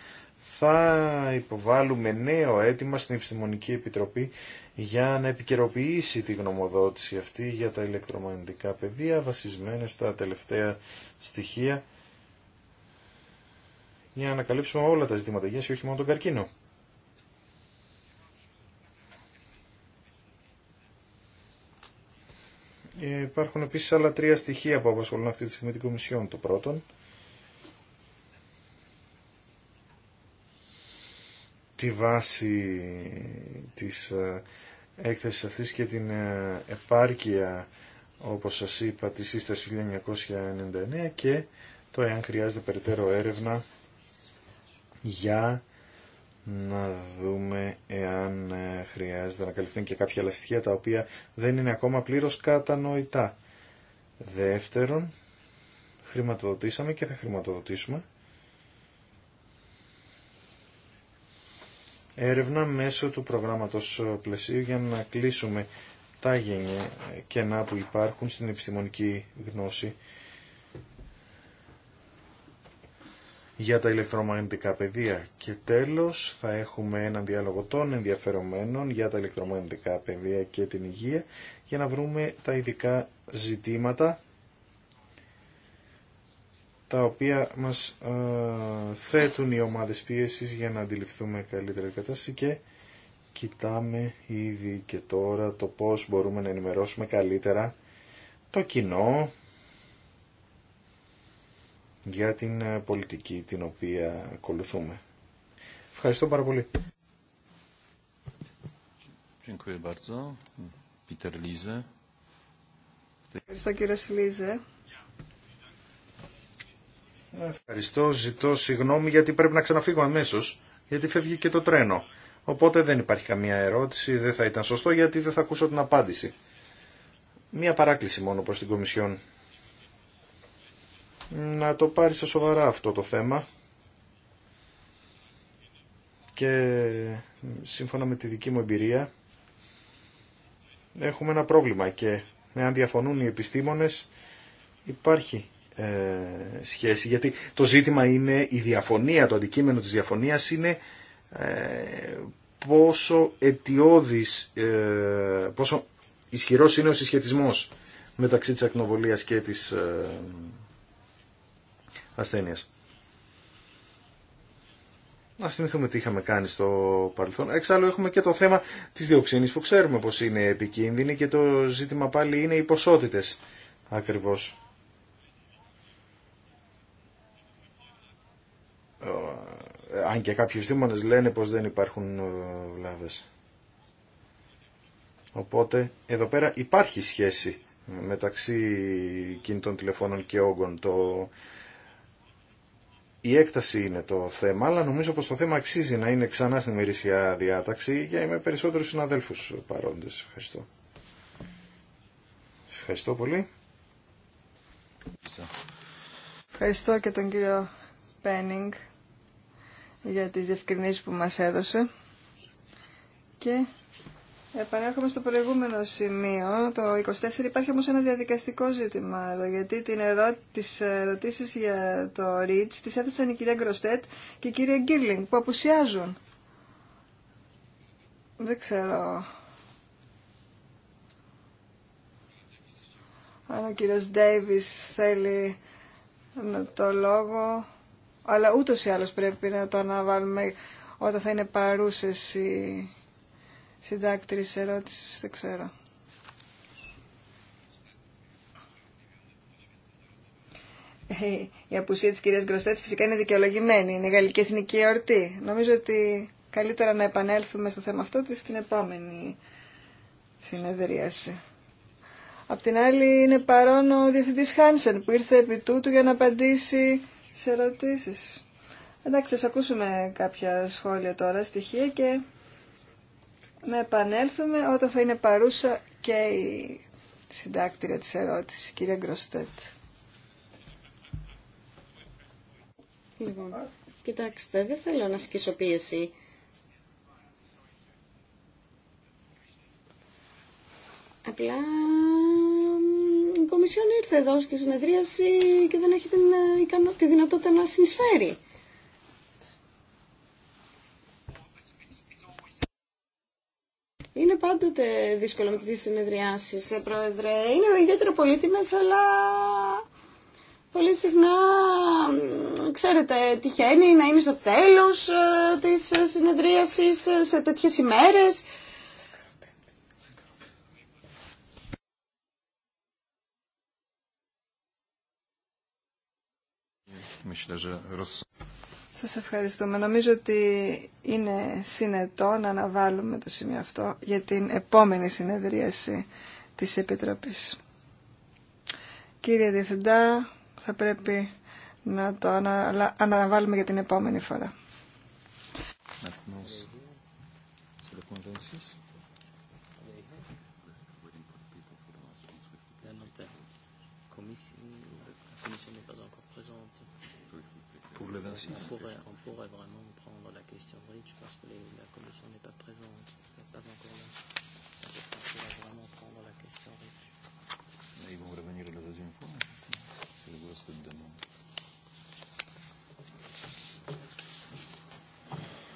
θα υποβάλουμε νέο αίτημα στην Επιστημονική Επιτροπή για να επικαιροποιήσει τη γνωμοδότηση αυτή για τα ηλεκτρομαγνητικά πεδία βασισμένα στα τελευταία στοιχεία για να ανακαλύψουμε όλα τα ζητήματα υγείας και όχι μόνο τον καρκίνο. Υπάρχουν επίσης άλλα τρία στοιχεία που απασχολούν αυτή τη στιγμή την Κομισιόν. Το πρώτον, τη βάση της ε, έκθεσης αυτής και την ε, επάρκεια, όπως σας είπα, της ίστασης 1999 και το εάν χρειάζεται περαιτέρω έρευνα για να δούμε εάν ε, χρειάζεται να καλυφθούν και κάποια άλλα τα οποία δεν είναι ακόμα πλήρως κατανοητά. Δεύτερον, χρηματοδοτήσαμε και θα χρηματοδοτήσουμε έρευνα μέσω του προγράμματος ε, πλαισίου για να κλείσουμε τα γενιά ε, κενά που υπάρχουν στην επιστημονική γνώση για τα ηλεκτρομαγνητικά πεδία. Και τέλος θα έχουμε έναν διάλογο των ενδιαφερομένων για τα ηλεκτρομαγνητικά πεδία και την υγεία για να βρούμε τα ειδικά ζητήματα τα οποία μας ε, θέτουν οι ομάδες πίεσης για να αντιληφθούμε καλύτερα την κατάσταση και κοιτάμε ήδη και τώρα το πώς μπορούμε να ενημερώσουμε καλύτερα το κοινό για την ε, πολιτική την οποία ακολουθούμε. Ευχαριστώ πάρα πολύ. Ευχαριστώ κύριε Σιλίζε. Ευχαριστώ, ζητώ συγγνώμη γιατί πρέπει να ξαναφύγω αμέσω γιατί φεύγει και το τρένο. Οπότε δεν υπάρχει καμία ερώτηση, δεν θα ήταν σωστό γιατί δεν θα ακούσω την απάντηση. Μία παράκληση μόνο προς την Κομισιόν. Να το πάρει σε σοβαρά αυτό το θέμα και σύμφωνα με τη δική μου εμπειρία έχουμε ένα πρόβλημα και αν διαφωνούν οι επιστήμονες υπάρχει ε, σχέση, γιατί το ζήτημα είναι η διαφωνία, το αντικείμενο της διαφωνίας είναι ε, πόσο αιτιώδης, ε, πόσο ισχυρός είναι ο συσχετισμός μεταξύ της ακνοβολίας και της ασθένειας. Να θυμηθούμε τι είχαμε κάνει στο παρελθόν. Εξάλλου έχουμε και το θέμα της διοξίνης που ξέρουμε πως είναι επικίνδυνη και το ζήτημα πάλι είναι οι ποσότητες ακριβώς. Ε, αν και κάποιοι επιστήμονες λένε πως δεν υπάρχουν ε, βλάβες. Οπότε εδώ πέρα υπάρχει σχέση μεταξύ κινητών τηλεφώνων και όγκων. Το... Η έκταση είναι το θέμα, αλλά νομίζω πως το θέμα αξίζει να είναι ξανά στην ημερήσια διάταξη για είμαι περισσότερους συναδέλφους παρόντες. Ευχαριστώ. Ευχαριστώ πολύ. Ευχαριστώ και τον κύριο Πένινγκ για τις διευκρινήσεις που μας έδωσε. Και επανέρχομαι στο προηγούμενο σημείο, το 24. Υπάρχει όμως ένα διαδικαστικό ζήτημα εδώ, γιατί την ερώ... τις ερωτήσεις για το ρίτς τις έθεσαν η κυρία Γκροστέτ και η κυρία Γκίρλινγκ που απουσιάζουν. Δεν ξέρω αν ο κύριος Ντέιβις θέλει το λόγο αλλά ούτως ή άλλως πρέπει να το αναβάλουμε όταν θα είναι παρούσες οι συντάκτηρες ερώτησης, δεν ξέρω. Ε, η απουσία της κυρίας Γκροστέτ φυσικά είναι δικαιολογημένη, είναι η γαλλική εθνική εορτή. Νομίζω ότι καλύτερα να επανέλθουμε στο θέμα αυτό της στην επόμενη συνεδρίαση. Απ' την άλλη είναι παρόν ο διευθυντής Χάνσεν που ήρθε επί τούτου για να απαντήσει σε ερωτήσει. Εντάξει, ακούσουμε κάποια σχόλια τώρα, στοιχεία και να επανέλθουμε όταν θα είναι παρούσα και η συντάκτηρα της ερώτησης, κυρία Γκροστέτ. Λοιπόν, κοιτάξτε, δεν θέλω να σκίσω πίεση. Απλά Κομισιόν ήρθε εδώ στη συνεδρίαση και δεν έχει την, ε, τη δυνατότητα να συνεισφέρει. Είναι πάντοτε δύσκολο με τις συνεδριάσεις, ε, Πρόεδρε. Είναι ιδιαίτερα πολύτιμες, αλλά πολύ συχνά, ξέρετε, τυχαίνει να είναι στο τέλος ε, της συνεδρίασης σε τέτοιες ημέρες Σας ευχαριστούμε. Νομίζω ότι είναι συνετό να αναβάλουμε το σημείο αυτό για την επόμενη συνεδρίαση της Επιτροπής. Κύριε Διευθυντά, θα πρέπει να το ανα... αναβάλουμε για την επόμενη φορά. on, pourrait, on pourrait vraiment prendre la question Rich parce que les, la commission n'est pas présente, n'est pas encore là. On pourrait vraiment prendre la question Rich. Ils vont revenir la deuxième fois. Je vois cette demande.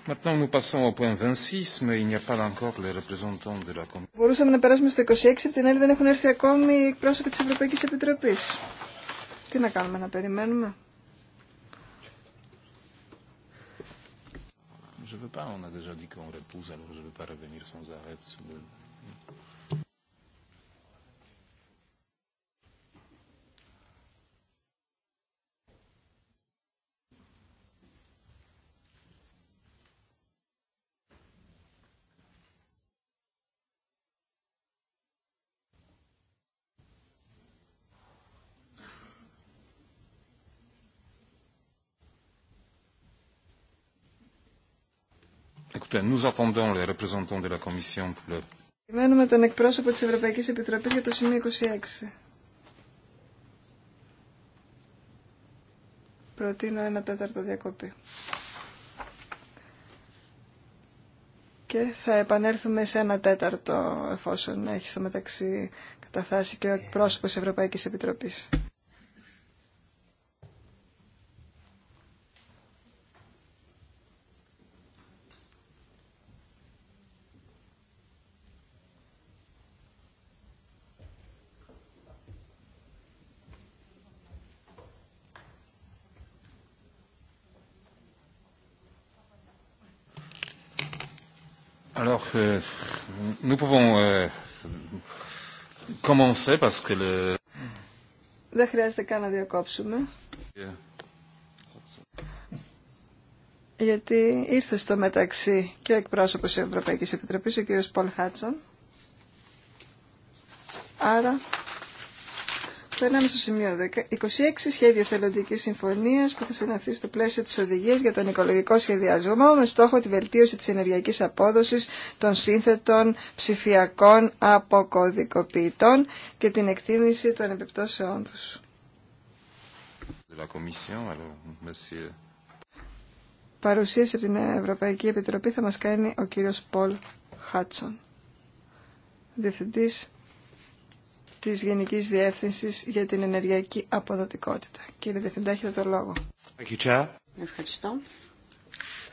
Maintenant, nous passons au point 26, mais il n'y a pas encore les représentants de la Commission. Μπορούσαμε να περάσουμε στο 26, από την άλλη δεν έχουν έρθει ακόμη οι εκπρόσωποι της Ευρωπαϊκής Επιτροπής. Τι να κάνουμε, να περιμένουμε. pas. On a déjà dit qu'on repousse, alors je ne veux pas revenir sans arrêt sur le Écoutez, τον εκπρόσωπο της Ευρωπαϊκής Επιτροπής για το σημείο 26. Προτείνω ένα τέταρτο διακοπή. Και θα επανέλθουμε σε ένα τέταρτο εφόσον έχει στο μεταξύ καταθάσει και ο εκπρόσωπος της Ευρωπαϊκής Επιτροπής. Euh, euh, Δεν χρειάζεται καν να διακόψουμε. Γιατί ήρθε στο μεταξύ και ο εκπρόσωπος της Ευρωπαϊκής Επιτροπής, ο κ. Πολ Χάτσον. Άρα Περνάμε στο σημείο 10. 26 σχέδια θελοντική συμφωνία που θα συναθεί στο πλαίσιο τη οδηγία για τον οικολογικό σχεδιασμό με στόχο τη βελτίωση τη ενεργειακή απόδοση των σύνθετων ψηφιακών αποκωδικοποιητών και την εκτίμηση των επιπτώσεών του. Παρουσίαση από την Ευρωπαϊκή Επιτροπή θα μας κάνει ο κύριος Πολ Χάτσον, Διευθυντής της Γενικής Διεύθυνσης για την Ενεργειακή Αποδοτικότητα. Κύριε Διευθυντά, έχετε το λόγο. Ευχαριστώ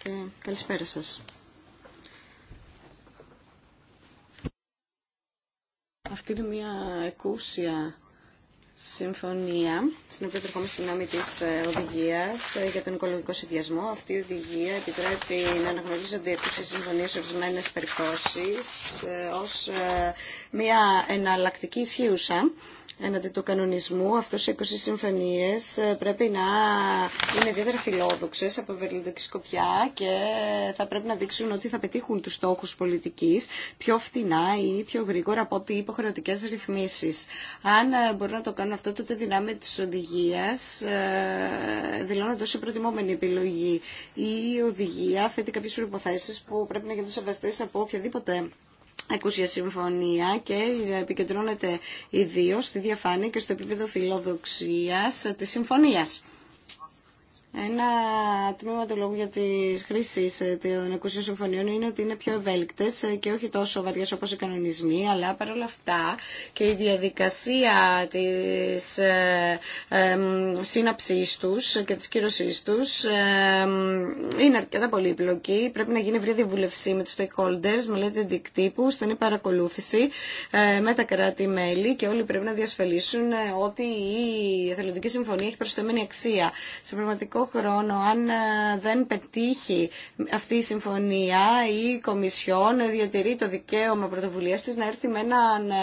και καλησπέρα σας. Αυτή είναι μια εκούσια συμφωνία στην οποία ερχόμαστε στην νόμη τη ε, οδηγίας ε, για τον οικολογικό συνδυασμό. Αυτή η οδηγία επιτρέπει να αναγνωρίζονται εκούσες συμφωνίε σε ορισμένε περιπτώσεις ε, ως μια εναλλακτική ισχύουσα έναντι του κανονισμού. Αυτό οι 20 συμφωνίε ε, πρέπει να είναι ιδιαίτερα φιλόδοξε από βερλινδική σκοπιά και θα πρέπει να δείξουν ότι θα πετύχουν του στόχου πολιτική πιο φτηνά ή πιο γρήγορα από ό,τι υποχρεωτικέ ρυθμίσει. Αν ε, μπορούν να το κάνουν αυτό, τότε δυνάμει τη οδηγία, ε, δηλώνοντα η προτιμόμενη επιλογή. Η οδηγία θέτει κάποιε προποθέσει που πρέπει να γίνουν σεβαστέ από οποιαδήποτε ακουσία συμφωνία και επικεντρώνεται ιδίως στη διαφάνεια και στο επίπεδο φιλοδοξίας της συμφωνίας. Ένα τμήμα του λόγου για τι χρήσει ε, των ακουσίων συμφωνιών είναι ότι είναι πιο ευέλικτε ε, και όχι τόσο βαριέ όπω οι κανονισμοί, αλλά παρόλα αυτά και η διαδικασία τη ε, σύναψή του και τη κύρωσή του είναι αρκετά πολύπλοκη. Πρέπει να γίνει ευρία διαβουλευσή με του stakeholders, μελέτη αντικτύπου, στενή παρακολούθηση με τα κράτη-μέλη και όλοι πρέπει να διασφαλίσουν ότι η εθελοντική συμφωνία έχει προσθεμένη αξία. Σε πραγματικό χρόνο, αν ε, δεν πετύχει αυτή η συμφωνία, η Κομισιόν ε, διατηρεί το δικαίωμα πρωτοβουλίας της να έρθει με έναν ε,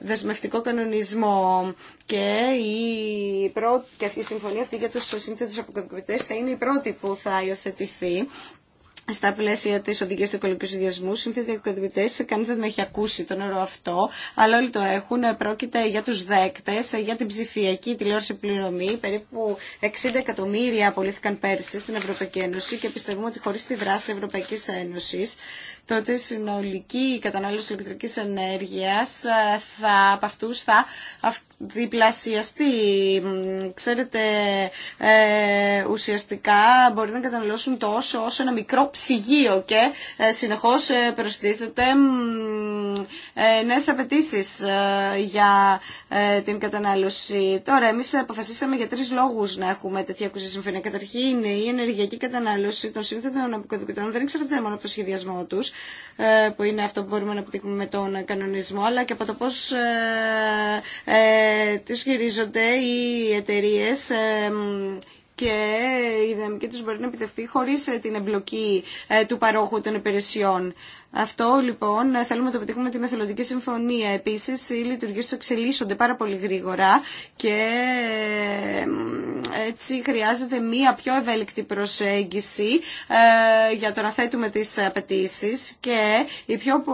δεσμευτικό κανονισμό και η πρώτη, και αυτή η συμφωνία αυτή για τους σύνθετους αποκατοικητές θα είναι η πρώτη που θα υιοθετηθεί στα πλαίσια τη οδηγία του οικολογικού συνδυασμού, σύνθετοι οικοδημητέ, κανεί δεν έχει ακούσει τον όρο αυτό, αλλά όλοι το έχουν. Πρόκειται για του δέκτε, για την ψηφιακή τηλεόραση πληρωμή. Περίπου 60 εκατομμύρια απολύθηκαν πέρσι στην Ευρωπαϊκή Ένωση και πιστεύουμε ότι χωρί τη δράση τη Ευρωπαϊκή Ένωση, τότε η συνολική κατανάλωση ηλεκτρική ενέργεια ε, από αυτού θα αυξηθεί διπλασιαστεί. Ξέρετε, ε, ουσιαστικά μπορεί να καταναλώσουν τόσο όσο ένα μικρό ψυγείο και ε, συνεχώς ε, ε, νέες απαιτήσει ε, για ε, την κατανάλωση. Τώρα, εμείς αποφασίσαμε για τρεις λόγους να έχουμε τέτοια ακουσία συμφωνία. Καταρχήν, η ενεργειακή κατανάλωση των σύνθετων αποκοδικητών δεν εξαρτάται μόνο από το σχεδιασμό τους, ε, που είναι αυτό που μπορούμε να επιτύχουμε με τον κανονισμό, αλλά και από το πώς τις γυρίζονται οι εταιρείε ε, και η δυναμική τους μπορεί να επιτευχθεί χωρίς ε, την εμπλοκή ε, του παρόχου των υπηρεσιών. Αυτό λοιπόν θέλουμε να το πετύχουμε την εθελοντική συμφωνία. Επίση, οι λειτουργίε του εξελίσσονται πάρα πολύ γρήγορα και έτσι χρειάζεται μία πιο ευέλικτη προσέγγιση ε, για το να θέτουμε τι απαιτήσει και οι πιο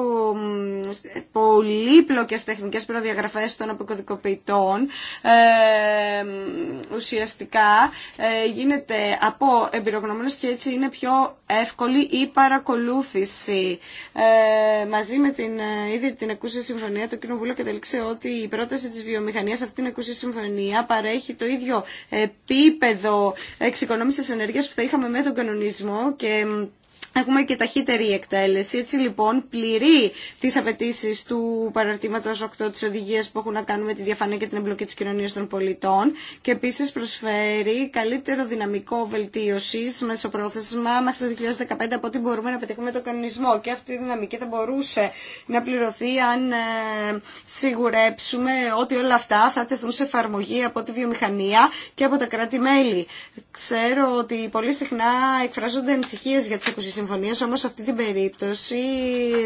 πολύπλοκε τεχνικέ προδιαγραφέ των αποκωδικοποιητών ε, ουσιαστικά ε, γίνεται από εμπειρογνωμένου και έτσι είναι πιο εύκολη η παρακολούθηση. Ε, μαζί με την ε, ήδη την ακούσια συμφωνία, το Κοινοβούλιο κατέληξε ότι η πρόταση της βιομηχανίας αυτή την ακούσια συμφωνία παρέχει το ίδιο επίπεδο εξοικονόμησης ενέργειας που θα είχαμε με τον κανονισμό και Έχουμε και ταχύτερη εκτέλεση. Έτσι λοιπόν πληρεί τι απαιτήσει του παραρτήματο 8 τη οδηγία που έχουν να κάνουν με τη διαφάνεια και την εμπλοκή τη κοινωνία των πολιτών και επίση προσφέρει καλύτερο δυναμικό βελτίωση μεσοπρόθεσμα μέχρι το 2015 από ό,τι μπορούμε να πετύχουμε το κανονισμό. Και αυτή η δυναμική θα μπορούσε να πληρωθεί αν ε, σιγουρέψουμε ότι όλα αυτά θα τεθούν σε εφαρμογή από τη βιομηχανία και από τα κράτη-μέλη. Ξέρω ότι πολύ συχνά εκφράζονται ανησυχίε για τι συμφωνίας, όμως σε αυτή την περίπτωση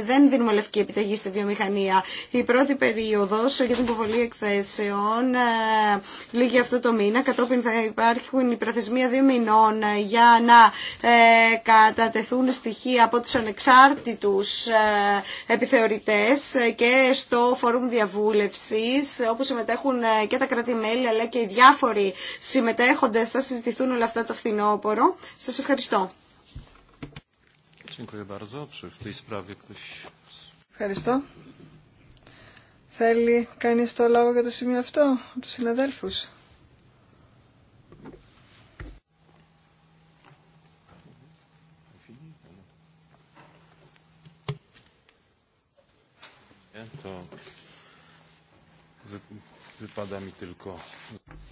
δεν δίνουμε λευκή επιταγή στη βιομηχανία. Η πρώτη περίοδος για την υποβολή εκθέσεων ε, λήγει αυτό το μήνα, κατόπιν θα υπάρχουν οι προθεσμία δύο μηνών ε, για να ε, κατατεθούν στοιχεία από τους ανεξάρτητους επιθεωρητές και στο φόρουμ διαβούλευσης, όπου συμμετέχουν και τα κράτη-μέλη αλλά και οι διάφοροι συμμετέχοντες θα συζητηθούν όλα αυτά το φθινόπωρο. Σας ευχαριστώ. Ευχαριστώ. Θέλει κανείς το λόγο για το σημείο αυτό, τους συναδέλφους.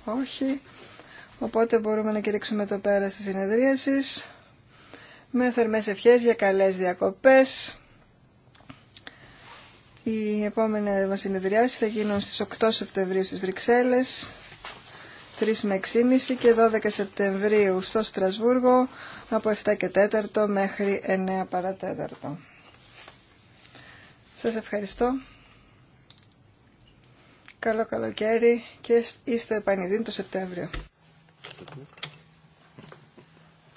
Όχι. Οπότε μπορούμε να κηρύξουμε το πέρα της συνεδρίασης με θερμές ευχές για καλές διακοπές. Οι επόμενε μας συνεδριάσεις θα γίνουν στις 8 Σεπτεμβρίου στις Βρυξέλλες, 3 με 6,5 και 12 Σεπτεμβρίου στο Στρασβούργο από 7 και 4 μέχρι 9 παρατέταρτο. Σας ευχαριστώ. Καλό καλοκαίρι και είστε επανειδήν το Σεπτέμβριο.